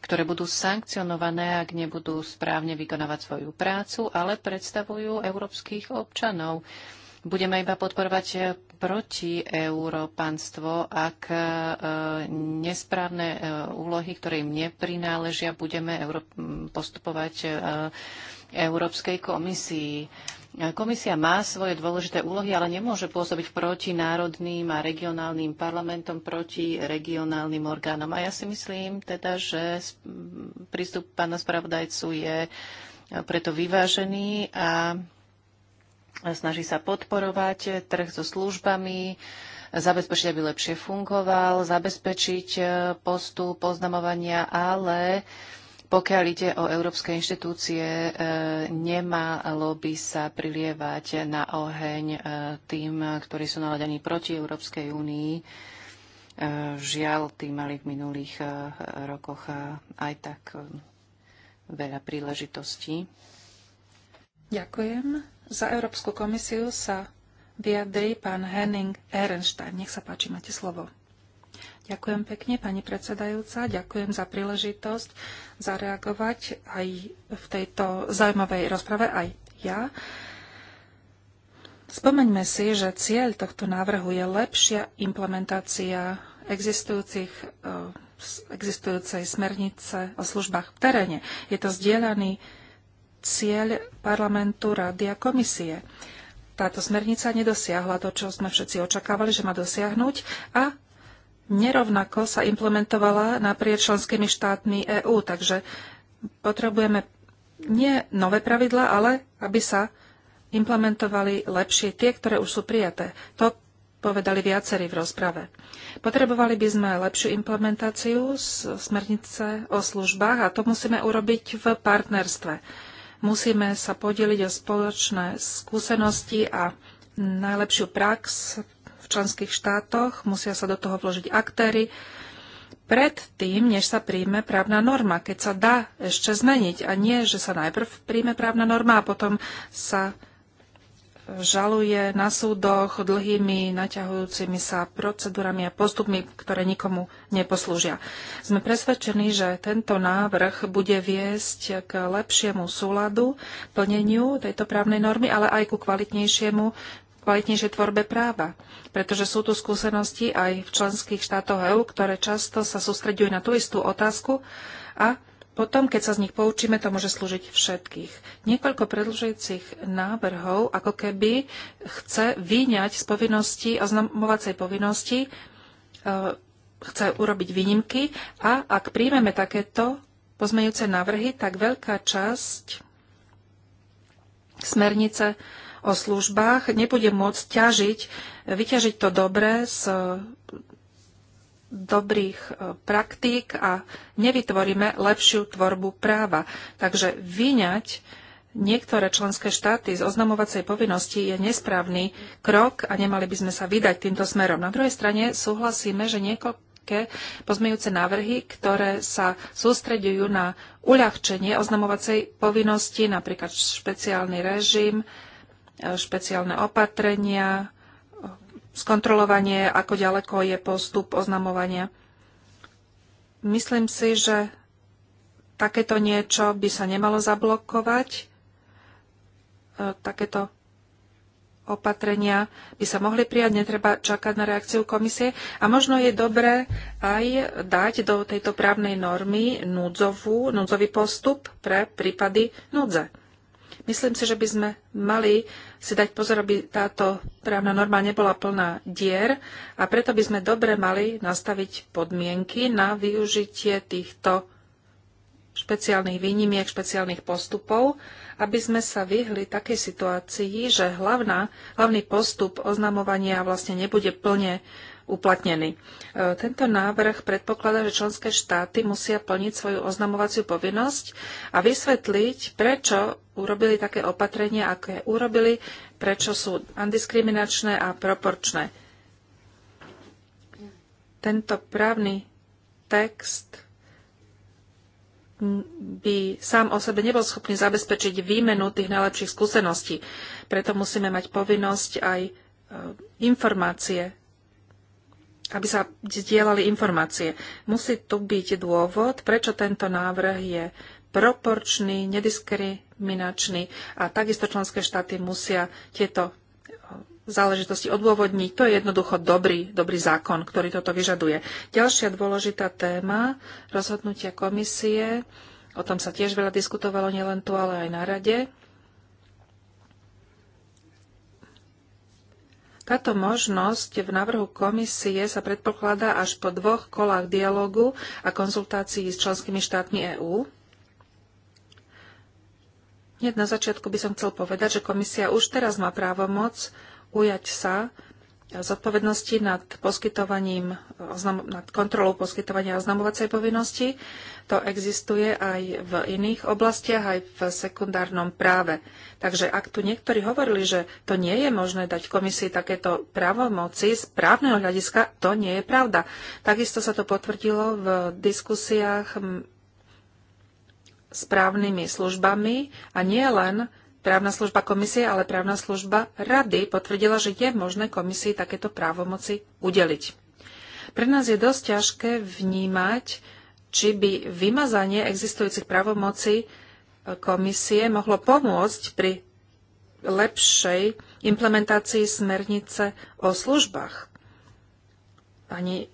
ktoré budú sankcionované, ak nebudú správne vykonávať svoju prácu, ale predstavujú európskych občanov. Budeme iba podporovať e, proti európanstvo, ak e, nesprávne e, úlohy, ktoré im neprináležia, budeme postupovať Európskej komisii. Komisia má svoje dôležité úlohy, ale nemôže pôsobiť proti národným a regionálnym parlamentom, proti regionálnym orgánom. A ja si myslím teda, že prístup pána spravodajcu je e, preto vyvážený a snaží sa podporovať trh so službami, zabezpečiť, aby lepšie fungoval, zabezpečiť e, postup poznamovania, ale pokiaľ ide o európske inštitúcie, e, nemalo by sa prilievať na oheň e, tým, ktorí sú naladení proti Európskej únii. E, žiaľ, tí mali v minulých rokoch aj tak veľa príležitostí. Ďakujem. Za Európsku komisiu sa vyjadrí pán Henning Ehrenstein. Nech sa páči, máte slovo. Ďakujem pekne, pani predsedajúca. Ďakujem za príležitosť zareagovať aj v tejto zaujímavej rozprave, aj ja. Spomeňme si, že cieľ tohto návrhu je lepšia implementácia existujúcich, eh, existujúcej smernice o službách v teréne. Je to zdieľaný cieľ parlamentu, rady a komisie. Táto smernica nedosiahla to, čo sme všetci očakávali, že má dosiahnuť a nerovnako sa implementovala naprieč členskými štátmi EÚ, takže potrebujeme nie nové pravidla, ale aby sa implementovali lepšie tie, ktoré už sú prijaté. To povedali viacerí v rozprave. Potrebovali by sme lepšiu implementáciu z smernice o službách a to musíme urobiť v partnerstve. Musíme sa podeliť o spoločné skúsenosti a najlepšiu prax členských štátoch, musia sa do toho vložiť aktéry, predtým, než sa príjme právna norma, keď sa dá ešte zmeniť a nie, že sa najprv príjme právna norma a potom sa e, žaluje na súdoch dlhými, naťahujúcimi sa procedúrami a postupmi, ktoré nikomu neposlúžia. Sme presvedčení, že tento návrh bude viesť k lepšiemu súladu, plneniu tejto právnej normy, ale aj ku kvalitnejšiemu kvalitnejšej tvorbe práva. Pretože sú tu skúsenosti aj v členských štátoch EÚ, ktoré často sa sústredujú na tú istú otázku a potom, keď sa z nich poučíme, to môže slúžiť všetkých. Niekoľko predlžujúcich návrhov ako keby chce vyňať z povinnosti, oznamovacej povinnosti, e, chce urobiť výnimky a ak príjmeme takéto pozmejúce návrhy, tak veľká časť smernice o službách nebude môcť ťažiť, vyťažiť to dobré z e, dobrých e, praktík a nevytvoríme lepšiu tvorbu práva. Takže vyňať niektoré členské štáty z oznamovacej povinnosti je nesprávny krok a nemali by sme sa vydať týmto smerom. Na druhej strane súhlasíme, že niekoľké pozmejúce návrhy, ktoré sa sústreďujú na uľahčenie oznamovacej povinnosti, napríklad špeciálny režim, špeciálne opatrenia, skontrolovanie, ako ďaleko je postup oznamovania. Myslím si, že takéto niečo by sa nemalo zablokovať. E, takéto opatrenia by sa mohli prijať, netreba čakať na reakciu komisie. A možno je dobré aj dať do tejto právnej normy núdzovú, núdzový postup pre prípady núdze. Myslím si, že by sme mali si dať pozor, aby táto právna norma nebola plná dier a preto by sme dobre mali nastaviť podmienky na využitie týchto špeciálnych výnimiek, špeciálnych postupov, aby sme sa vyhli takej situácii, že hlavná, hlavný postup oznamovania vlastne nebude plne uplatnený. E, tento návrh predpokladá, že členské štáty musia plniť svoju oznamovaciu povinnosť a vysvetliť, prečo urobili také opatrenia, aké urobili, prečo sú antidiskriminačné a proporčné. Tento právny text by sám o sebe nebol schopný zabezpečiť výmenu tých najlepších skúseností. Preto musíme mať povinnosť aj e, informácie aby sa zdieľali informácie. Musí tu byť dôvod, prečo tento návrh je proporčný, nediskriminačný a takisto členské štáty musia tieto e, záležitosti odôvodniť. To je jednoducho dobrý, dobrý zákon, ktorý toto vyžaduje. Ďalšia dôležitá téma rozhodnutia komisie. O tom sa tiež veľa diskutovalo nielen tu, ale aj na rade. Táto možnosť v návrhu komisie sa predpokladá až po dvoch kolách dialogu a konzultácií s členskými štátmi EÚ. Hneď na začiatku by som chcel povedať, že komisia už teraz má právomoc ujať sa zodpovednosti nad poskytovaním, nad kontrolou poskytovania oznamovacej povinnosti. To existuje aj v iných oblastiach, aj v sekundárnom práve. Takže ak tu niektorí hovorili, že to nie je možné dať komisii takéto právomoci z právneho hľadiska, to nie je pravda. Takisto sa to potvrdilo v diskusiách s právnymi službami a nie len právna služba komisie, ale právna služba rady potvrdila, že je možné komisii takéto právomoci udeliť. Pre nás je dosť ťažké vnímať, či by vymazanie existujúcich právomocí e, komisie mohlo pomôcť pri lepšej implementácii smernice o službách. Pani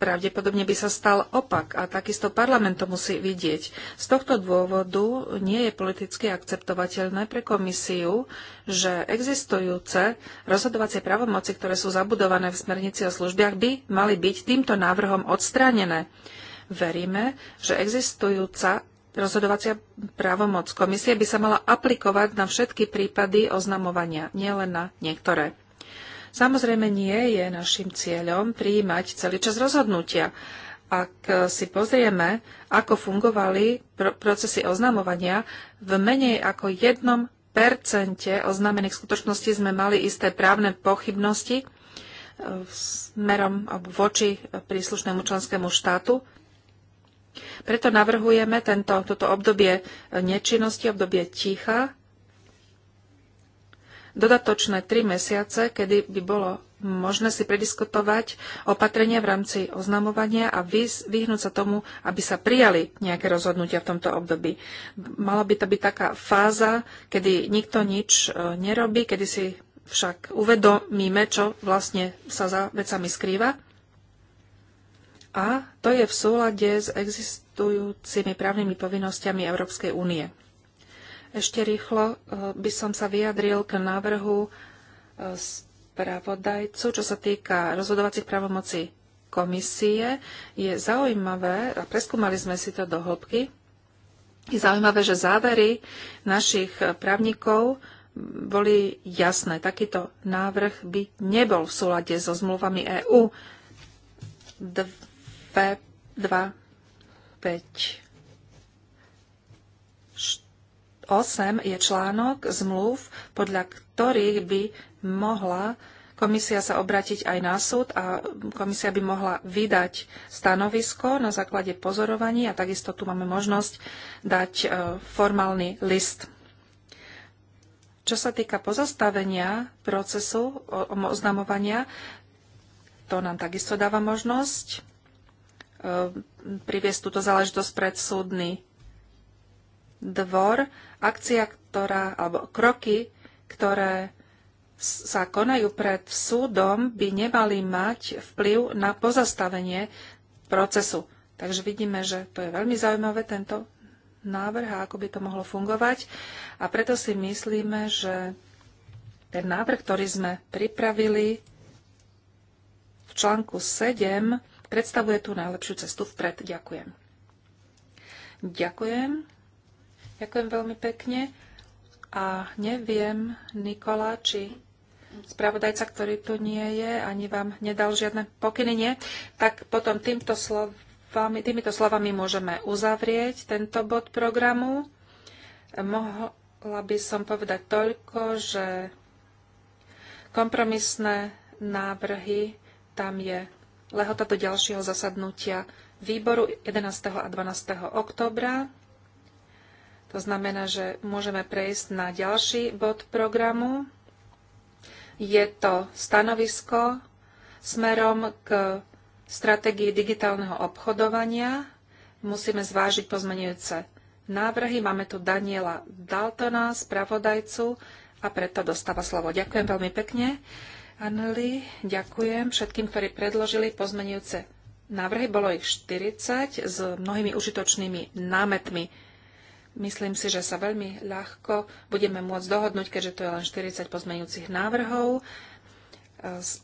pravdepodobne by sa stal opak a takisto parlament to musí vidieť. Z tohto dôvodu nie je politicky akceptovateľné pre komisiu, že existujúce rozhodovacie pravomoci, ktoré sú zabudované v smernici o službách, by mali byť týmto návrhom odstránené. Veríme, že existujúca rozhodovacia právomoc komisie by sa mala aplikovať na všetky prípady oznamovania, nielen na niektoré. Samozrejme nie je našim cieľom prijímať celý čas rozhodnutia. Ak si pozrieme, ako fungovali procesy oznamovania, v menej ako jednom percente oznámených skutočností sme mali isté právne pochybnosti e, smerom voči príslušnému členskému štátu. Preto navrhujeme tento, toto obdobie nečinnosti, obdobie ticha, dodatočné tri mesiace, kedy by bolo možné si prediskutovať opatrenia v rámci oznamovania a vyhnúť sa tomu, aby sa prijali nejaké rozhodnutia v tomto období. Mala by to byť taká fáza, kedy nikto nič e, nerobí, kedy si však uvedomíme, čo vlastne sa za vecami skrýva. A to je v súlade s existujúcimi právnymi povinnosťami Európskej únie. Ešte rýchlo e, by som sa vyjadril k návrhu e, spravodajcu, čo sa týka rozhodovacích právomocí komisie. Je zaujímavé, a preskúmali sme si to do hĺbky, je zaujímavé, že závery našich právnikov boli jasné. Takýto návrh by nebol v súlade so zmluvami EÚ 2, 8 je článok zmluv, podľa ktorých by mohla komisia sa obratiť aj na súd a komisia by mohla vydať stanovisko na základe pozorovaní a takisto tu máme možnosť dať e, formálny list. Čo sa týka pozastavenia procesu oznamovania, to nám takisto dáva možnosť e, priviesť túto záležitosť pred súdny dvor akcia, ktorá, alebo kroky, ktoré sa konajú pred súdom, by nemali mať vplyv na pozastavenie procesu. Takže vidíme, že to je veľmi zaujímavé tento návrh a ako by to mohlo fungovať. A preto si myslíme, že ten návrh, ktorý sme pripravili v článku 7, predstavuje tú najlepšiu cestu vpred. Ďakujem. Ďakujem. Ďakujem veľmi pekne. A neviem, Nikola, či spravodajca, ktorý tu nie je, ani vám nedal žiadne pokyny, nie? Tak potom týmto slovami, týmito slovami môžeme uzavrieť tento bod programu. Mohla by som povedať toľko, že kompromisné návrhy tam je lehota do ďalšieho zasadnutia výboru 11. a 12. oktobra to znamená, že môžeme prejsť na ďalší bod programu. Je to stanovisko smerom k stratégii digitálneho obchodovania. Musíme zvážiť pozmenujúce návrhy. Máme tu Daniela Daltona, spravodajcu, a preto dostáva slovo. Ďakujem veľmi pekne. Anneli, ďakujem všetkým, ktorí predložili pozmenujúce návrhy. Bolo ich 40 s mnohými užitočnými námetmi. Myslím si, že sa veľmi ľahko budeme môcť dohodnúť, keďže to je len 40 pozmeňujúcich návrhov.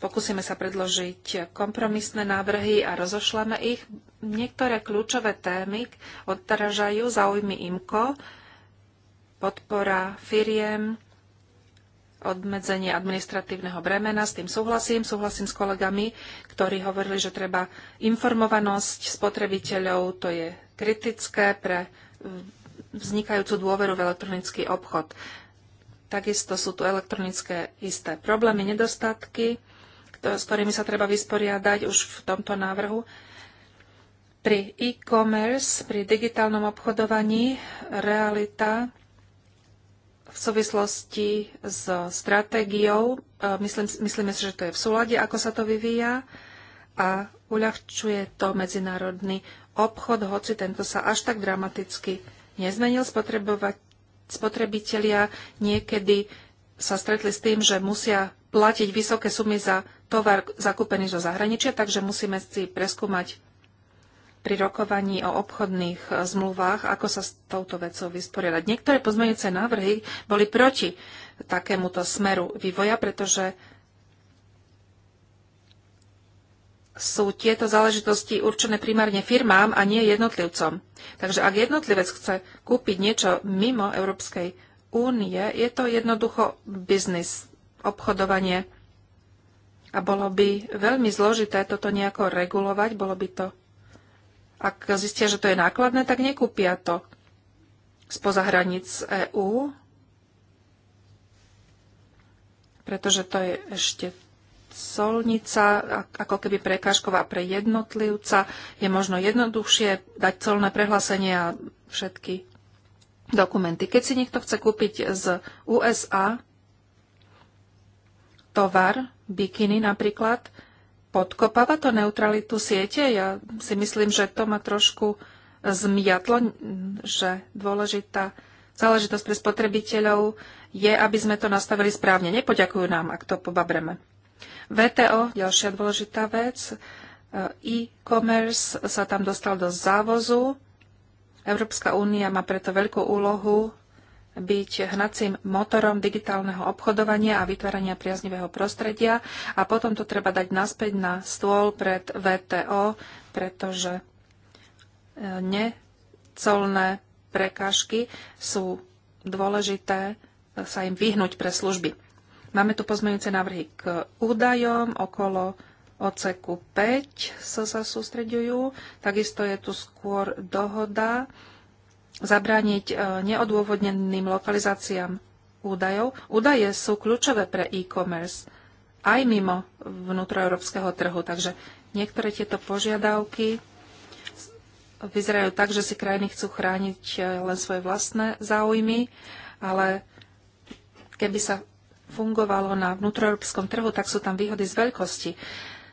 Pokúsime sa predložiť kompromisné návrhy a rozošleme ich. Niektoré kľúčové témy odrážajú záujmy IMKO, podpora firiem, obmedzenie administratívneho bremena, s tým súhlasím. Súhlasím s kolegami, ktorí hovorili, že treba informovanosť spotrebiteľov, to je kritické pre vznikajúcu dôveru v elektronický obchod. Takisto sú tu elektronické isté problémy, nedostatky, s ktorými sa treba vysporiadať už v tomto návrhu. Pri e-commerce, pri digitálnom obchodovaní, realita v súvislosti s stratégiou, e, myslím, myslíme si, že to je v súlade, ako sa to vyvíja a uľahčuje to medzinárodný obchod, hoci tento sa až tak dramaticky nezmenil. Spotrebitelia niekedy sa stretli s tým, že musia platiť vysoké sumy za tovar zakúpený zo zahraničia, takže musíme si preskúmať pri rokovaní o obchodných e, zmluvách, ako sa s touto vecou vysporiadať. Niektoré pozmeňujúce návrhy boli proti takémuto smeru vývoja, pretože sú tieto záležitosti určené primárne firmám a nie jednotlivcom. Takže ak jednotlivec chce kúpiť niečo mimo Európskej únie, je to jednoducho biznis, obchodovanie. A bolo by veľmi zložité toto nejako regulovať, bolo by to... Ak zistia, že to je nákladné, tak nekúpia to spoza hraníc EÚ, pretože to je ešte colnica ako keby prekážková pre jednotlivca. Je možno jednoduchšie dať colné prehlásenie a všetky dokumenty. Keď si niekto chce kúpiť z USA tovar, bikiny napríklad, podkopáva to neutralitu siete? Ja si myslím, že to ma trošku zmiatlo, že dôležitá záležitosť pre spotrebiteľov je, aby sme to nastavili správne. Nepoďakujú nám, ak to pobabreme. VTO, ďalšia dôležitá vec, e, e-commerce sa tam dostal do závozu. Európska únia má preto veľkú úlohu byť hnacím motorom digitálneho obchodovania a vytvárania priaznivého prostredia a potom to treba dať naspäť na stôl pred VTO, pretože e, necolné prekážky sú dôležité sa im vyhnúť pre služby. Máme tu pozmeňujúce návrhy k údajom okolo oceku 5 sa, sa sústreďujú. Takisto je tu skôr dohoda zabrániť e, neodôvodneným lokalizáciám údajov. Údaje sú kľúčové pre e-commerce aj mimo vnútroeurópskeho trhu, takže niektoré tieto požiadavky vyzerajú tak, že si krajiny chcú chrániť e, len svoje vlastné záujmy, ale keby sa fungovalo na vnútroeurópskom trhu, tak sú tam výhody z veľkosti.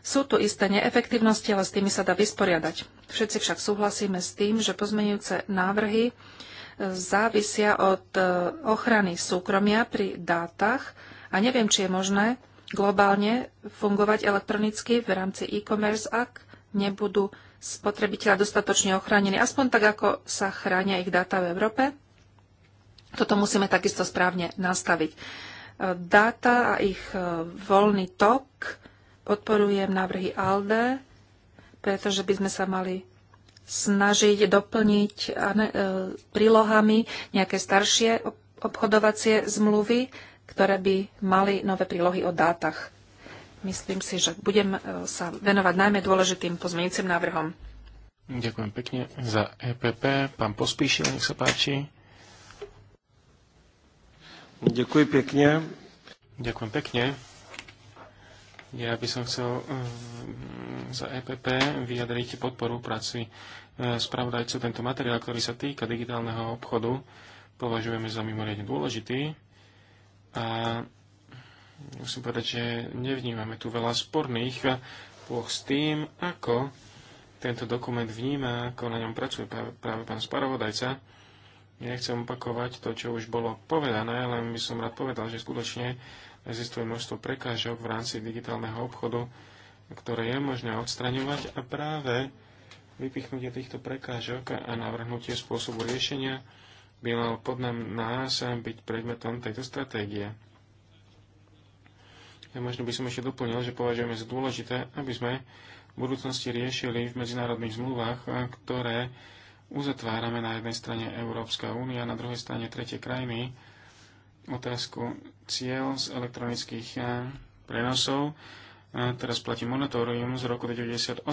Sú tu isté neefektívnosti, ale s tými sa dá vysporiadať. Všetci však súhlasíme s tým, že pozmeňujúce návrhy e, závisia od e, ochrany súkromia pri dátach a neviem, či je možné globálne fungovať elektronicky v rámci e-commerce, ak nebudú spotrebiteľa dostatočne ochránení, aspoň tak, ako sa chránia ich dáta v Európe. Toto musíme takisto správne nastaviť dáta a ich e, voľný tok. Podporujem návrhy ALDE, pretože by sme sa mali snažiť doplniť e, prílohami nejaké staršie obchodovacie zmluvy, ktoré by mali nové prílohy o dátach. Myslím si, že budem e, sa venovať najmä dôležitým pozmeňujúcim návrhom. Ďakujem pekne za EPP. Pán Pospíšil, nech sa páči. Ďakujem pekne. Ďakujem pekne. Ja by som chcel mm, za EPP vyjadriť podporu práci e, spravodajcu. Tento materiál, ktorý sa týka digitálneho obchodu, považujeme za mimoriadne dôležitý. A musím povedať, že nevnímame tu veľa sporných pôch s tým, ako tento dokument vníma, ako na ňom pracuje práve pán spravodajca nechcem opakovať to, čo už bolo povedané, len by som rád povedal, že skutočne existuje množstvo prekážok v rámci digitálneho obchodu, ktoré je možné odstraňovať a práve vypichnutie týchto prekážok a navrhnutie spôsobu riešenia by mal podľa nás byť predmetom tejto stratégie. Ja možno by som ešte doplnil, že považujeme za dôležité, aby sme v budúcnosti riešili v medzinárodných zmluvách, ktoré uzatvárame na jednej strane Európska únia, na druhej strane tretie krajiny otázku cieľ z elektronických eh, prenosov. Eh, teraz platí moratórium z roku 1998,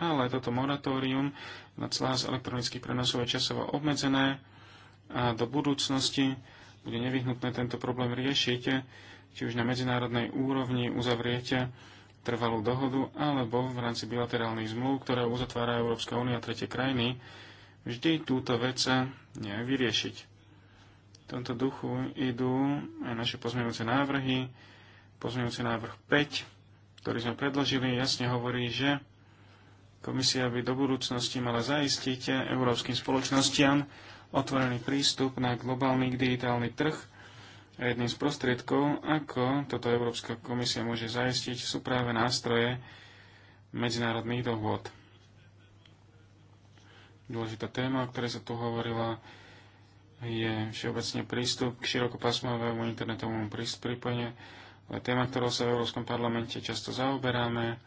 ale toto moratórium na clá z elektronických prenosov je časovo obmedzené a do budúcnosti bude nevyhnutné tento problém riešiť, či už na medzinárodnej úrovni uzavriete trvalú dohodu, alebo v rámci bilaterálnych zmluv, ktoré uzatvára Európska únia a tretie krajiny, vždy túto vec nejak vyriešiť. V tomto duchu idú aj naše pozmeňujúce návrhy. Pozmeňujúci návrh 5, ktorý sme predložili, jasne hovorí, že komisia by do budúcnosti mala zaistiť európskym spoločnostiam otvorený prístup na globálny digitálny trh a jedným z prostriedkov, ako toto Európska komisia môže zaistiť, sú práve nástroje medzinárodných dohôd. Dôležitá téma, o ktorej sa tu hovorila, je všeobecne prístup k širokopásmovému internetovému pripojeniu. Téma, ktorou sa v Európskom parlamente často zaoberáme,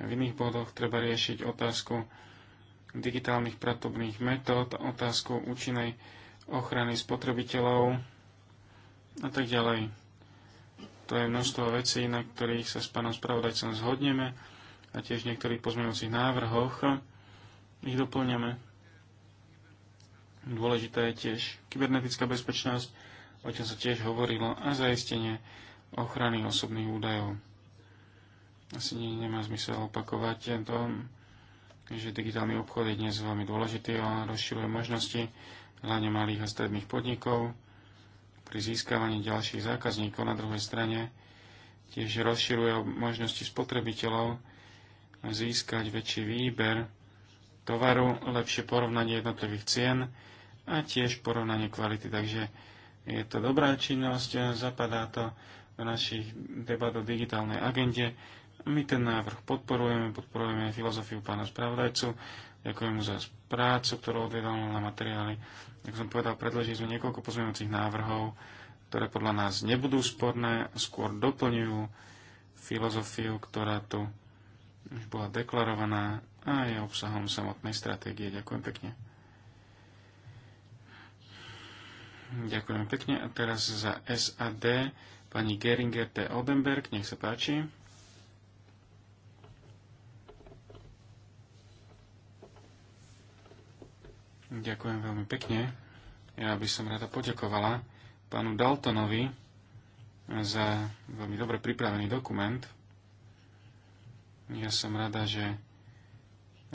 v iných bodoch treba riešiť otázku digitálnych pratobných metód, otázku účinnej ochrany spotrebiteľov a tak ďalej. To je množstvo vecí, na ktorých sa s pánom spravodajcom zhodneme a tiež v niektorých pozmeňujúcich návrhoch ich doplňame. Dôležitá je tiež kybernetická bezpečnosť, o čom sa tiež hovorilo, a zaistenie ochrany osobných údajov. Asi nemá zmysel opakovať to, že digitálny obchod je dnes veľmi dôležitý a rozširuje možnosti hlavne malých a stredných podnikov pri získavaní ďalších zákazníkov na druhej strane tiež rozširuje možnosti spotrebiteľov získať väčší výber tovaru, lepšie porovnanie jednotlivých cien a tiež porovnanie kvality. Takže je to dobrá činnosť, zapadá to do našich debat o digitálnej agende. My ten návrh podporujeme, podporujeme filozofiu pána spravodajcu, ďakujem mu za prácu, ktorú odvedal na materiály. Ako som povedal, predložili sme niekoľko pozmeňujúcich návrhov, ktoré podľa nás nebudú sporné, skôr doplňujú filozofiu, ktorá tu už bola deklarovaná a je obsahom samotnej stratégie. Ďakujem pekne. Ďakujem pekne. A teraz za SAD pani Geringer T. Odenberg. Nech sa páči. Ďakujem veľmi pekne. Ja by som rada poďakovala pánu Daltonovi za veľmi dobre pripravený dokument. Ja som rada, že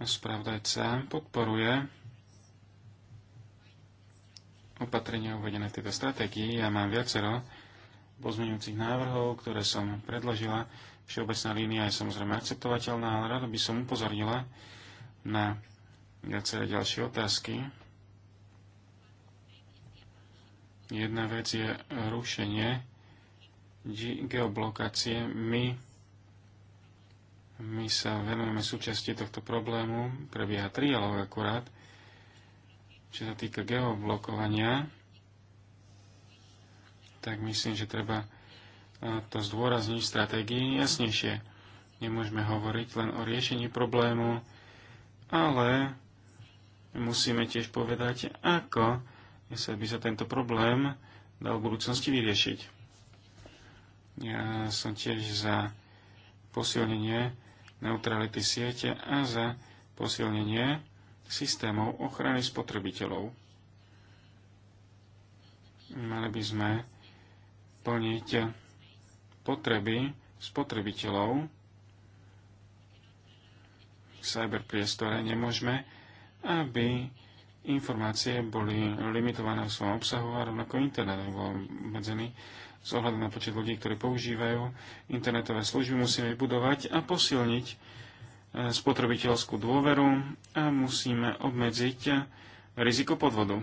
spravdajca podporuje opatrenia uvedené v tejto stratégii. Ja mám viacero pozmeňujúcich návrhov, ktoré som predložila. Všeobecná línia je samozrejme akceptovateľná, ale rado by som upozornila na viaceré ďalšie otázky. Jedna vec je rušenie geoblokácie. My, my sa venujeme súčasti tohto problému, prebieha trialog akurát, čo sa týka geoblokovania, tak myslím, že treba to zdôrazniť v stratégii jasnejšie. Nemôžeme hovoriť len o riešení problému, ale musíme tiež povedať, ako sa by sa tento problém dal v budúcnosti vyriešiť. Ja som tiež za posilnenie neutrality siete a za posilnenie systémov ochrany spotrebiteľov. Mali by sme plniť potreby spotrebiteľov v cyberpriestore. Nemôžeme, aby informácie boli limitované v svojom obsahu a rovnako internet bol obmedzený Z ohľadom na počet ľudí, ktorí používajú internetové služby, musíme budovať a posilniť spotrebiteľskú dôveru a musíme obmedziť riziko podvodu.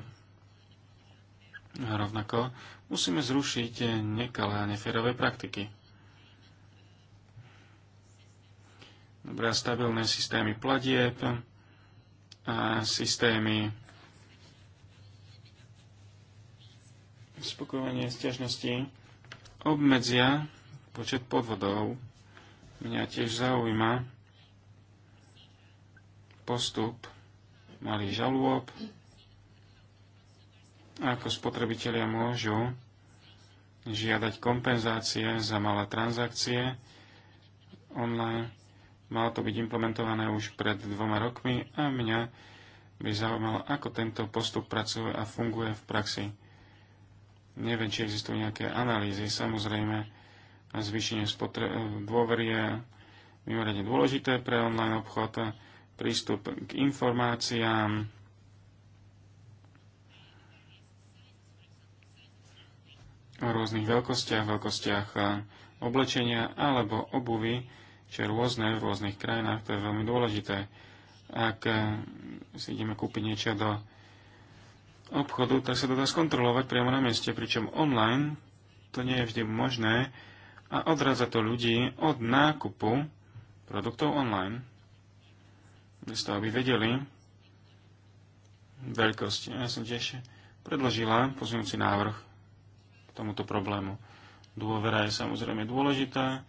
A rovnako musíme zrušiť nekalé a neférové praktiky. Dobre, a stabilné systémy platieb a systémy spokojenie stiažnosti obmedzia počet podvodov. Mňa tiež zaujíma, postup malých žalôb, ako spotrebitelia môžu žiadať kompenzácie za malé transakcie online. Malo to byť implementované už pred dvoma rokmi a mňa by zaujímalo, ako tento postup pracuje a funguje v praxi. Neviem, či existujú nejaké analýzy. Samozrejme, zvýšenie dôvery je mimoriadne dôležité pre online obchod prístup k informáciám, o rôznych veľkostiach, veľkostiach eh, oblečenia alebo obuvy, čo je rôzne v rôznych krajinách, to je veľmi dôležité. Ak eh, si ideme kúpiť niečo do obchodu, tak sa to dá skontrolovať priamo na mieste, pričom online to nie je vždy možné a odradza to ľudí od nákupu produktov online z toho, aby vedeli veľkosť. Ja som tiež predložila pozujúci návrh k tomuto problému. Dôvera je samozrejme dôležitá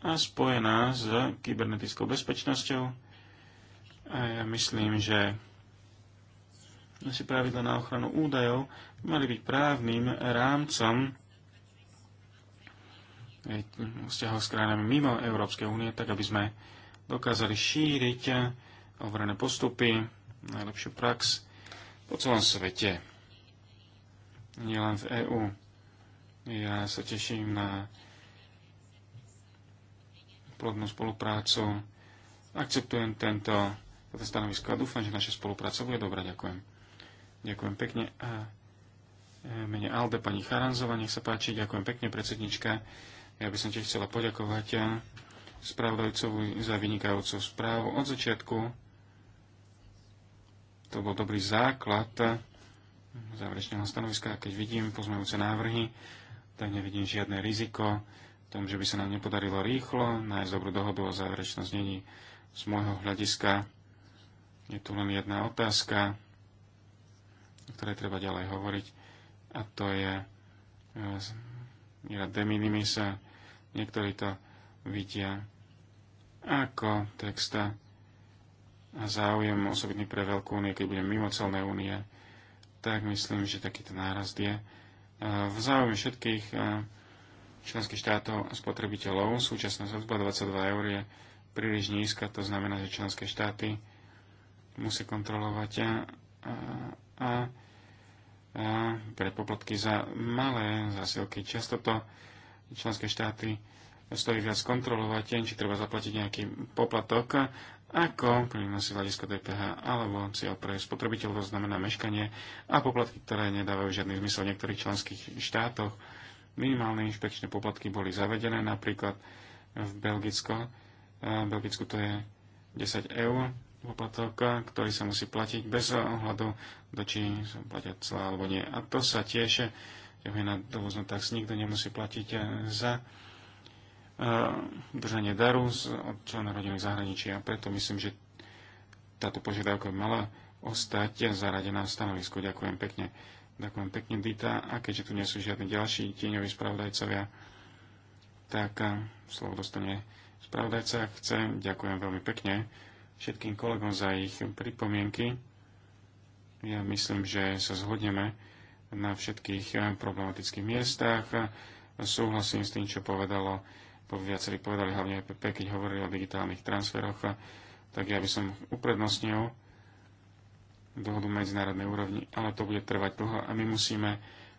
a spojená s kybernetickou bezpečnosťou. A ja myslím, že naše pravidla na ochranu údajov mali byť právnym rámcom vzťahov s krajinami mimo Európskej únie, tak aby sme dokázali šíriť overené postupy, najlepšiu prax po celom svete. len v EU. Ja sa teším na plodnú spoluprácu. Akceptujem tento, toto stanovisko a dúfam, že naša spolupráca bude dobrá. Ďakujem. Ďakujem pekne. A e, mene Alde, pani Charanzova, nech sa páči. Ďakujem pekne, predsednička. Ja by som tiež chcela poďakovať e, spravodajcovi za vynikajúcu správu od začiatku to bol dobrý základ záverečného stanoviska. Keď vidím pozmejúce návrhy, tak nevidím žiadne riziko v tom, že by sa nám nepodarilo rýchlo nájsť dobrú dohodu o záverečnom znení. Z môjho hľadiska je tu len jedna otázka, o ktorej treba ďalej hovoriť, a to je miera e, de minimis. Niektorí to vidia ako texta záujem osobitný pre Veľkú únie, keď bude mimo celnej únie, tak myslím, že takýto nárast je e, v záujme všetkých e, členských štátov a spotrebiteľov. Súčasná sadzba 22 eur je príliš nízka, to znamená, že členské štáty musí kontrolovať e, a, a, a pre poplatky za malé zásilky. Často to členské štáty stojí viac kontrolovať, či treba zaplatiť nejaký poplatok ako si hľadiska DPH alebo cieľ pre spotrebiteľov znamená meškanie a poplatky, ktoré nedávajú žiadny zmysel v niektorých členských štátoch. Minimálne inšpekčné poplatky boli zavedené napríklad v Belgicko. V Belgicku to je 10 eur poplatok, ktorý sa musí platiť bez ohľadu, do či sa platia celá alebo nie. A to sa tiež ťahuje na dovoznú Nikto nemusí platiť eh, za Eh, držanie daru z člena rodiny zahraničia. Preto myslím, že táto požiadavka by mala ostať zaradená v stanovisku. Ďakujem pekne. Ďakujem pekne, Dita. A keďže tu nie sú žiadni ďalší tieňoví spravodajcovia, tak eh, slovo dostane spravodajca. Chcem, ďakujem veľmi pekne všetkým kolegom za ich pripomienky. Ja myslím, že sa zhodneme na všetkých eh, problematických miestach. Súhlasím s tým, čo povedalo to viacerí povedali, hlavne EPP, keď hovorili o digitálnych transferoch, tak ja by som uprednostnil dohodu medzinárodnej úrovni, ale to bude trvať dlho a my musíme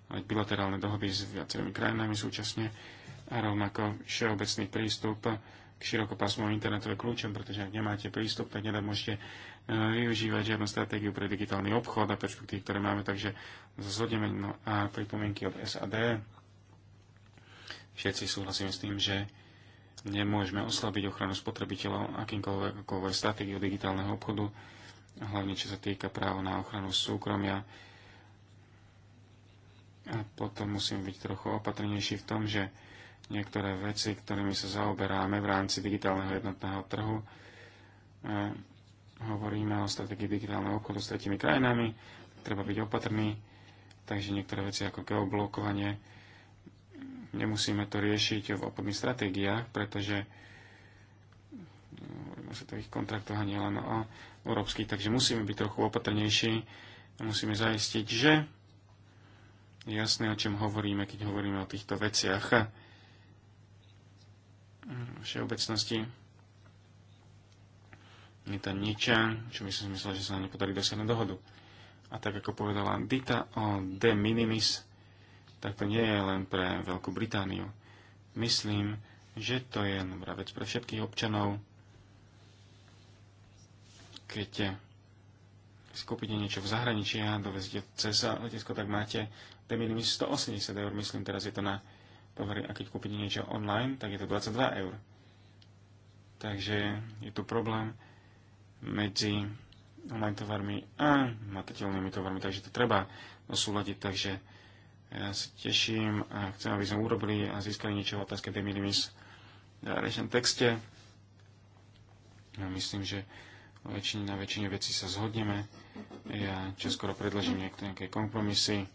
mať bilaterálne dohody s viacerými krajinami súčasne a rovnako všeobecný prístup k širokopásmovému internetu je kľúčom, pretože ak nemáte prístup, tak nedá môžete e, využívať žiadnu stratégiu pre digitálny obchod a perspektívy, ktoré máme, takže zhodneme no a pripomienky od SAD všetci súhlasíme s tým, že nemôžeme oslabiť ochranu spotrebiteľov akýmkoľvek stratégiu digitálneho obchodu, hlavne čo sa týka práva na ochranu súkromia. A potom musím byť trochu opatrnejší v tom, že niektoré veci, ktorými sa zaoberáme v rámci digitálneho jednotného trhu, e, hovoríme o strategii digitálneho obchodu s tretimi krajinami, treba byť opatrný, takže niektoré veci ako geoblokovanie, nemusíme to riešiť v obchodných stratégiách, pretože no, hovoríme sa to ich kontraktoch a nielen o európskych, takže musíme byť trochu opatrnejší a musíme zaistiť, že je jasné, o čom hovoríme, keď hovoríme o týchto veciach v všeobecnosti. Je to nič, čo by som myslel, že sa nám nepodarí dosiahnuť dohodu. A tak ako povedala Dita o de minimis, tak to nie je len pre Veľkú Britániu. Myslím, že to je dobrá vec pre všetkých občanov, keď si kúpite niečo v zahraničí a dovezíte cez letisko, tak máte de minimis 180 eur, myslím, teraz je to na tovary, a keď kúpite niečo online, tak je to 22 eur. Takže je tu problém medzi online tovarmi a matateľnými tovarmi, takže to treba osúľadiť, takže ja sa teším a chcem, aby sme urobili a získali niečo v otázke de minimis v rečnom texte. Ja myslím, že väčšine, na väčšine veci sa zhodneme. Ja čoskoro predložím nejaké kompromisy,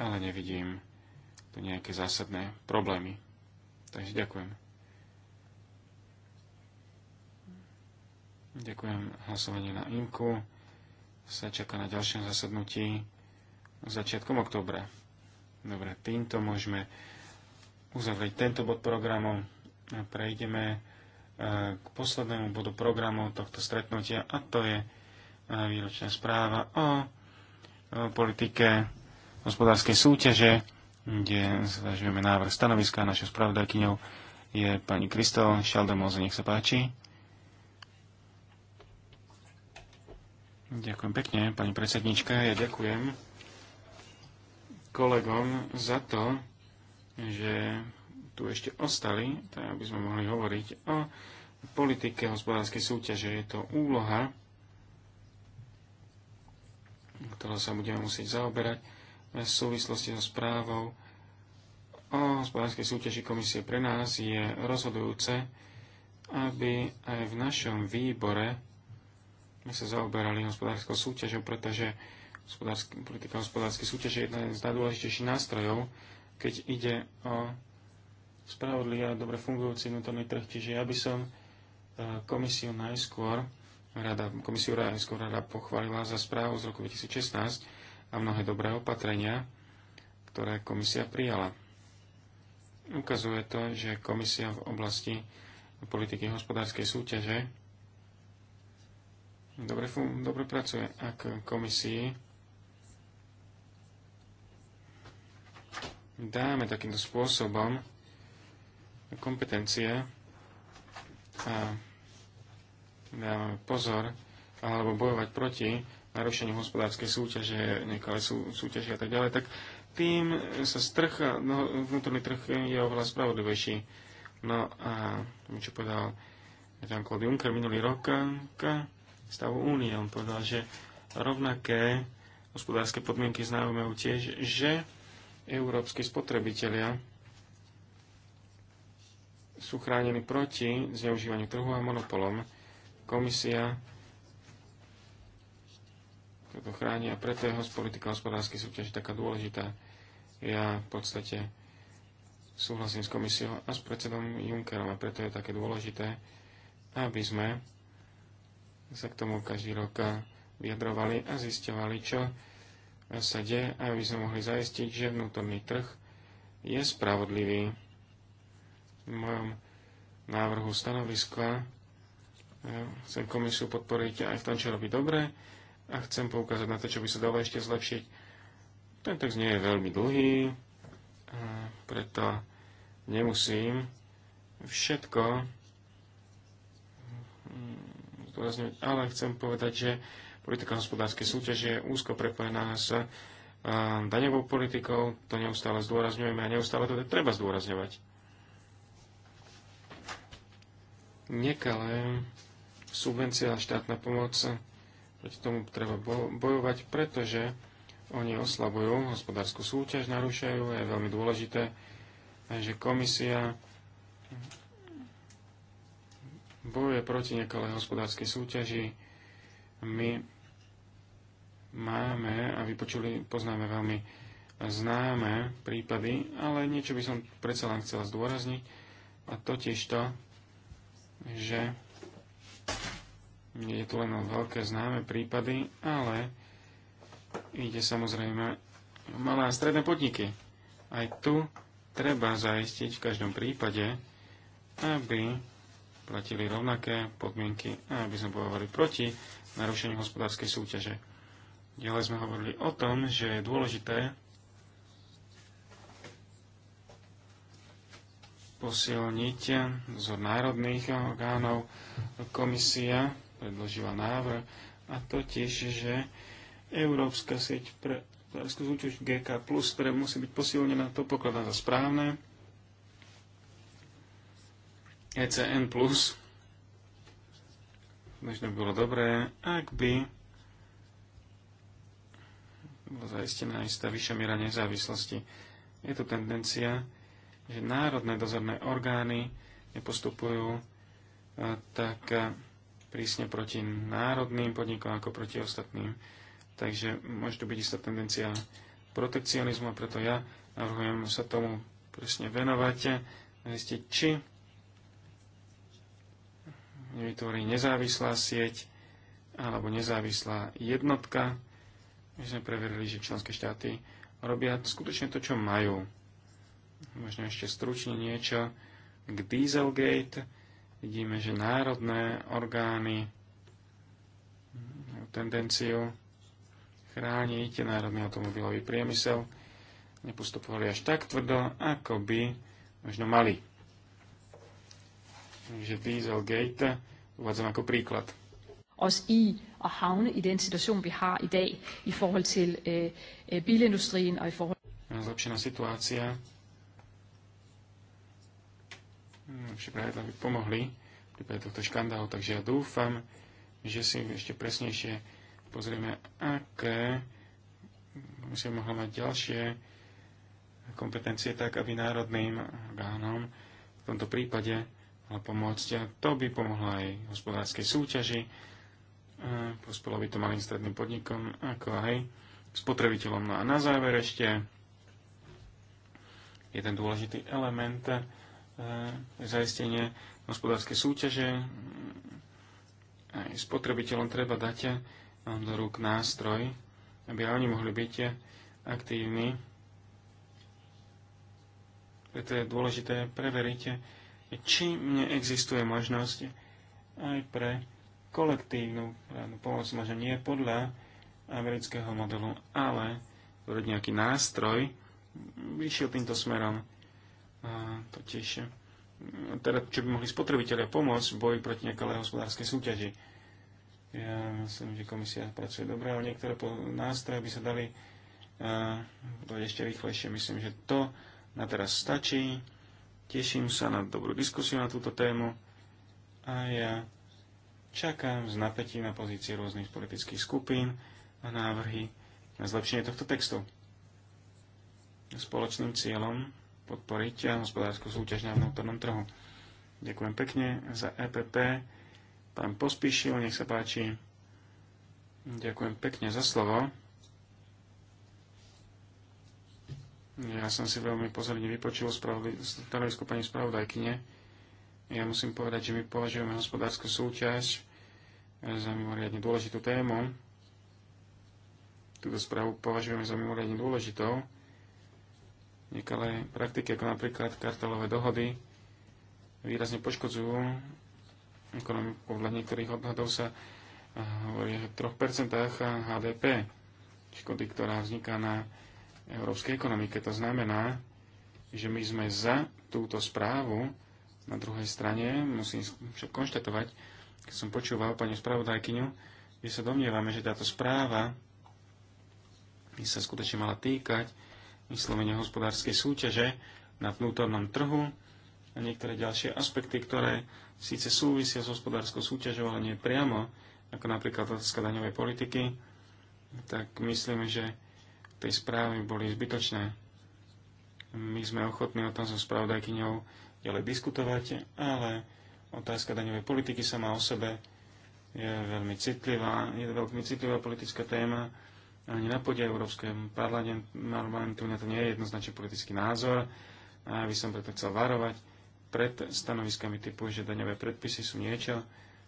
ale nevidím tu nejaké zásadné problémy. Takže ďakujem. Ďakujem hlasovanie na IMKU. Sa čaká na ďalšom zasadnutí začiatkom oktobra. Dobre, týmto môžeme uzavrieť tento bod programu a prejdeme e, k poslednému bodu programu tohto stretnutia a to je e, výročná správa o politike hospodárskej súťaže, kde zvažujeme návrh stanoviska. Našou spravodajkyňou je pani Kristol Šaldemoze, nech sa páči. Ďakujem pekne, pani predsednička. Ja ďakujem kolegom za to, že tu ešte ostali, tak aby sme mohli hovoriť o politike hospodárskej súťaže. Je to úloha, ktorou sa budeme musieť zaoberať v súvislosti so správou o hospodárskej súťaži komisie pre nás je rozhodujúce, aby aj v našom výbore sme sa zaoberali hospodárskou súťažou, pretože hospodársky, politika hospodárskej súťaže je jeden z najdôležitejších nástrojov, keď ide o spravodlivý a dobre fungujúci vnútorný trh. Čiže ja by som e, komisiu najskôr, rada, komisiu najskôr rada pochválila za správu z roku 2016 a mnohé dobré opatrenia, ktoré komisia prijala. Ukazuje to, že komisia v oblasti politiky hospodárskej súťaže dobre, dobre pracuje. Ak komisii dáme takýmto spôsobom kompetencie a dávame pozor alebo bojovať proti narušeniu hospodárskej súťaže, nekalé sú, súťaže a tak ďalej, tak tým sa strh, no, vnútorný trh je oveľa spravodlivejší. No a čo povedal Jean-Claude Juncker minulý rok k stavu únie, on povedal, že rovnaké hospodárske podmienky známe tiež, že európsky spotrebitelia sú chránení proti zneužívaniu trhu a monopolom. Komisia toto chráni a preto je politika hospodárskej súťaže taká dôležitá. Ja v podstate súhlasím s komisiou a s predsedom Junckerom a preto je také dôležité, aby sme sa k tomu každý rok vyjadrovali a zistovali, čo sa de aby sme mohli zaistiť, že vnútorný trh je spravodlivý. V mojom návrhu stanoviska chcem komisiu podporiť aj v tom, čo robí dobre a chcem poukázať na to, čo by sa dalo ešte zlepšiť. Ten text nie je veľmi dlhý, preto nemusím všetko zdôrazňovať, ale chcem povedať, že politika hospodárskej súťaže je úzko prepojená s eh, daňovou politikou. To neustále zdôrazňujeme a neustále to treba zdôrazňovať. Nekalé subvencia a štátna pomoc, eh, proti tomu treba bojovať, pretože oni oslabujú hospodárskú súťaž, narúšajú. Je veľmi dôležité, eh, že komisia bojuje proti nekalej hospodárskej súťaži my máme a vypočuli, poznáme veľmi známe prípady, ale niečo by som predsa len chcela zdôrazniť, a totiž to, že je tu len veľké známe prípady, ale ide samozrejme malé a stredné podniky. Aj tu treba zaistiť v každom prípade, aby platili rovnaké podmienky a aby sme bojovali proti narušenie hospodárskej súťaže. Ďalej sme hovorili o tom, že je dôležité posilniť zo národných orgánov. Komisia predložila návrh a totiž, že Európska sieť pre hospodárskú súťaž GK+, ktoré musí byť posilnená, to pokladá za správne. ECN+, Možno by bolo dobré, ak by bola zaistená istá vyššia miera nezávislosti. Je tu tendencia, že národné dozorné orgány nepostupujú e, tak e, prísne proti národným podnikom ako proti ostatným. Takže môže tu byť istá tendencia protekcionizmu a preto ja navrhujem sa tomu presne venovať a zistiť, či vytvorí nezávislá sieť alebo nezávislá jednotka. My sme preverili, že členské štáty robia skutočne to, čo majú. Možno ešte stručne niečo k Dieselgate. Vidíme, že národné orgány majú tendenciu chrániť národný automobilový priemysel. Nepostupovali až tak tvrdo, ako by možno mali. Takže Diesel Gate uvádzam ako príklad. Os i at havne i den situation, vi har i dag i forhold til øh, øh bilindustrien og i forhold Zlepšená situácia. Hm, lepšie pravidla by pomohli v prípade tohto škandálu, takže ja dúfam, že si ešte presnejšie pozrieme, aké by mohla mať ďalšie kompetencie tak, aby národným orgánom v tomto prípade pomôcť. To by pomohlo aj hospodárskej súťaži, e, pospolo by to malým stredným podnikom, ako aj spotrebiteľom. No a na záver ešte jeden dôležitý element e, zaistenie hospodárskej súťaže. Aj spotrebiteľom treba dať do rúk nástroj, aby oni mohli byť aktívni. Preto je dôležité preveriť, či neexistuje možnosť aj pre kolektívnu právnu pomoc, možno nie podľa amerického modelu, ale urobiť nejaký nástroj, vyšiel týmto smerom. A, totiž, teda, čo by mohli spotrebitelia pomôcť v boji proti nekalej hospodárskej súťaži. Ja myslím, že komisia pracuje dobre, ale niektoré nástroje by sa dali a, ešte rýchlejšie. Myslím, že to na teraz stačí. Teším sa na dobrú diskusiu na túto tému a ja čakám s napätím na pozície rôznych politických skupín a návrhy na zlepšenie tohto textu. Spoločným cieľom podporiť hospodárskú súťaž na vnútornom trhu. Ďakujem pekne za EPP. Pán Pospíšil, nech sa páči. Ďakujem pekne za slovo. Ja som si veľmi pozorne vypočul stanovisko pani spravodajkyne. Ja musím povedať, že my považujeme hospodárskú súťaž eh, za mimoriadne dôležitú tému. Túto správu považujeme za mimoriadne dôležitou. Nekalé praktiky, ako napríklad kartelové dohody, výrazne poškodzujú ekonomiku. Podľa niektorých odhadov sa eh, hovorí o 3% HDP, škody, ktorá vzniká na európskej ekonomike. To znamená, že my sme za túto správu. Na druhej strane musím však konštatovať, keď som počúval pani spravodajkyňu, že sa domnievame, že táto správa by sa skutočne mala týkať vyslovene hospodárskej súťaže na vnútornom trhu a niektoré ďalšie aspekty, ktoré síce súvisia s hospodárskou súťažou, ale nie priamo, ako napríklad otázka daňovej politiky, tak myslím, že tej správy boli zbytočné. My sme ochotní o tom so spravodajkyňou ďalej diskutovať, ale otázka daňovej politiky sama o sebe je veľmi citlivá, je to veľmi citlivá politická téma. Ani na pôde Európskej parlamentu na to nie je jednoznačný politický názor. A ja by som preto chcel varovať pred stanoviskami typu, že daňové predpisy sú niečo,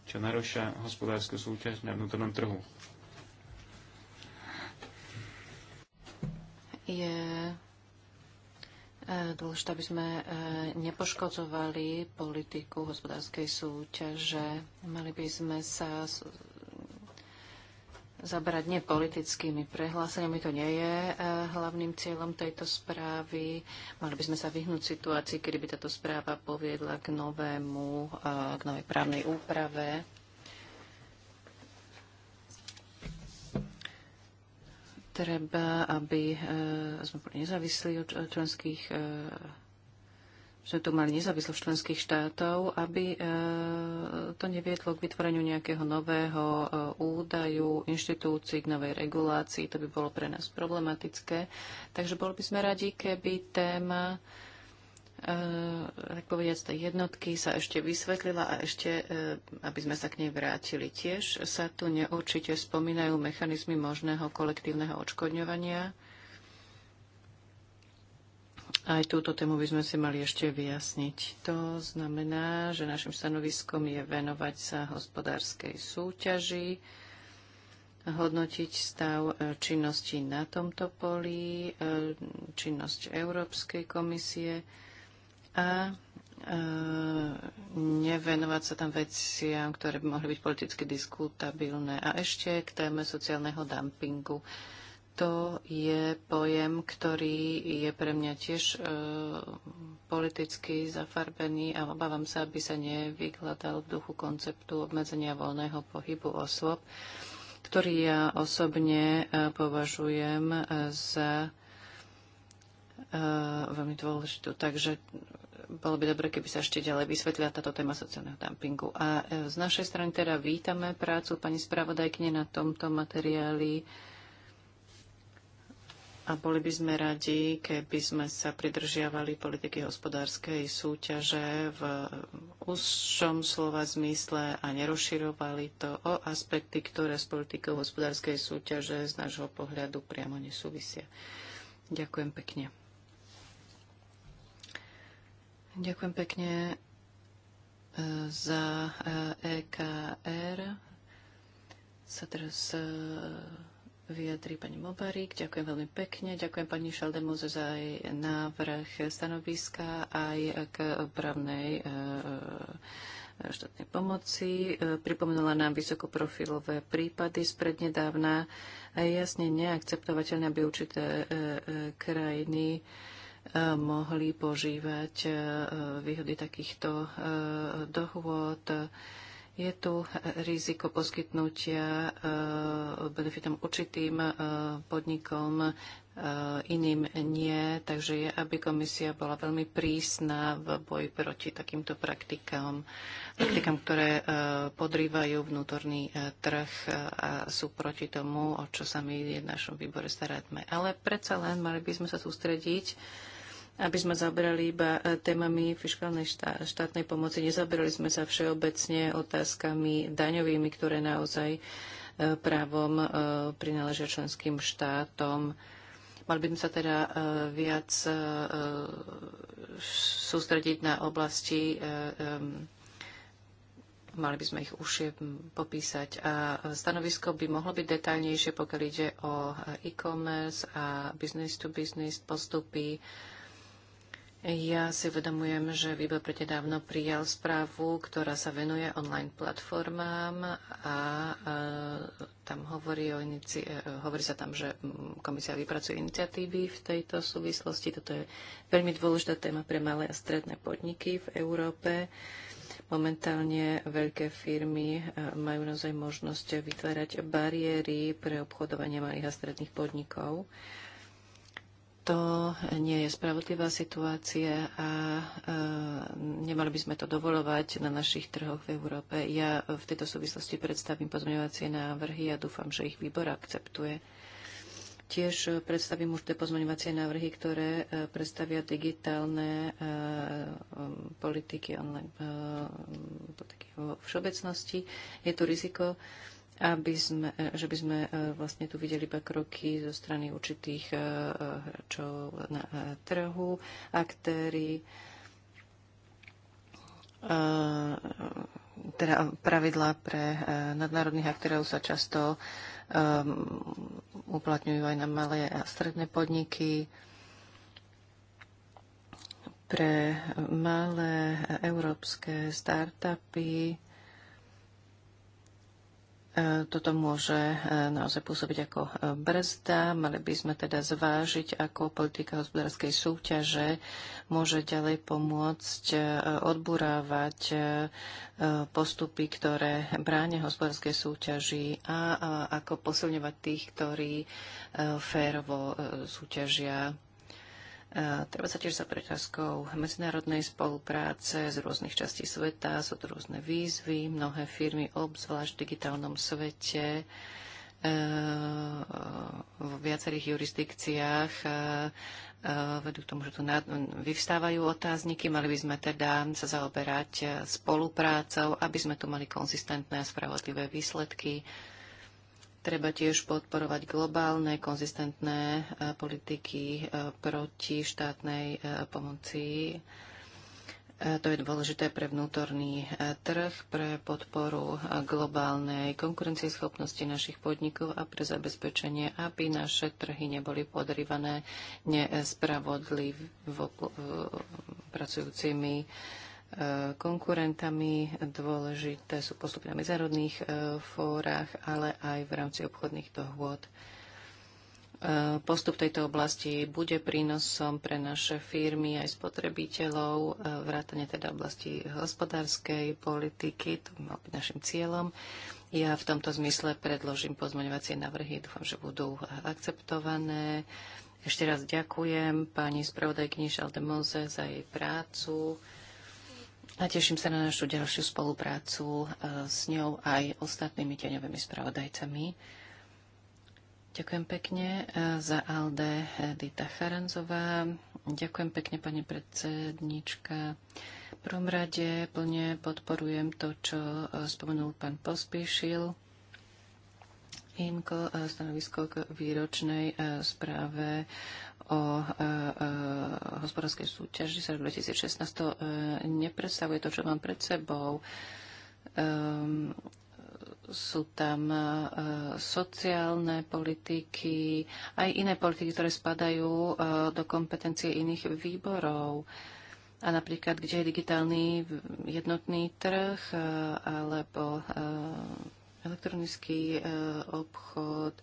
čo narúša hospodárskú súťaž na vnútornom trhu. je eh, dôležité, aby sme eh, nepoškodzovali politiku hospodárskej súťaže. Mali by sme sa zabrať nepolitickými prehláseniami. To nie je eh, hlavným cieľom tejto správy. Mali by sme sa vyhnúť situácii, kedy by táto správa poviedla k, novému, k novej právnej úprave Treba, aby e, sme boli nezávislí od členských e, sme tu mali nezávislosť členských štátov, aby e, to neviedlo k vytvoreniu nejakého nového údaju, inštitúcií, k novej regulácii. To by bolo pre nás problematické. Takže boli by sme radi, keby téma Eh, tak tej jednotky sa ešte vysvetlila a ešte, eh, aby sme sa k nej vrátili tiež, sa tu neurčite spomínajú mechanizmy možného kolektívneho odškodňovania. Aj túto tému by sme si mali ešte vyjasniť. To znamená, že našim stanoviskom je venovať sa hospodárskej súťaži, hodnotiť stav eh, činnosti na tomto poli, činnosť Európskej komisie, a e, nevenovať sa tam veciam, ktoré by mohli byť politicky diskutabilné. A ešte k téme sociálneho dumpingu. To je pojem, ktorý je pre mňa tiež e, politicky zafarbený a obávam sa, aby sa nevykladal v duchu konceptu obmedzenia voľného pohybu osôb, ktorý ja osobne e, považujem za e, veľmi dôležitú. Takže bolo by dobre, keby sa ešte ďalej vysvetlila táto téma sociálneho dumpingu. A e, z našej strany teda vítame prácu pani spravodajkne na tomto materiáli a boli by sme radi, keby sme sa pridržiavali politiky hospodárskej súťaže v úzšom slova zmysle a nerozširovali to o aspekty, ktoré s politikou hospodárskej súťaže z nášho pohľadu priamo nesúvisia. Ďakujem pekne. Ďakujem pekne e, za EKR. E Sa teraz e, vyjadrí pani Mobarík. Ďakujem veľmi pekne. Ďakujem pani Šaldemuze za aj návrh stanoviska aj k právnej štátnej pomoci. Pripomenula nám vysokoprofilové prípady sprednedávna. Je jasne neakceptovateľné, aby určité krajiny mohli požívať e, výhody takýchto e, dohôd. Je tu riziko poskytnutia e, benefitom určitým podnikom, iným nie, takže je, aby komisia bola veľmi prísna v boji proti takýmto praktikám, praktikám, ktoré podrývajú vnútorný trh a sú proti tomu, o čo sa my v našom výbore staráme. Ale predsa len mali by sme sa sústrediť aby sme zabrali iba e, témami fiskálnej štátnej pomoci. Nezaberali sme sa všeobecne otázkami daňovými, ktoré naozaj e, právom e, prináležia členským štátom. Mali by sme sa teda viac sústrediť na oblasti mali by sme ich už popísať. A stanovisko by mohlo byť detaľnejšie, pokiaľ ide o e-commerce a business-to-business -business postupy, ja si uvedomujem, že výbor dávno prijal správu, ktorá sa venuje online platformám a e, tam hovorí, o inici- e, hovorí sa tam, že mm, komisia vypracuje iniciatívy v tejto súvislosti. Toto je veľmi dôležitá téma pre malé a stredné podniky v Európe. Momentálne veľké firmy e, majú naozaj možnosť vytvárať bariéry pre obchodovanie malých a stredných podnikov. E, to nie je spravodlivá situácia a e, nemali by sme to dovolovať na našich trhoch v Európe. Ja v tejto súvislosti predstavím pozmeňovacie návrhy a dúfam, že ich výbor akceptuje. Tiež e, predstavím už tie pozmeňovacie návrhy, ktoré e, predstavia digitálne e, e politiky, online, e, politiky vo všeobecnosti. Je tu riziko, aby sme, e, že by sme e, vlastne tu videli iba kroky zo strany určitých e, hráčov na trhu, aktéry, teda pravidlá pre nadnárodných aktérov sa často uplatňujú aj na malé a stredné podniky. Pre malé európske startupy E, toto môže e, naozaj pôsobiť ako e, brzda. Mali by sme teda zvážiť, ako politika hospodárskej súťaže môže ďalej pomôcť odburávať postupy, ktoré bránia hospodárskej súťaži a ako posilňovať tých, ktorí férovo súťažia Eh, treba sa tiež za preťazkou medzinárodnej spolupráce z rôznych častí sveta, sú tu rôzne výzvy, mnohé firmy, obzvlášť v digitálnom svete, eh, v viacerých jurisdikciách eh, vedú k tomu, že tu vyvstávajú otázniky. Mali by sme teda sa zaoberať spoluprácou, aby sme tu mali konzistentné a spravodlivé výsledky Treba tiež podporovať globálne, konzistentné politiky proti štátnej pomoci. To je dôležité pre vnútorný trh, pre podporu globálnej konkurencieschopnosti našich podnikov a pre zabezpečenie, aby naše trhy neboli podrývané nespravodlivo pracujúcimi konkurentami. Dôležité sú postupy na medzárodných e, fórach, ale aj v rámci obchodných dohôd. E, postup tejto oblasti bude prínosom pre naše firmy aj spotrebiteľov, e, vrátane teda oblasti hospodárskej politiky, to by mal byť našim cieľom. Ja v tomto zmysle predložím pozmeňovacie návrhy, dúfam, že budú akceptované. Ešte raz ďakujem pani spravodajkyni Šaldemose za jej prácu a teším sa na našu ďalšiu spoluprácu e, s ňou aj ostatnými tieňovými spravodajcami. Ďakujem pekne e, za Alde e, Dita Charanzová. Ďakujem pekne, pani predsednička. V prvom rade plne podporujem to, čo spomenul pán Pospíšil. Imko stanovisko k výročnej správe o e, e, hospodárskej súťaži sa rok 2016, to e, nepredstavuje to, čo mám pred sebou. E, sú tam sociálne politiky, aj iné politiky, ktoré spadajú do kompetencie iných výborov. A napríklad, kde je digitálny jednotný trh alebo elektronický obchod,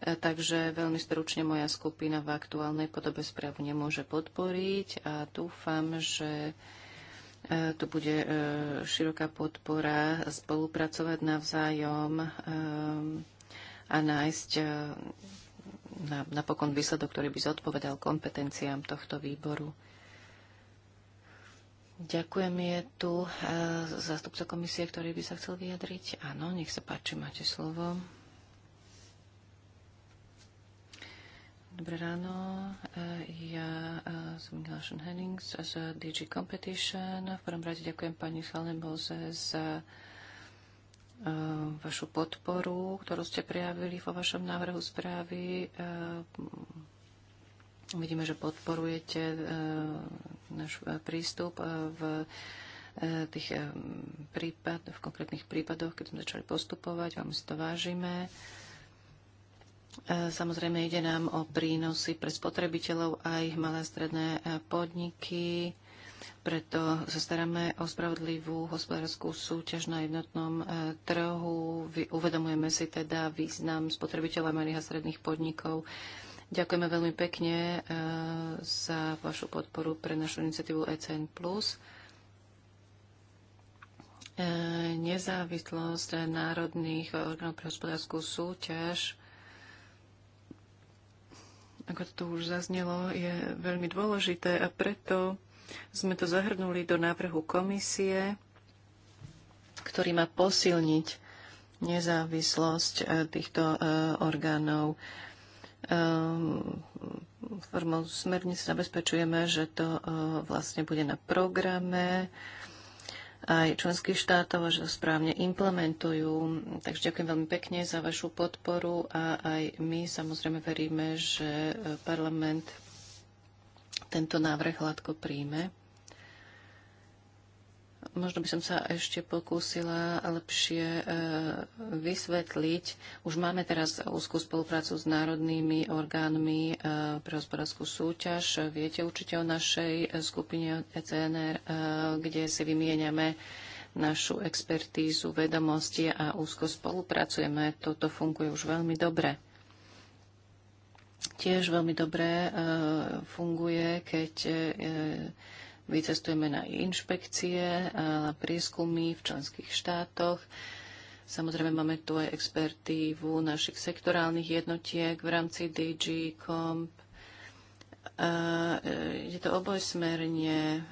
E, takže veľmi stručne moja skupina v aktuálnej podobe správu nemôže podporiť a dúfam, že e, tu bude e, široká podpora spolupracovať navzájom a nájsť napokon výsledok, ktorý by zodpovedal kompetenciám tohto výboru. Ďakujem, je tu zástupca komisie, ktorý by sa chcel vyjadriť. Áno, nech sa páči, máte slovo. Dobré ráno. E, ja e, som Ignášen Hennings z DG Competition. V prvom rade ďakujem pani Salemboze za e, vašu podporu, ktorú ste prijavili vo vašom návrhu správy. Vidíme, že podporujete náš prístup v tých prípad, v konkrétnych prípadoch, keď sme začali postupovať, vám si to vážime. E, samozrejme ide nám o prínosy pre spotrebiteľov aj malé a stredné podniky. Preto sa staráme o spravodlivú hospodárskú súťaž na jednotnom e, trhu. Uvedomujeme si teda význam spotrebiteľa malých a stredných podnikov. Ďakujeme veľmi pekne e, za vašu podporu pre našu iniciatívu ECN+. Nezávislosť národných orgánov pre hospodárskú súťaž ako to tu už zaznelo, je veľmi dôležité a preto sme to zahrnuli do návrhu komisie, ktorý má posilniť nezávislosť e, týchto e, orgánov. E, formou smernice zabezpečujeme, že to vlastne bude na programe aj členských štátov a že ho správne implementujú. Takže ďakujem veľmi pekne za vašu podporu a aj my samozrejme veríme, že e, parlament tento návrh hladko príjme. Možno by som sa ešte pokúsila lepšie e, vysvetliť. Už máme teraz úzkú spoluprácu s národnými orgánmi e, pre hospodárskú súťaž. Viete určite o našej e, skupine ECNR, kde si vymieňame našu expertízu, vedomosti a úzko spolupracujeme. Toto funguje už veľmi dobre tiež veľmi dobre funguje, keď Vycestujeme na inšpekcie a prieskumy v členských štátoch. Samozrejme, máme tu aj expertívu našich sektorálnych jednotiek v rámci DG Comp. E, je to obojsmerne.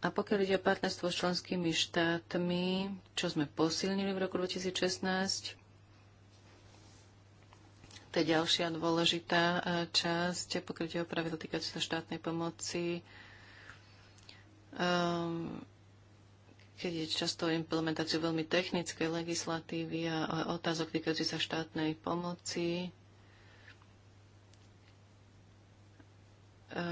A pokiaľ ide o partnerstvo s členskými štátmi, čo sme posilnili v roku 2016, to je ďalšia dôležitá e, časť pokrytia opravy týkajúce sa štátnej pomoci. Um, keď je často implementáciu veľmi technickej legislatívy a otázok týkajúci sa štátnej pomoci. E,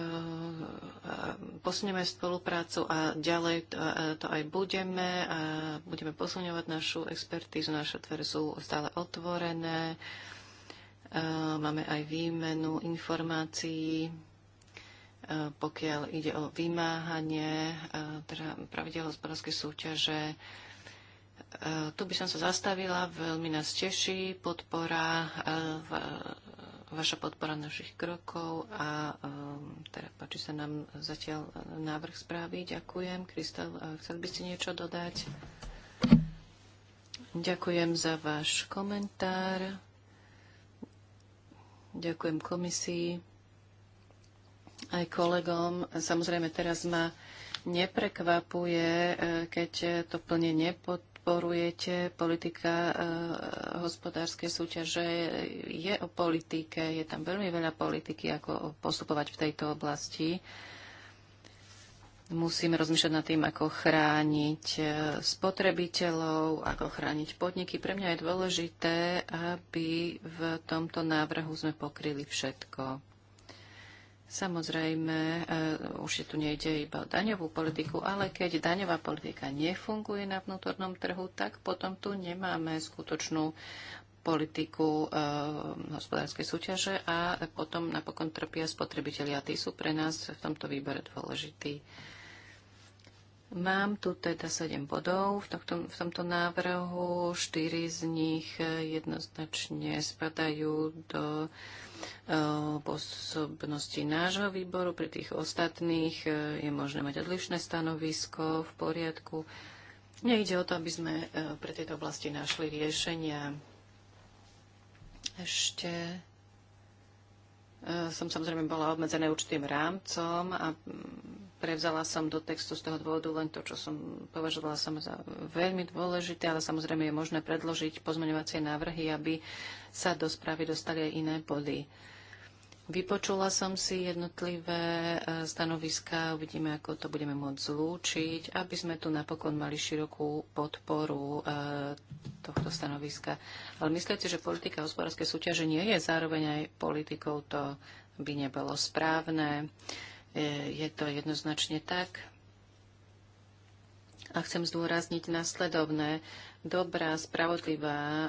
Posuneme spoluprácu a ďalej e, to aj budeme a budeme posunovať našu expertízu, naše dvere sú stále otvorené. Máme aj výmenu informácií, pokiaľ ide o vymáhanie teda pravidel hospodárskej súťaže. Tu by som sa zastavila, veľmi nás teší podpora, vaša podpora našich krokov a teda páči sa nám zatiaľ návrh správy. Ďakujem. Kristal, chcel by ste niečo dodať? Ďakujem za váš komentár. Ďakujem komisii aj kolegom. Samozrejme, teraz ma neprekvapuje, e, keď to plne nepodporujete. Politika e, hospodárskej súťaže je o politike, je tam veľmi veľa politiky, ako postupovať v tejto oblasti. Musíme rozmýšľať nad tým, ako chrániť eh, spotrebiteľov, ako chrániť podniky. Pre mňa je dôležité, aby v tomto návrhu sme pokryli všetko. Samozrejme, eh, už tu nejde iba o daňovú politiku, ale keď daňová politika nefunguje na vnútornom trhu, tak potom tu nemáme skutočnú politiku e, hospodárskej súťaže a potom napokon trpia spotrebitelia. Tí sú pre nás v tomto výbore dôležití. Mám tu teda 7 bodov v, tomto, v tomto návrhu. 4 z nich e, jednoznačne spadajú do e, pôsobnosti nášho výboru. Pri tých ostatných e, je možné mať odlišné stanovisko v poriadku. Nejde o to, aby sme pre tieto oblasti našli riešenia. Ešte som samozrejme bola obmedzená určitým rámcom a Prevzala som do textu z toho dôvodu len to, čo som považovala som za veľmi dôležité, ale samozrejme je možné predložiť pozmeňovacie návrhy, aby sa do správy dostali aj iné body. Vypočula som si jednotlivé e, stanoviská, uvidíme, ako to budeme môcť zlúčiť, aby sme tu napokon mali širokú podporu e, tohto stanoviska. Ale myslíte, že politika hospodárskej súťaže nie je zároveň aj politikou, to by nebolo správne. E, je to jednoznačne tak. A chcem zdôrazniť následovné. Dobrá, spravodlivá e,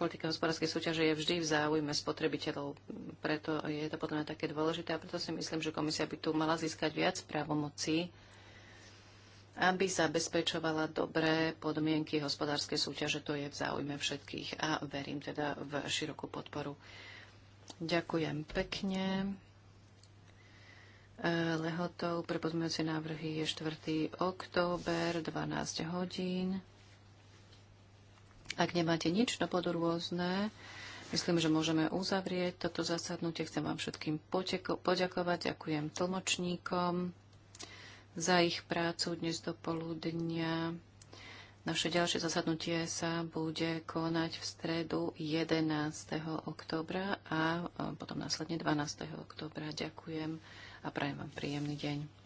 politika hospodárskej súťaže je vždy v záujme spotrebiteľov. Preto je to podľa mňa také dôležité a preto si myslím, že komisia by tu mala získať viac právomocí, aby zabezpečovala dobré podmienky hospodárskej súťaže. To je v záujme všetkých a verím teda v širokú podporu. Ďakujem pekne. E, lehotou pre pozmeňujúce návrhy je 4. október, 12 hodín. Ak nemáte nič na podrôzne, myslím, že môžeme uzavrieť toto zasadnutie. Chcem vám všetkým poďakovať. Ďakujem tlmočníkom za ich prácu dnes do poludnia. Naše ďalšie zasadnutie sa bude konať v stredu 11. oktobra a potom následne 12. oktobra. Ďakujem a prajem vám príjemný deň.